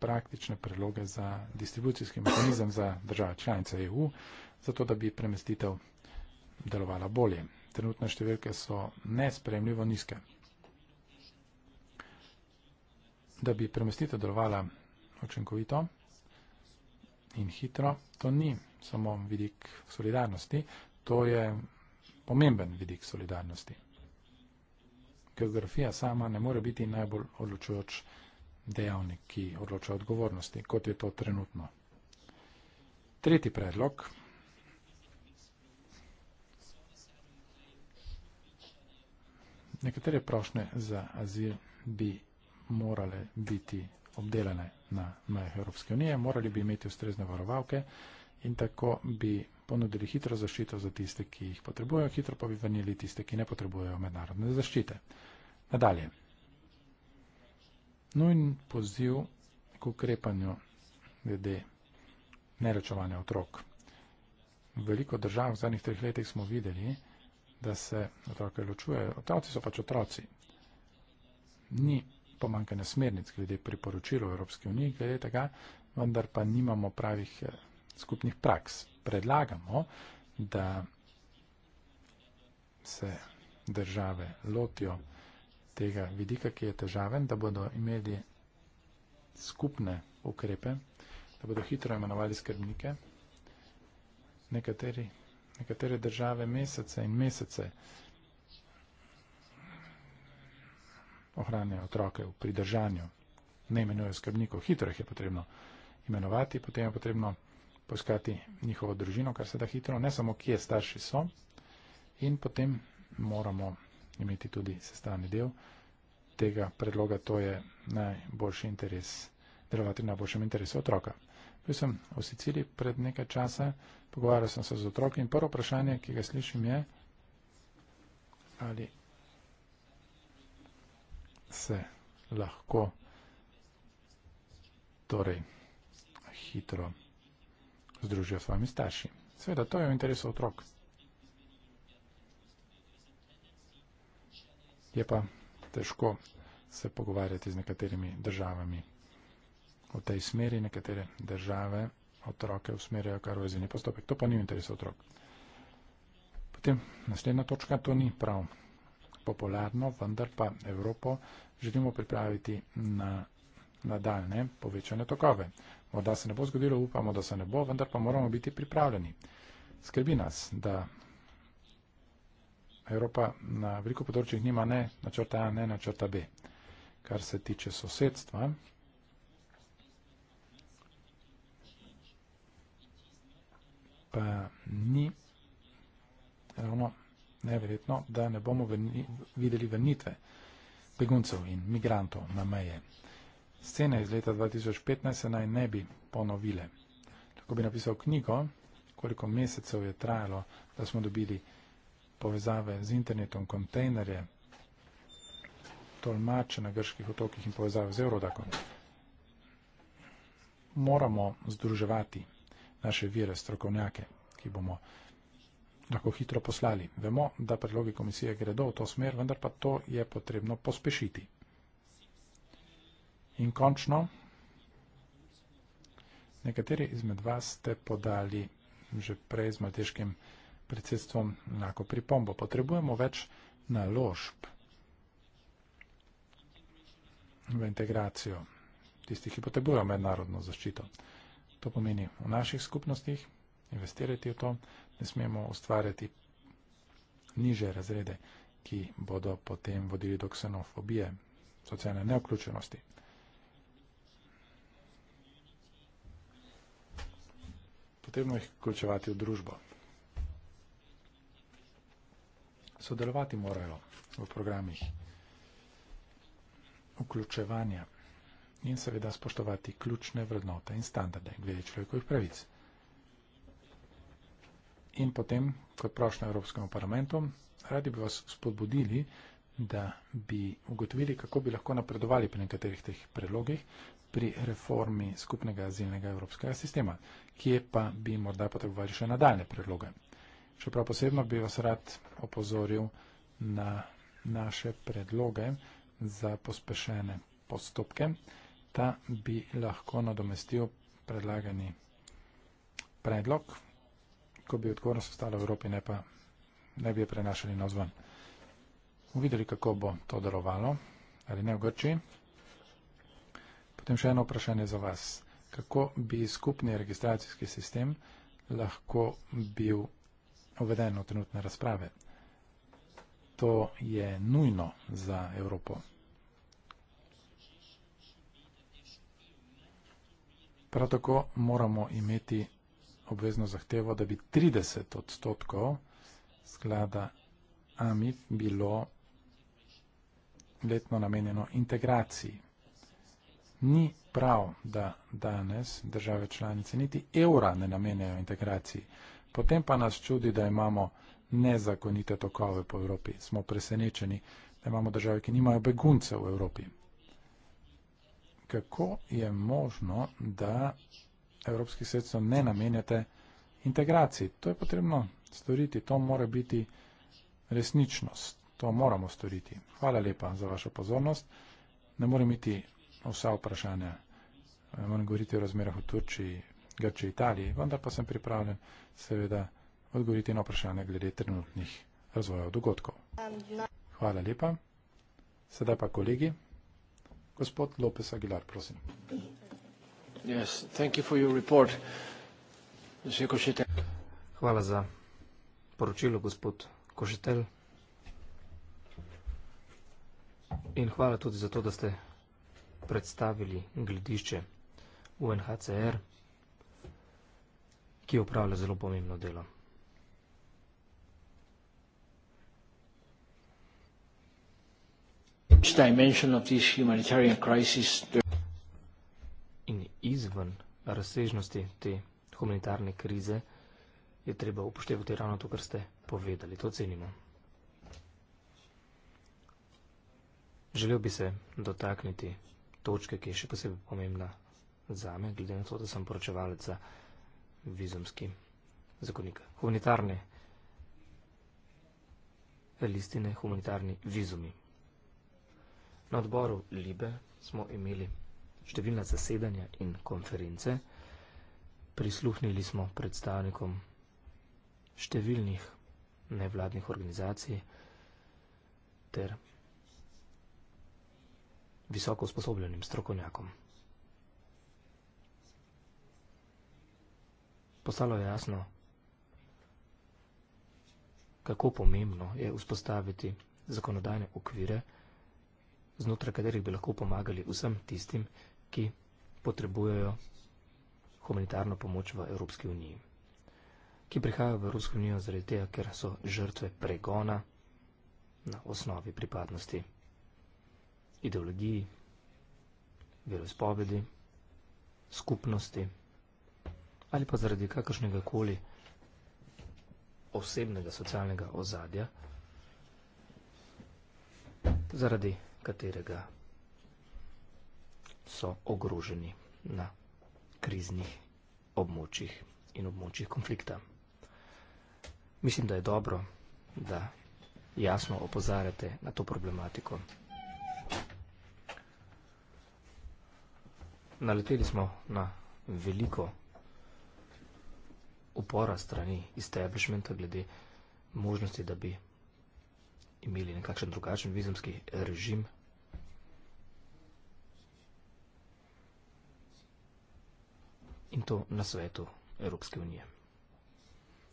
praktične predloge za distribucijski mehanizem za države članice EU, zato da bi premestitev delovala bolje. Trenutne številke so nespremljivo nizke da bi premestitev delovala učinkovito in hitro, to ni samo vidik solidarnosti, to je pomemben vidik solidarnosti. Geografija sama ne more biti najbolj odločujoč dejavnik, ki odloča odgovornosti, kot je to trenutno. Tretji predlog. Nekatere prošnje za azil bi morale biti obdelane na mejah Evropske unije, morali bi imeti ustrezne varovalke in tako bi ponudili hitro zaščito za tiste, ki jih potrebujejo, hitro pa bi vrnili tiste, ki ne potrebujejo mednarodne zaščite. Nadalje. Nujen poziv k ukrepanju glede nerečovanja otrok. V veliko držav v zadnjih treh letih smo videli, da se otroke ločujejo. Otroci so pač otroci. Ni pomankanja smernic glede priporočil v Evropski uniji, glede tega, vendar pa nimamo pravih eh, skupnih praks. Predlagamo, da se države lotijo tega vidika, ki je težaven, da bodo imeli skupne ukrepe, da bodo hitro imenovali skrbnike. Nekateri, nekatere države mesece in mesece ohranjajo otroke v pridržanju, ne imenujejo skrbnikov, hitro jih je potrebno imenovati, potem je potrebno poiskati njihovo družino, kar se da hitro, ne samo kje starši so in potem moramo imeti tudi sestavni del tega predloga, to je najboljši interes, delovati na boljšem interesu otroka. Bil sem v Siciliji pred nekaj časa, pogovarjal sem se z otroki in prvo vprašanje, ki ga slišim je, ali se lahko torej hitro združijo s svojimi starši. Seveda, to je v interesu otrok. Je pa težko se pogovarjati z nekaterimi državami v tej smeri. Nekatere države otroke usmerjajo kar v ezini postopek. To pa ni v interesu otrok. Potem naslednja točka, to ni prav popularno, vendar pa Evropo želimo pripraviti na nadaljne povečane tokove. Morda se ne bo zgodilo, upamo, da se ne bo, vendar pa moramo biti pripravljeni. Skrbi nas, da Evropa na veliko področjih nima ne načrta A, ne načrta B. Kar se tiče sosedstva, pa ni ravno neverjetno, da ne bomo videli vrnitve beguncev in migrantov na meje. Scene iz leta 2015 se naj ne bi ponovile. Tako bi napisal knjigo, koliko mesecev je trajalo, da smo dobili povezave z internetom, kontejnerje, tolmače na grških otokih in povezave z Eurodakom. Moramo združevati naše vire strokovnjake, ki bomo lahko hitro poslali. Vemo, da predlogi komisije gredo v to smer, vendar pa to je potrebno pospešiti. In končno, nekateri izmed vas ste podali že prej z malteškim predsedstvom enako pripombo. Potrebujemo več naložb v integracijo tistih, ki potrebujejo mednarodno zaščito. To pomeni v naših skupnostih, investirati v to, ne smemo ustvarjati niže razrede, ki bodo potem vodili do ksenofobije, socialne neoključenosti. Potrebno jih vključevati v družbo. Sodelovati morajo v programih vključevanja in seveda spoštovati ključne vrednote in standarde glede človekovih pravic in potem kot prošnjo Evropskemu parlamentu, radi bi vas spodbudili, da bi ugotovili, kako bi lahko napredovali pri nekaterih teh predlogih pri reformi skupnega azilnega evropskega sistema, kje pa bi morda potrebovali še nadaljne predloge. Čeprav posebno bi vas rad opozoril na naše predloge za pospešene postopke. Ta bi lahko nadomestil predlagani predlog, ko bi odgovornost ostala v Evropi, ne pa ne bi jo prenašali na zvon. Uvideli, kako bo to delovalo, ali ne v Grčiji. Potem še eno vprašanje za vas. Kako bi skupni registracijski sistem lahko bil uveden v trenutne razprave? To je nujno za Evropo. Prav tako moramo imeti obvezno zahtevo, da bi 30 odstotkov sklada AMIF bilo letno namenjeno integraciji. Ni prav, da danes države članice niti evra ne namenjajo integraciji. Potem pa nas čudi, da imamo nezakonite tokove po Evropi. Smo presenečeni, da imamo države, ki nimajo beguncev v Evropi. Kako je možno, da evropskih sredstev ne namenjate integraciji. To je potrebno storiti, to mora biti resničnost, to moramo storiti. Hvala lepa za vašo pozornost. Ne morem imeti vsa vprašanja, moram govoriti o razmerah v Turčiji, Grčiji, Italiji, vendar pa sem pripravljen seveda odgovoriti na vprašanje glede trenutnih razvojev dogodkov. Hvala lepa. Sedaj pa kolegi. Gospod Lopes Aguilar, prosim. Hvala za poročilo, gospod Košetel. In hvala tudi za to, da ste predstavili gledišče UNHCR, ki upravlja zelo pomembno delo. Which dimension of this humanitarian crisis? There izven razsežnosti te humanitarne krize, je treba upoštevati ravno to, kar ste povedali. To cenimo. Želel bi se dotakniti točke, ki je še posebej pomembna za me, glede na to, da sem poročevalec za vizumski zakonik. Humanitarne listine, humanitarni vizumi. Na odboru Libe smo imeli številna zasedanja in konference. Prisluhnili smo predstavnikom številnih nevladnih organizacij ter visoko usposobljenim strokovnjakom. Postalo je jasno, kako pomembno je vzpostaviti zakonodajne okvire, znotraj katerih bi lahko pomagali vsem tistim, ki potrebujejo humanitarno pomoč v Evropski uniji, ki prihajajo v Evropsko unijo zaradi tega, ker so žrtve pregona na osnovi pripadnosti ideologiji, veroizpovedi, skupnosti ali pa zaradi kakršnega koli osebnega socialnega ozadja, zaradi katerega so ogroženi na kriznih območjih in območjih konflikta. Mislim, da je dobro, da jasno opozarjate na to problematiko. Naleteli smo na veliko upora strani establishmenta glede možnosti, da bi imeli nekakšen drugačen vizumski režim in to na svetu Evropske unije.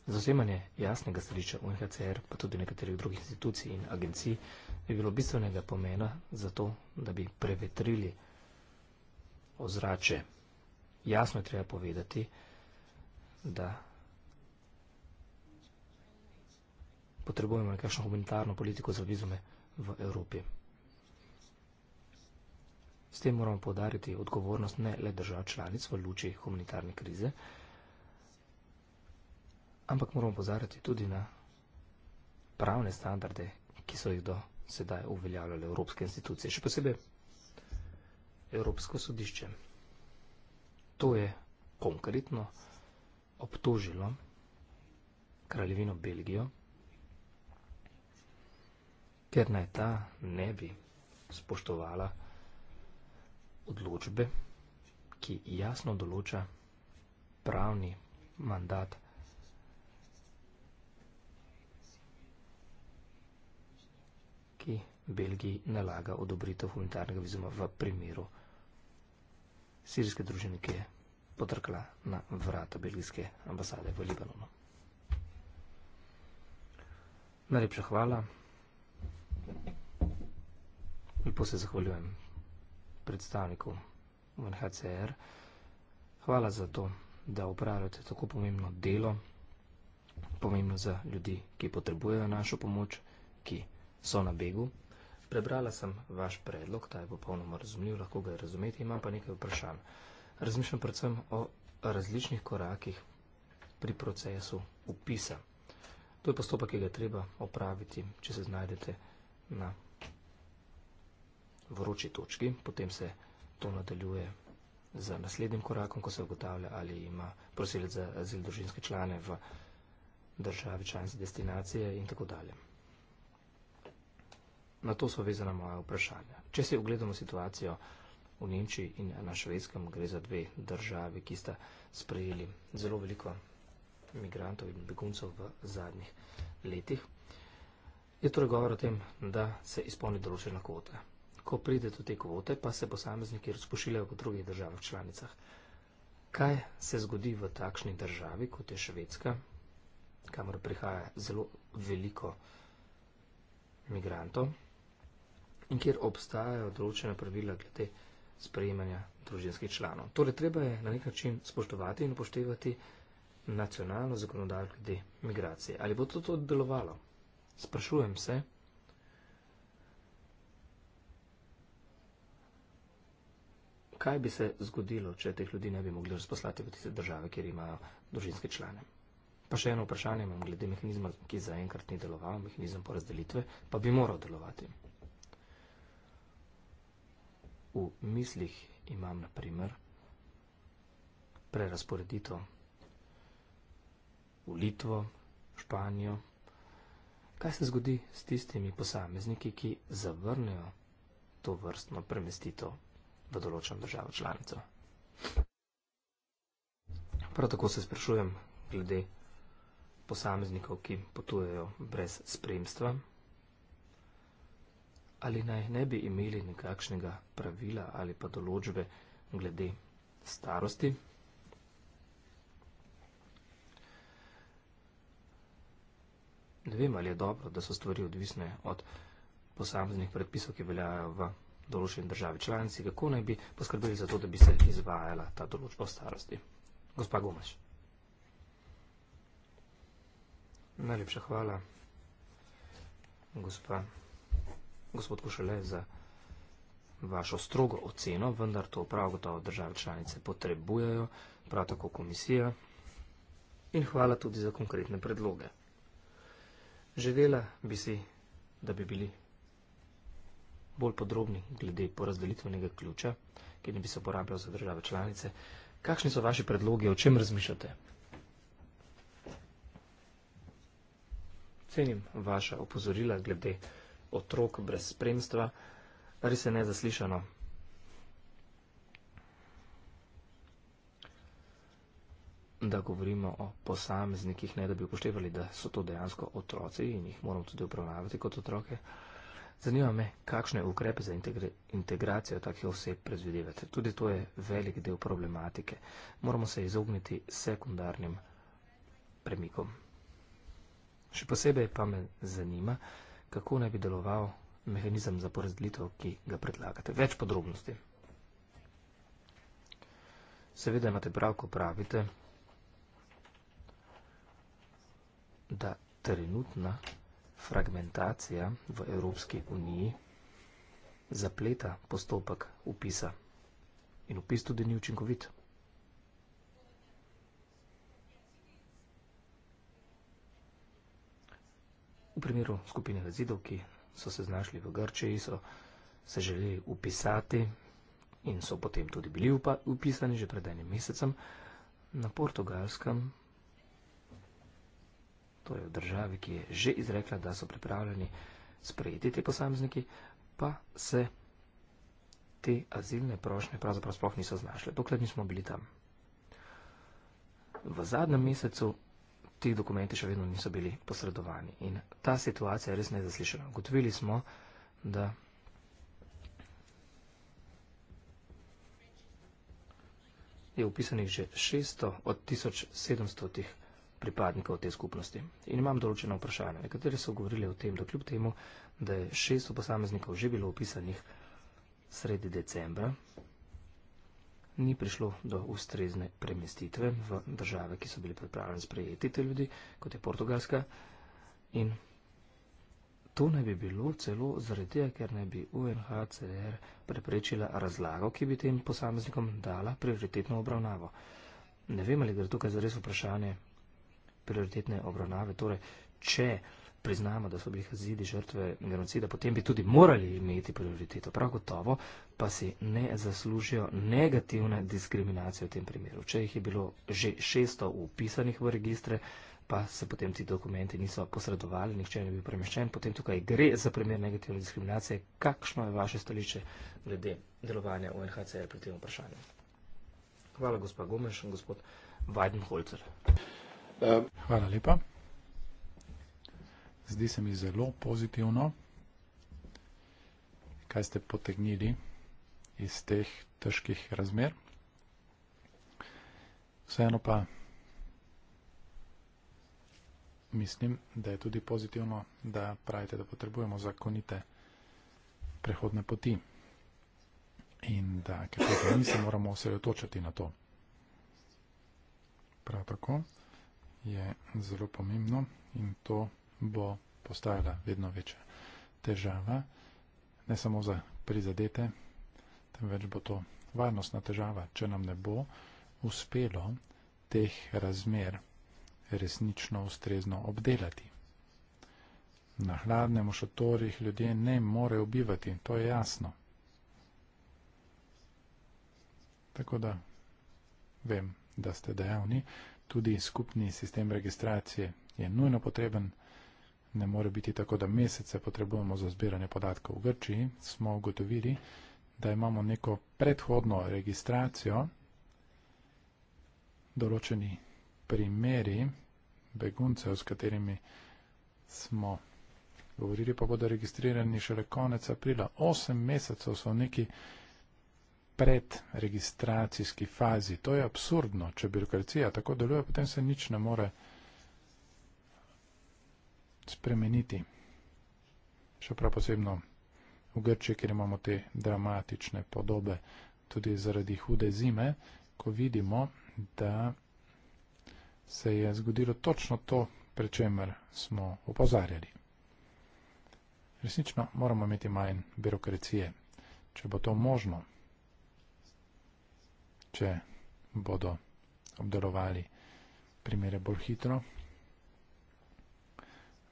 Zauzemanje jasnega stališča UNHCR, pa tudi nekaterih drugih institucij in agencij, bi bilo bistvenega pomena za to, da bi prevetrili ozrače. Jasno je treba povedati, da potrebujemo nekakšno humanitarno politiko za vizume v Evropi. S tem moramo podariti odgovornost ne le držav članic v luči humanitarne krize, ampak moramo pozarati tudi na pravne standarde, ki so jih do sedaj uveljavljale evropske institucije, še posebej Evropsko sodišče. To je konkretno obtožilo kraljevino Belgijo, ker naj ta ne bi spoštovala odločbe, ki jasno določa pravni mandat ki Belgiji nalaga odobritev humanitarnega vizuma v primeru sirijske družine, ki je potrkla na vrata belgijske ambasade v Libanonu. Najlepša hvala. Lepo se zahvaljujem predstavnikov UNHCR. Hvala za to, da upravljate tako pomembno delo, pomembno za ljudi, ki potrebujejo našo pomoč, ki so na begu. Prebrala sem vaš predlog, ta je popolnoma razumljiv, lahko ga je razumeti, imam pa nekaj vprašanj. Razmišljam predvsem o različnih korakih pri procesu upisa. To je postopek, ki ga treba opraviti, če se znajdete na vroči točki, potem se to nadaljuje z naslednjim korakom, ko se ugotavlja, ali ima prosilec za azil družinske člane v državi članice destinacije in tako dalje. Na to so vezana moja vprašanja. Če si ogledamo situacijo v Nemčiji in na Švedskem, gre za dve države, ki sta sprejeli zelo veliko migrantov in beguncev v zadnjih letih, je torej govor o tem, da se izpolni določena kvota ko pride do te kvote, pa se posamezniki razpošiljajo po drugih državah članicah. Kaj se zgodi v takšni državi, kot je Švedska, kamor prihaja zelo veliko migrantov in kjer obstajajo določene pravila glede sprejemanja družinskih članov. Torej, treba je na nek način spoštovati in upoštevati nacionalno zakonodajo glede migracije. Ali bo to, to delovalo? Sprašujem se. kaj bi se zgodilo, če teh ljudi ne bi mogli razposlati v tiste države, kjer imajo družinske člane. Pa še eno vprašanje imam glede mehanizma, ki zaenkrat ni deloval, mehanizem porazdelitve, pa bi moral delovati. V mislih imam na primer prerasporedito v Litvo, Španijo. Kaj se zgodi s tistimi posamezniki, ki zavrnejo to vrstno premestitev v določeno državo članico. Prav tako se sprašujem glede posameznikov, ki potujejo brez spremstva, ali naj ne bi imeli nekakšnega pravila ali pa določbe glede starosti. Ne vem, ali je dobro, da so stvari odvisne od posameznih predpisov, ki veljajo v določeni državi članici, kako naj bi poskrbeli za to, da bi se izvajala ta določba o starosti. Gospa Gomaš. Najlepša hvala, gospa, gospod Košele, za vašo strogo oceno, vendar to prav gotovo države članice potrebujejo, prav tako komisija. In hvala tudi za konkretne predloge. Želela bi si, da bi bili bolj podrobni glede porazdelitvenega ključa, ki ne bi se uporabljal za države članice. Kakšni so vaši predlogi, o čem razmišljate? Cenim vaša opozorila glede otrok brez spremstva, ali se ne zaslišano. da govorimo o posameznikih, ne da bi upoštevali, da so to dejansko otroci in jih moramo tudi upravljavati kot otroke. Zanima me, kakšne ukrepe za integre, integracijo takih oseb predvidevate. Tudi to je velik del problematike. Moramo se izogniti sekundarnim premikom. Še posebej pa me zanima, kako naj bi deloval mehanizem za porazdelitev, ki ga predlagate. Več podrobnosti. Seveda imate prav, ko pravite, da trenutna fragmentacija v Evropski uniji zapleta postopek upisa in upis tudi ni učinkovit. V primeru skupine vezidov, ki so se znašli v Grčiji, so se želeli upisati in so potem tudi bili upisani že pred enim mesecem, na portugalskem to je v državi, ki je že izrekla, da so pripravljeni sprejeti te posamezniki, pa se te azilne prošnje pravzaprav sploh niso znašle, dokler nismo bili tam. V zadnjem mesecu ti dokumenti še vedno niso bili posredovani in ta situacija je res nezaslišena. Gotovili smo, da je upisanih že 600 od 1700 pripadnikov te skupnosti. In imam določeno vprašanje. Nekateri so govorili o tem, da kljub temu, da je 600 posameznikov že bilo opisanih sredi decembra, ni prišlo do ustrezne premestitve v države, ki so bili pripravljeni sprejeti te ljudi, kot je Portugalska. In to naj bi bilo celo zaradi tega, ker naj bi UNHCR preprečila razlago, ki bi tem posameznikom dala prioritetno obravnavo. Ne vem, ali gre tukaj za res vprašanje prioritetne obravnave. Torej, če priznamo, da so bili hazidi žrtve genocida, potem bi tudi morali imeti prioriteto. Prav gotovo pa si ne zaslužijo negativne diskriminacije v tem primeru. Če jih je bilo že 600 upisanih v registre, pa se potem ti dokumenti niso posredovali, nihče ne bi bil premeščen, potem tukaj gre za primer negativne diskriminacije. Kakšno je vaše stališče glede delovanja UNHCR pri tem vprašanju? Hvala, gospod Gomeš in gospod Weidenholzer. Hvala lepa. Zdi se mi zelo pozitivno, kaj ste potegnili iz teh težkih razmer. Vseeno pa mislim, da je tudi pozitivno, da pravite, da potrebujemo zakonite prehodne poti in da, ker tega ni, se moramo osredotočiti na to. Prav tako je zelo pomembno in to bo postajala vedno večja težava, ne samo za prizadete, temveč bo to varnostna težava, če nam ne bo uspelo teh razmer resnično ustrezno obdelati. Na hladnem šotorih ljudje ne morejo bivati, to je jasno. Tako da vem, da ste dejavni tudi skupni sistem registracije je nujno potreben. Ne more biti tako, da mesece potrebujemo za zbiranje podatkov. V Grčiji smo ugotovili, da imamo neko predhodno registracijo, določeni primeri beguncev, s katerimi smo govorili, pa bodo registrirani šele konec aprila. Osem mesecev so neki predregistracijski fazi. To je absurdno. Če birokracija tako deluje, potem se nič ne more spremeniti. Še prav posebno v Grčiji, kjer imamo te dramatične podobe, tudi zaradi hude zime, ko vidimo, da se je zgodilo točno to, pre čemer smo opozarjali. Resnično moramo imeti manj birokracije, če bo to možno če bodo obdelovali primere bolj hitro,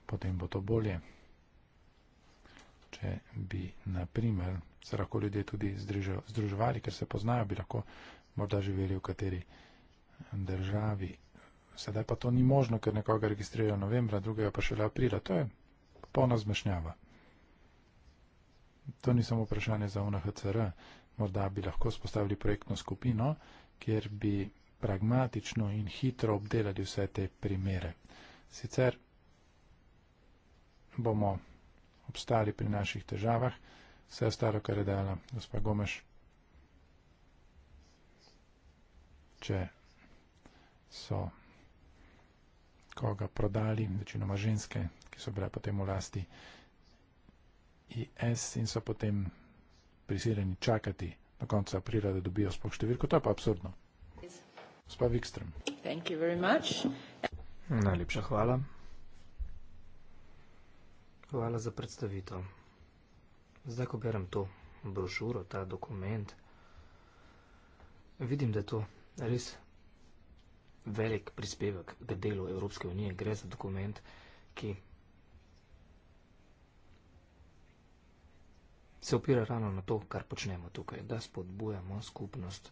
potem bo to bolje. Če bi, na primer, se lahko ljudje tudi združevali, ker se poznajo, bi lahko morda živeli v kateri državi. Sedaj pa to ni možno, ker nekoga registrirajo novembra, drugega pa šele aprila. To je popolna zmešnjava. To ni samo vprašanje za UNHCR, morda bi lahko spostavili projektno skupino, kjer bi pragmatično in hitro obdelali vse te primere. Sicer bomo obstali pri naših težavah, vse staro, kar je dala gospa Gomeš, če so koga prodali, večinoma ženske, ki so bile potem v lasti IS in so potem prisiljeni čakati do konca aprila, da dobijo sploh številko. To je pa absurdno. Gospa Vikström. Najlepša hvala. Hvala za predstavitev. Zdaj, ko berem to brošuro, ta dokument, vidim, da je to res velik prispevek k delu Evropske unije. Gre za dokument, ki se opira ravno na to, kar počnemo tukaj, da spodbujamo skupnost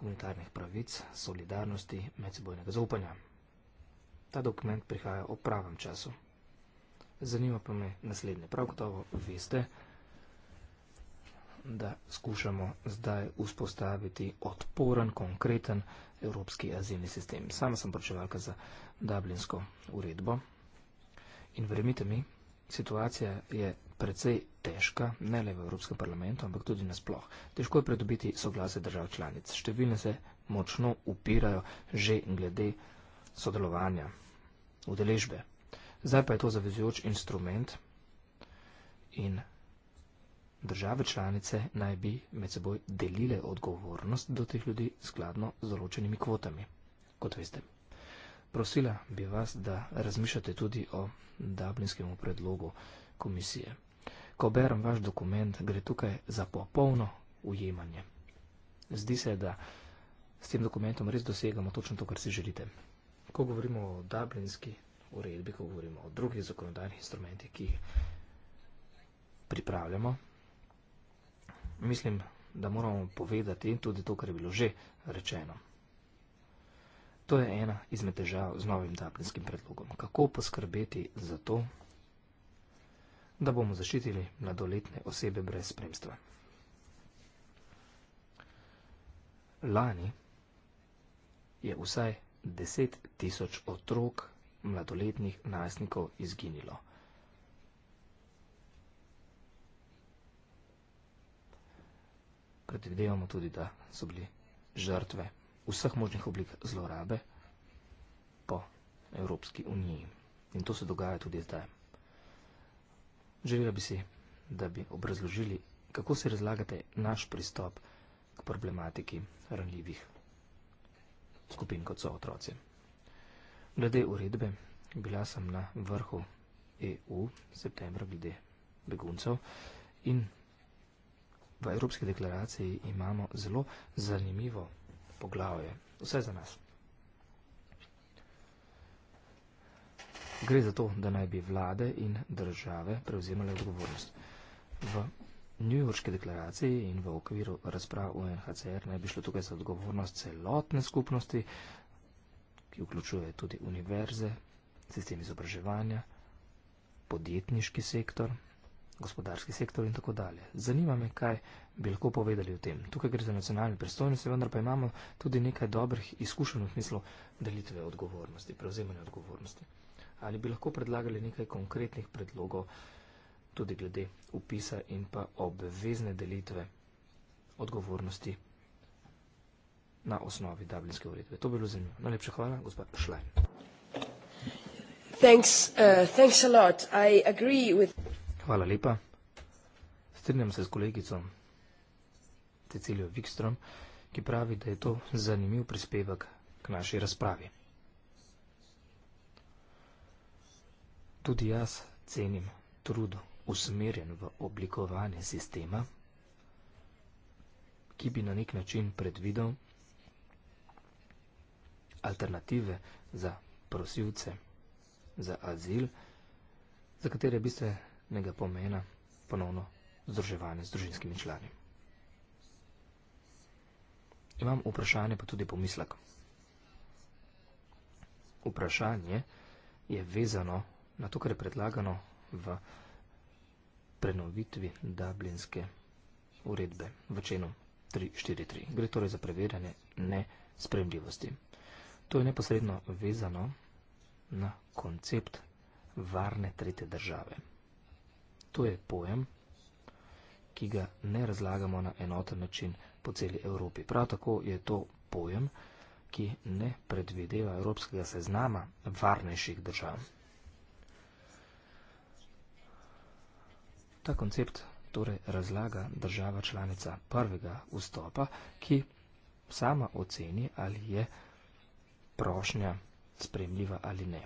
humanitarnih pravic, solidarnosti, medsebojnega zaupanja. Ta dokument prihaja ob pravem času. Zanima pa me naslednje. Prav gotovo veste, da skušamo zdaj vzpostaviti odporen, konkreten evropski azilni sistem. Sama sem pročevalka za Dublinsko uredbo in verjemite mi, situacija je precej težka, ne le v Evropskem parlamentu, ampak tudi nasploh. Težko je predobiti soglase držav članic. Številne se močno upirajo že glede sodelovanja, udeležbe. Zdaj pa je to zavezujoč instrument in države članice naj bi med seboj delile odgovornost do teh ljudi skladno z določenimi kvotami, kot veste. Prosila bi vas, da razmišljate tudi o dublinskem predlogu komisije ko berem vaš dokument, gre tukaj za popolno ujemanje. Zdi se, da s tem dokumentom res dosegamo točno to, kar si želite. Ko govorimo o dublinski uredbi, ko govorimo o drugih zakonodajnih instrumentih, ki jih pripravljamo, mislim, da moramo povedati tudi to, kar je bilo že rečeno. To je ena izmed težav z novim dublinskim predlogom. Kako poskrbeti za to, da bomo zaščitili mladoletne osebe brez spremstva. Lani je vsaj 10 tisoč otrok mladoletnih najstnikov izginilo. Predvidevamo tudi, da so bili žrtve vseh možnih oblik zlorabe po Evropski uniji. In to se dogaja tudi zdaj. Želela bi si, da bi obrazložili, kako si razlagate naš pristop k problematiki ranljivih skupin, kot so otroci. Glede uredbe, bila sem na vrhu EU septembra glede beguncev in v Evropski deklaraciji imamo zelo zanimivo poglavje, vse za nas. Gre za to, da naj bi vlade in države prevzemale odgovornost. V New Yorkški deklaraciji in v okviru razprav UNHCR naj bi šlo tukaj za odgovornost celotne skupnosti, ki vključuje tudi univerze, sistem izobraževanja, podjetniški sektor, gospodarski sektor in tako dalje. Zanima me, kaj bi lahko povedali o tem. Tukaj gre za nacionalne predstojnosti, vendar pa imamo tudi nekaj dobrih izkušenj v smislu delitve odgovornosti, prevzemanja odgovornosti ali bi lahko predlagali nekaj konkretnih predlogov, tudi glede upisa in pa obvezne delitve odgovornosti na osnovi Dublinske uredbe. To bi bilo zanimivo. Najlepša hvala, gospa Šlajn. Thanks, uh, thanks a lot. I agree with... Hvala lepa. Strinjam se s kolegico Cecilijo Wikstrom, ki pravi, da je to zanimiv prispevek k naši razpravi. Tudi jaz cenim trud usmerjen v oblikovanje sistema, ki bi na nek način predvidel alternative za prosilce za azil, za katere bistvenega pomena ponovno združevanje z družinskimi člani. Imam vprašanje pa tudi pomislek. Vprašanje je vezano na to, kar je predlagano v prenovitvi dublinske uredbe v členu 3.4.3. Gre torej za preverjanje nespremljivosti. To je neposredno vezano na koncept varne trete države. To je pojem, ki ga ne razlagamo na enoten način po celi Evropi. Prav tako je to pojem, ki ne predvideva evropskega seznama varnejših držav. Ta koncept torej razlaga država članica prvega vstopa, ki sama oceni, ali je prošnja spremljiva ali ne.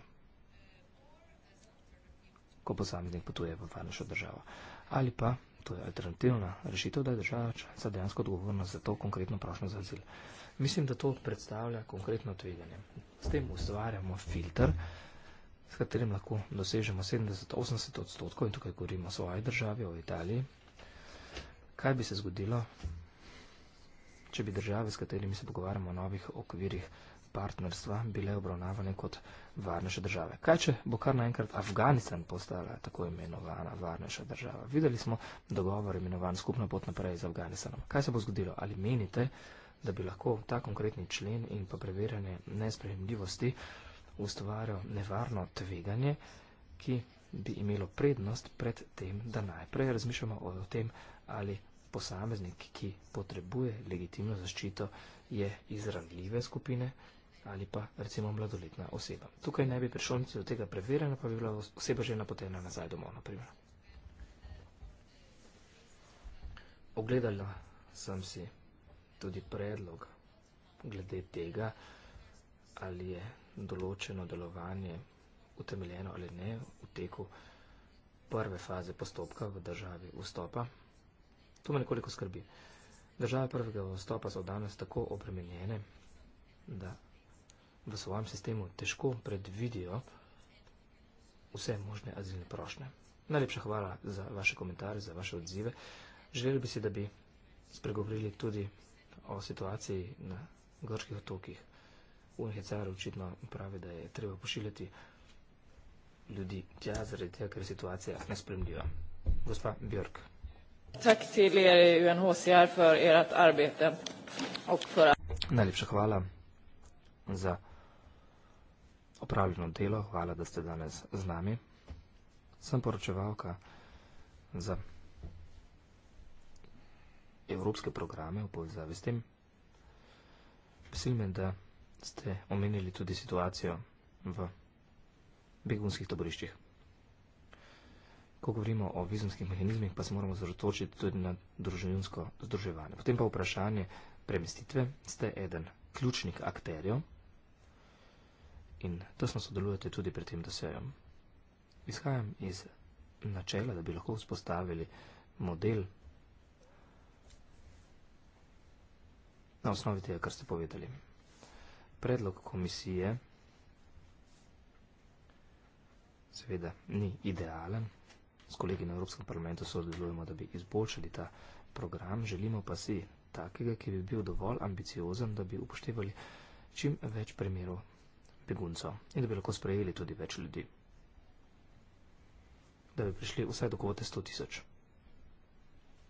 Ko posameznik potuje v varnejšo državo. Ali pa, to je alternativna rešitev, da je država članica dejansko odgovorna za to konkretno prošnjo za azil. Mislim, da to predstavlja konkretno tveganje. S tem ustvarjamo filter, s katerim lahko dosežemo 70-80 odstotkov in tukaj govorimo o svoji državi, o Italiji. Kaj bi se zgodilo, če bi države, s katerimi se pogovarjamo o novih okvirih partnerstva, bile obravnavane kot varnejše države? Kaj, če bo kar naenkrat Afganistan postala tako imenovana varnejša država? Videli smo dogovor imenovan skupna pot naprej z Afganistanom. Kaj se bo zgodilo? Ali menite, da bi lahko ta konkretni člen in pa preverjanje nespremljivosti ustvarjal nevarno tveganje, ki bi imelo prednost pred tem, da najprej razmišljamo o tem, ali posameznik, ki potrebuje legitimno zaščito, je iz ranljive skupine ali pa recimo mladoletna oseba. Tukaj ne bi prišlo niti do tega preverjanja, pa bi bila oseba že napotena nazaj domov, naprimer. Ogledala sem si tudi predlog glede tega, ali je določeno delovanje utemeljeno ali ne v teku prve faze postopka v državi vstopa. To me nekoliko skrbi. Države prvega vstopa so danes tako obremenjene, da v svojem sistemu težko predvidijo vse možne azilne prošnje. Najlepša hvala za vaše komentarje, za vaše odzive. Želeli bi si, da bi spregovorili tudi o situaciji na grških otokih. UNHCR očitno pravi, da je treba pošiljati ljudi tja, zaradi tega, ker situacija ne spremljiva. Gospa Björk. Tak til er UNHCR for erat arbete. For... Najlepša hvala za opravljeno delo. Hvala, da ste danes z nami. Sem poročevalka za evropske programe v povezavi s tem. Veselim me, da ste omenili tudi situacijo v begunskih taboriščih. Ko govorimo o vizumskih mehanizmih, pa se moramo zrotočiti tudi na družinsko združevanje. Potem pa vprašanje premestitve. Ste eden ključnih akterjev in tesno sodelujete tudi pri tem dosejem. Um, izhajam iz načela, da bi lahko vzpostavili model na osnovi tega, kar ste povedali predlog komisije seveda ni idealen. S kolegi na Evropskem parlamentu sodelujemo, da bi izboljšali ta program. Želimo pa si takega, ki bi bil dovolj ambiciozen, da bi upoštevali čim več primerov beguncov in da bi lahko sprejeli tudi več ljudi. Da bi prišli vsaj do kvote 100 tisoč.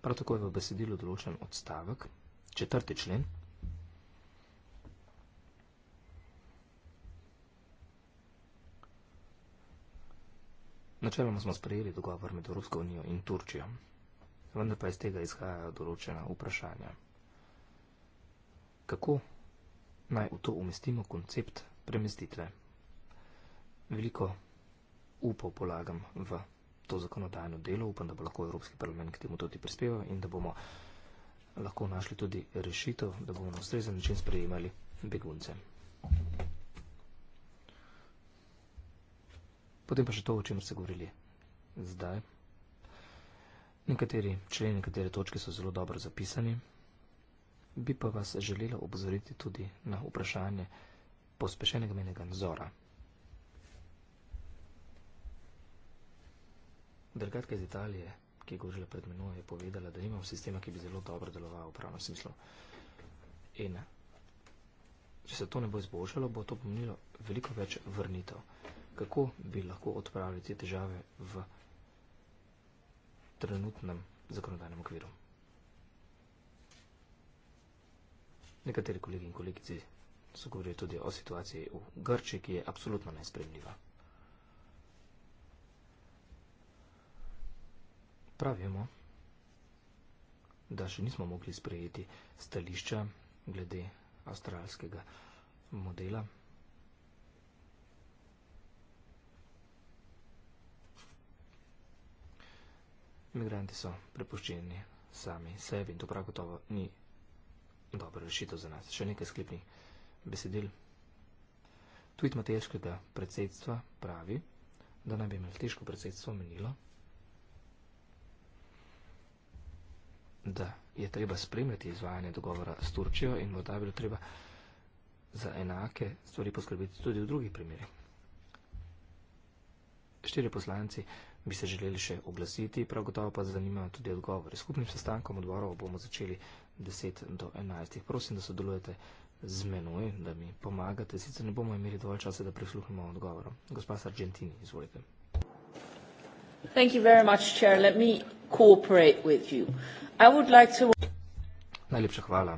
Prav tako je v besedilu določen odstavek, četrti člen, Načeloma smo sprejeli dogovor med Evropsko unijo in Turčijo, vendar pa iz tega izhajajo določena vprašanja. Kako naj v to umestimo koncept premestitve? Veliko upov polagam v to zakonodajno delo, upam, da bo lahko Evropski parlament k temu tudi prispeval in da bomo lahko našli tudi rešitev, da bomo na ustrezen način sprejemali begunce. Thank you. Potem pa še to, o čem ste govorili zdaj. Nekateri členi, nekatere točke so zelo dobro zapisani. Bi pa vas želela obozoriti tudi na vprašanje pospešenega menega nadzora. Delegatka iz Italije, ki je govorila pred menoj, je povedala, da imam sistema, ki bi zelo dobro deloval v pravnem smislu. In če se to ne bo izboljšalo, bo to pomenilo veliko več vrnitev kako bi lahko odpravili te težave v trenutnem zakonodajnem okviru. Nekateri kolegi in kolegici so govorili tudi o situaciji v Grči, ki je absolutno nespremljiva. Pravimo, da še nismo mogli sprejeti stališča glede avstralskega modela. Imigranti so prepuščeni sami sebi in to prav gotovo ni dobro rešito za nas. Še nekaj sklepnih besedil. Tweet Matejškega predsedstva pravi, da naj bi Maltiško predsedstvo menilo, da je treba spremljati izvajanje dogovora s Turčijo in morda bilo treba za enake stvari poskrbiti tudi v drugih primerih. Štiri poslanci bi se želeli še oglasiti, prav gotovo pa zanimajo tudi odgovori. Skupnim sestankom odborov bomo začeli 10 do 11. Prosim, da sodelujete z menoj, da mi pomagate, sicer ne bomo imeli dovolj časa, da prisluhnemo odgovorom. Gospa Sargentini, izvolite. Najlepša hvala.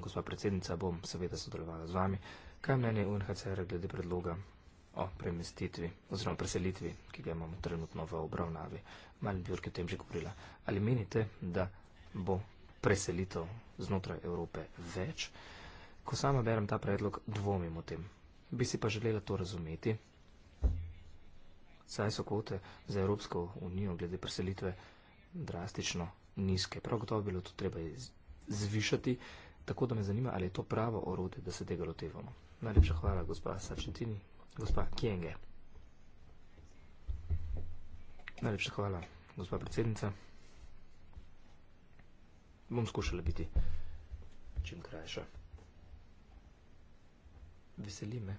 Gospa predsednica, bom seveda sodelovala z vami. Kaj mnenje UNHCR glede predloga o premestitvi oziroma preselitvi, ki ga imamo trenutno v obravnavi. Malin Bjork je o tem že govorila. Ali menite, da bo preselitev znotraj Evrope več? Ko sama berem ta predlog, dvomim o tem. Bi si pa želela to razumeti. Saj so kvote za Evropsko unijo glede preselitve drastično nizke. Prav gotovo bilo to treba zvišati, tako da me zanima, ali je to pravo orode, da se tega lotevamo. Najlepša hvala, gospa Sačetini gospa Kienge. Najlepša hvala, gospa predsednica. Bom skušala biti čim krajša. Veseli me,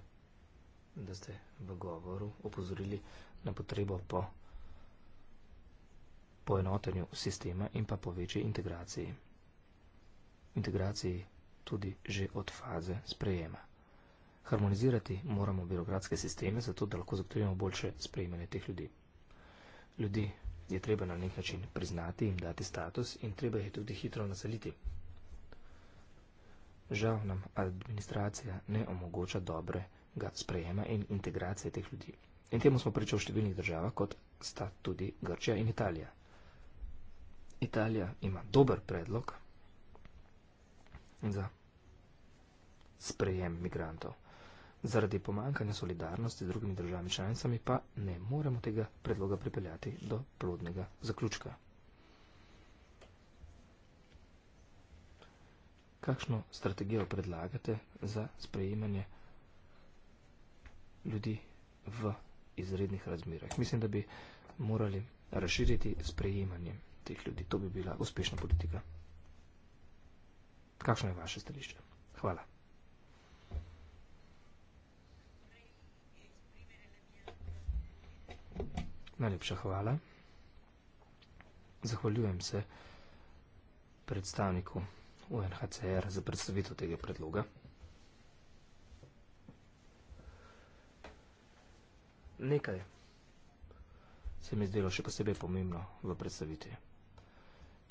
da ste v govoru opozorili na potrebo po poenotenju sistema in pa po večji integraciji. Integraciji tudi že od faze sprejema. Harmonizirati moramo birokratske sisteme, zato da lahko zagotovimo boljše sprejmanje teh ljudi. Ljudi je treba na nek način priznati in dati status in treba jih tudi hitro naseliti. Žal nam administracija ne omogoča dobrega sprejema in integracije teh ljudi. In temu smo pričali v številnih državah, kot sta tudi Grčija in Italija. Italija ima dober predlog za sprejem migrantov. Zaradi pomankanja solidarnosti z drugimi državami članicami pa ne moremo tega predloga pripeljati do plodnega zaključka. Kakšno strategijo predlagate za sprejemanje ljudi v izrednih razmerah? Mislim, da bi morali razširiti sprejemanje teh ljudi. To bi bila uspešna politika. Kakšno je vaše stališče? Hvala. Najlepša hvala. Zahvaljujem se predstavniku UNHCR za predstavitev tega predloga. Nekaj se mi zdelo še posebej pomembno v predstavitvi.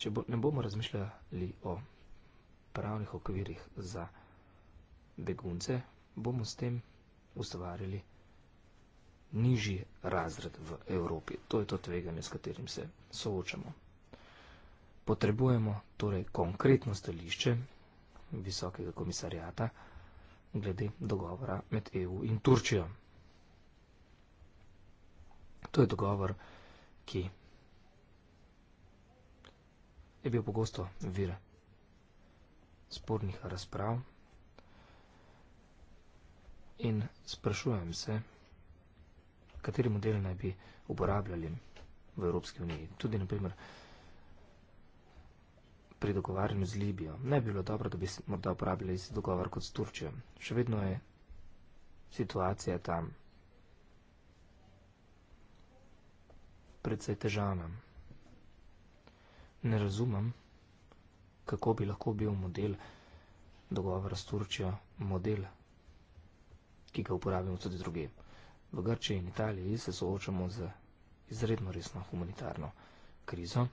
Če bo, ne bomo razmišljali o pravnih okvirih za begunce, bomo s tem ustvarili nižji razred v Evropi. To je to tveganje, s katerim se soočamo. Potrebujemo torej konkretno stališče visokega komisarjata glede dogovora med EU in Turčijo. To je dogovor, ki je bil pogosto vir spornih razprav in sprašujem se, kateri model naj bi uporabljali v Evropski uniji. Tudi naprimer pri dogovarjanju z Libijo. Ne bi bilo dobro, da bi morda uporabljali se dogovor kot s Turčijo. Še vedno je situacija tam predvsej težana. Ne razumem, kako bi lahko bil model dogovora s Turčijo model, ki ga uporabimo tudi druge v Grčiji in Italiji se soočamo z izredno resno humanitarno krizo.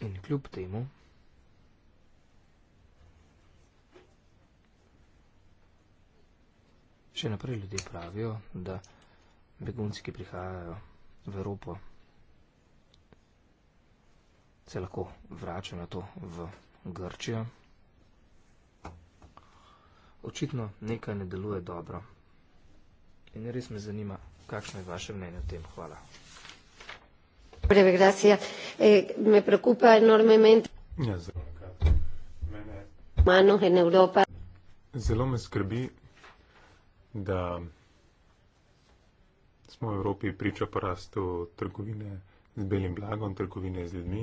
In kljub temu, še naprej ljudje pravijo, da begunci, ki prihajajo v Evropo, se lahko vračajo na to v Grčijo. Očitno nekaj ne deluje dobro. In res me zanima, kakšno je vaše mnenje o tem. Hvala. Prevegracija. E, me preocupa enormemente. Ja, zelo Mano in Evropa. Zelo me skrbi, da smo v Evropi priča porastu trgovine z belim blagom, trgovine z ljudmi.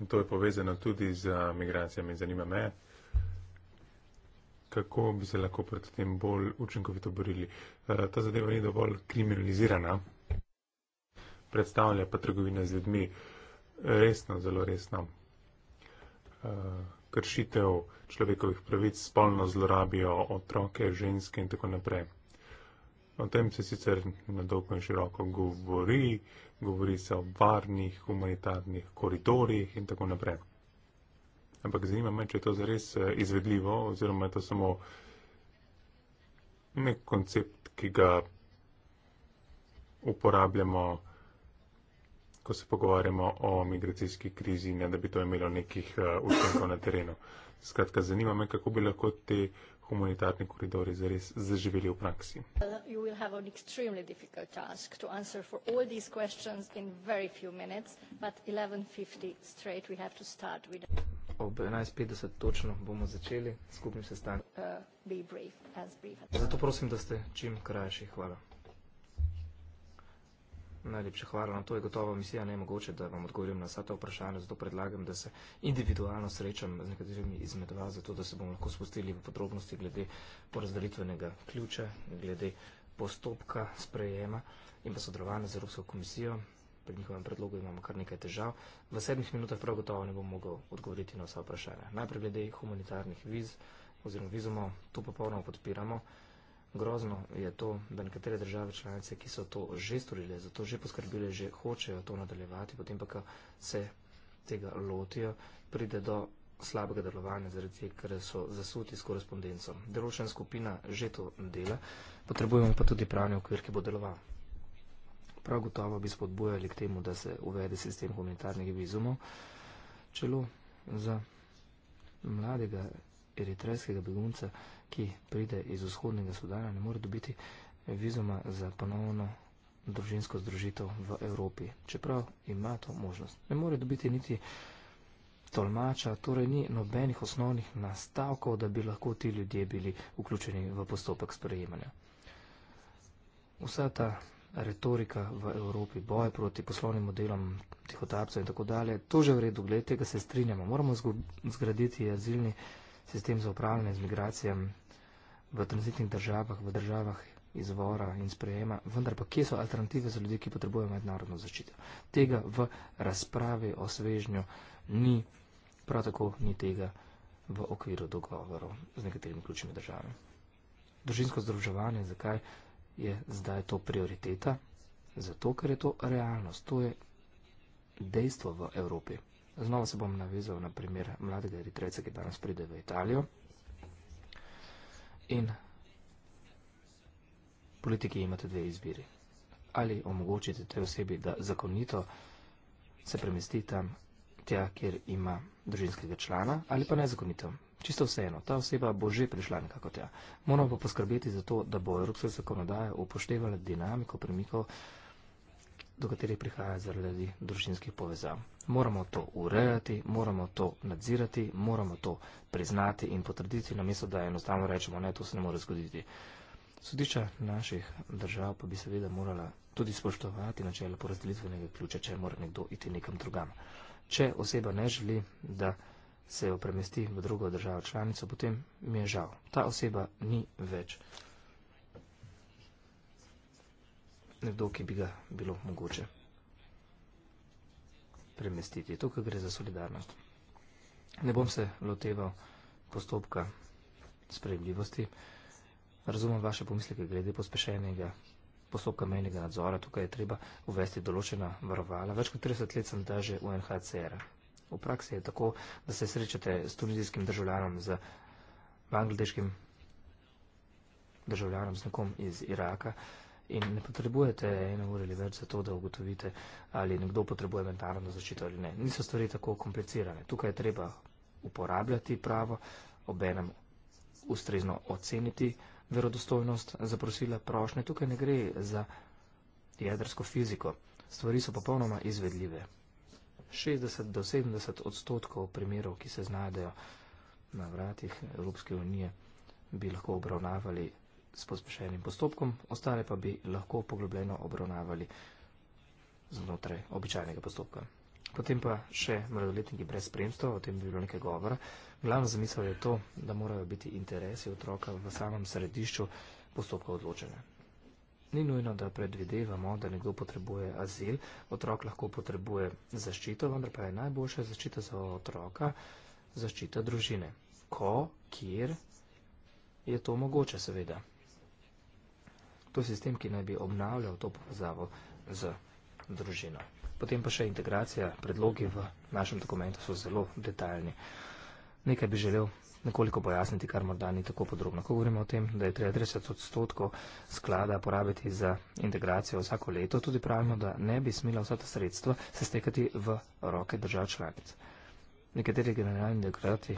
In to je povezano tudi z migracijami. Zanima me, kako bi se lahko proti tem bolj učinkovito borili. Eh, ta zadeva ni dovolj kriminalizirana, predstavlja pa trgovine z ljudmi resno, zelo resno eh, kršitev človekovih pravic, spolno zlorabijo otroke, ženske in tako naprej. O tem se sicer na dolgo in široko govori, govori se o varnih humanitarnih koridorjih in tako naprej. Ampak zanima me, če je to zares eh, izvedljivo oziroma je to samo nek koncept, ki ga uporabljamo, ko se pogovarjamo o migracijski krizi, ne da bi to imelo nekih eh, učinkov na terenu. Skratka, zanima me, kako bi lahko te humanitarni koridori zares zaživeli v praksi. Well, minutes, 11.50 straight we have to start with ob 11.50 točno bomo začeli skupni sestanek. Uh, zato prosim, da ste čim krajši. Hvala. Najlepše hvala. No, to je gotova misija. Ne je mogoče, da vam odgovorim na vsa ta vprašanja, zato predlagam, da se individualno srečam z nekaterimi izmed vas, zato da se bomo lahko spustili v podrobnosti glede porazdelitvenega ključa, glede postopka sprejema in pa sodelovanja z Evropsko komisijo pri njihovem predlogu imamo kar nekaj težav. V sedmih minutah prav gotovo ne bom mogel odgovoriti na vsa vprašanja. Najprej glede humanitarnih viz oziroma vizumov, to popolnoma podpiramo. Grozno je to, da nekatere države članice, ki so to že storile, za to že poskrbile, že hočejo to nadaljevati, potem pa, ko se tega lotijo, pride do slabega delovanja, zaradi tega, ker so zasuti s korespondencom. Deločena skupina že to dela, potrebujemo pa tudi pravni okvir, ki bo deloval prav gotovo bi spodbujali k temu, da se uvede sistem humanitarnih vizumov. Čelo za mladega eritrejskega begunca, ki pride iz vzhodnega Sudana, ne more dobiti vizuma za ponovno družinsko združitev v Evropi, čeprav ima to možnost. Ne more dobiti niti tolmača, torej ni nobenih osnovnih nastavkov, da bi lahko ti ljudje bili vključeni v postopek sprejemanja. Vsa ta retorika v Evropi, boj proti poslovnim modelom, tihotapcev in tako dalje. To že v redu, glede tega se strinjamo. Moramo zgraditi azilni sistem za upravljanje z migracijami v tranzitnih državah, v državah izvora in sprejema, vendar pa kje so alternative za ljudi, ki potrebujejo mednarodno zaščito. Tega v razpravi o svežnju ni, prav tako ni tega v okviru dogovorov z nekaterimi ključnimi državami. Družinsko združevanje, zakaj? je zdaj to prioriteta, zato ker je to realnost, to je dejstvo v Evropi. Znova se bom navizal na primer mladega eritrejca, ki danes pride v Italijo in politiki imate dve izbiri. Ali omogočite te osebi, da zakonito se premesti tam, tja, kjer ima družinskega člana, ali pa nezakonito čisto vseeno, ta oseba bo že prišla nekako tja. Moramo pa poskrbeti za to, da bo evropska zakonodaja upoštevala dinamiko premikov, do katerih prihaja zaradi družinskih povezav. Moramo to urejati, moramo to nadzirati, moramo to priznati in potrditi, namesto da enostavno rečemo, ne, to se ne more zgoditi. Sodišča naših držav pa bi seveda morala tudi spoštovati načelo porazdelitvenega ključa, če mora nekdo iti nekam drugam. Če oseba ne želi, da se jo premesti v drugo državo članico, potem mi je žal. Ta oseba ni več nekdo, ki bi ga bilo mogoče premestiti. Tukaj gre za solidarnost. Ne bom se loteval postopka sprejemljivosti. Razumem vaše pomisleke glede pospešenega postopka mejnega nadzora. Tukaj je treba uvesti določena varovala. Več kot 30 let sem da že v NHCR v praksi je tako, da se srečate s tunizijskim državljanom, z bangladeškim državljanom, z nekom iz Iraka in ne potrebujete eno uro ali več za to, da ugotovite, ali nekdo potrebuje mentalno zaščito ali ne. Niso stvari tako komplicirane. Tukaj je treba uporabljati pravo, obenem ustrezno oceniti verodostojnost zaprosila prošnje. Tukaj ne gre za jedrsko fiziko. Stvari so popolnoma izvedljive. 60 do 70 odstotkov primerov, ki se znajdejo na vratih Evropske unije, bi lahko obravnavali s pospešenim postopkom, ostale pa bi lahko poglobljeno obravnavali znotraj običajnega postopka. Potem pa še mladoletniki brez spremstva, o tem bi bilo nekaj govora. Glavna zamisel je to, da morajo biti interesi otroka v samem središču postopka odločanja. Ni nujno, da predvidevamo, da nekdo potrebuje azil, otrok lahko potrebuje zaščito, vendar pa je najboljša zaščita za otroka zaščita družine. Ko, kjer je to mogoče, seveda. To je sistem, ki naj bi obnavljal to povezavo z družino. Potem pa še integracija, predlogi v našem dokumentu so zelo detaljni. Nekaj bi želel nekoliko pojasniti, kar morda ni tako podrobno. Ko govorimo o tem, da je 33 odstotkov sklada porabiti za integracijo vsako leto, tudi pravimo, da ne bi smela vsa ta sredstva se stekati v roke držav članic. Nekateri generalni dekrati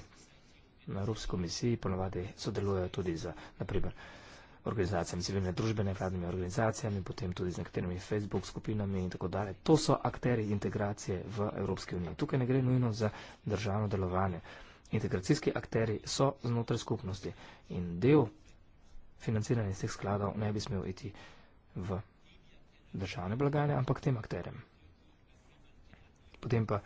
na Evropski komisiji ponovadi sodelujejo tudi z, naprimer, organizacijami civilne družbe, nevladnimi organizacijami, potem tudi z nekaterimi Facebook skupinami in tako dalje. To so akteri integracije v Evropski uniji. Tukaj ne gre nujno za državno delovanje integracijski akteri so znotraj skupnosti in del financiranja iz teh skladov ne bi smel iti v državne blagajne, ampak tem akterjem. Potem pa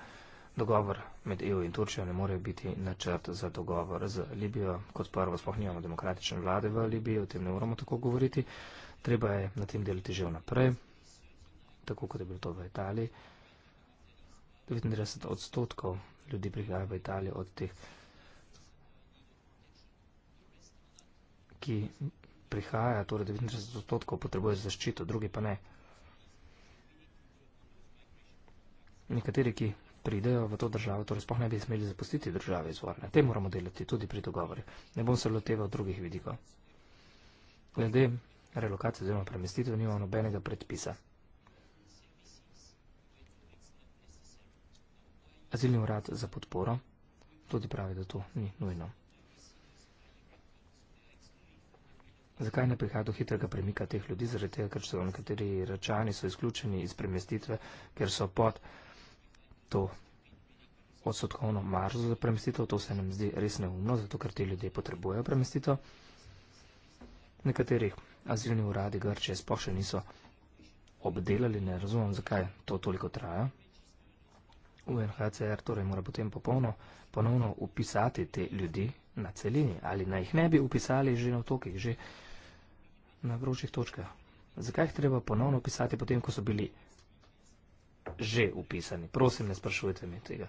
dogovor med EU in Turčijo ne more biti načrt za dogovor z Libijo. Kot prvo, sploh nimamo demokratične vlade v Libiji, o tem ne moramo tako govoriti. Treba je na tem delati že vnaprej, tako kot je bilo to v Italiji. 39 odstotkov ljudi prihajajo v Italijo od teh, ki prihaja, torej 90 odstotkov potrebuje zaščito, drugi pa ne. Nekateri, ki pridejo v to državo, torej spohne bi smeli zapustiti države izvorne. Te moramo delati tudi pri dogovori. Ne bom se loteval drugih vidikov. Glede relokacije oziroma premestitve nimamo nobenega predpisa. azilni urad za podporo tudi pravi, da to ni nujno. Zakaj ne prihaja do hitrega premika teh ljudi? Zaradi tega, ker so nekateri račani so izključeni iz premestitve, ker so pod to odsotkovno maržo za premestitev. To se nam zdi res neumno, zato ker ti ljudje potrebujejo premestitev. Nekaterih azilni uradi Grčije sploh še niso obdelali, ne razumem, zakaj to toliko traja. UNHCR torej mora potem popolno, ponovno upisati te ljudi na celini ali naj jih ne bi upisali že na otokih, že na vročih točkah. Zakaj jih treba ponovno upisati potem, ko so bili že upisani? Prosim, ne sprašujte mi tega.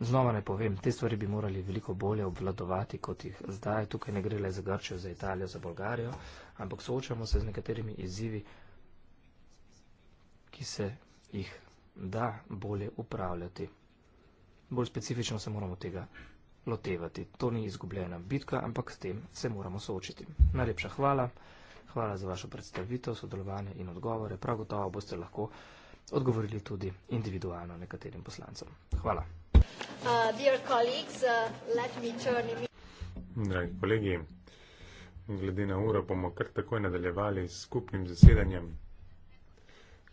Znova ne povem, te stvari bi morali veliko bolje obvladovati, kot jih zdaj. Tukaj ne gre le za Grčijo, za Italijo, za Bolgarijo, ampak soočamo se z nekaterimi izzivi, ki se jih da bolje upravljati. Bolj specifično se moramo tega lotevati. To ni izgubljena bitka, ampak s tem se moramo soočiti. Najlepša hvala, hvala za vašo predstavitev, sodelovanje in odgovore. Prav gotovo boste lahko odgovorili tudi individualno nekaterim poslancem. Hvala. Uh, uh, Dragi kolegi, glede na uro bomo kar takoj nadaljevali s skupnim zasedanjem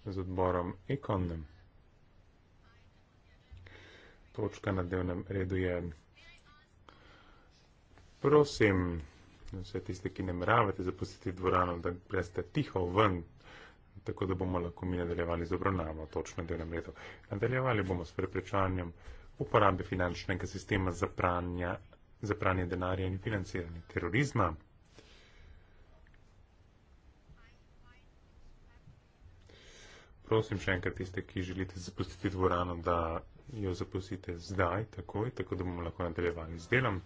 z odborom ekonomije točka na dnevnem redu je. Prosim vse tiste, ki ne meravate zapustiti dvorano, da greste tiho ven, tako da bomo lahko mi nadaljevali z obravnavo točno na dnevnem redu. Nadaljevali bomo s preprečanjem uporabe finančnega sistema za pranja, za pranje denarja in financiranje terorizma. Prosim še enkrat tiste, ki želite zapustiti dvorano, da jo zapustite zdaj, takoj, tako da bomo lahko nadaljevali z delom.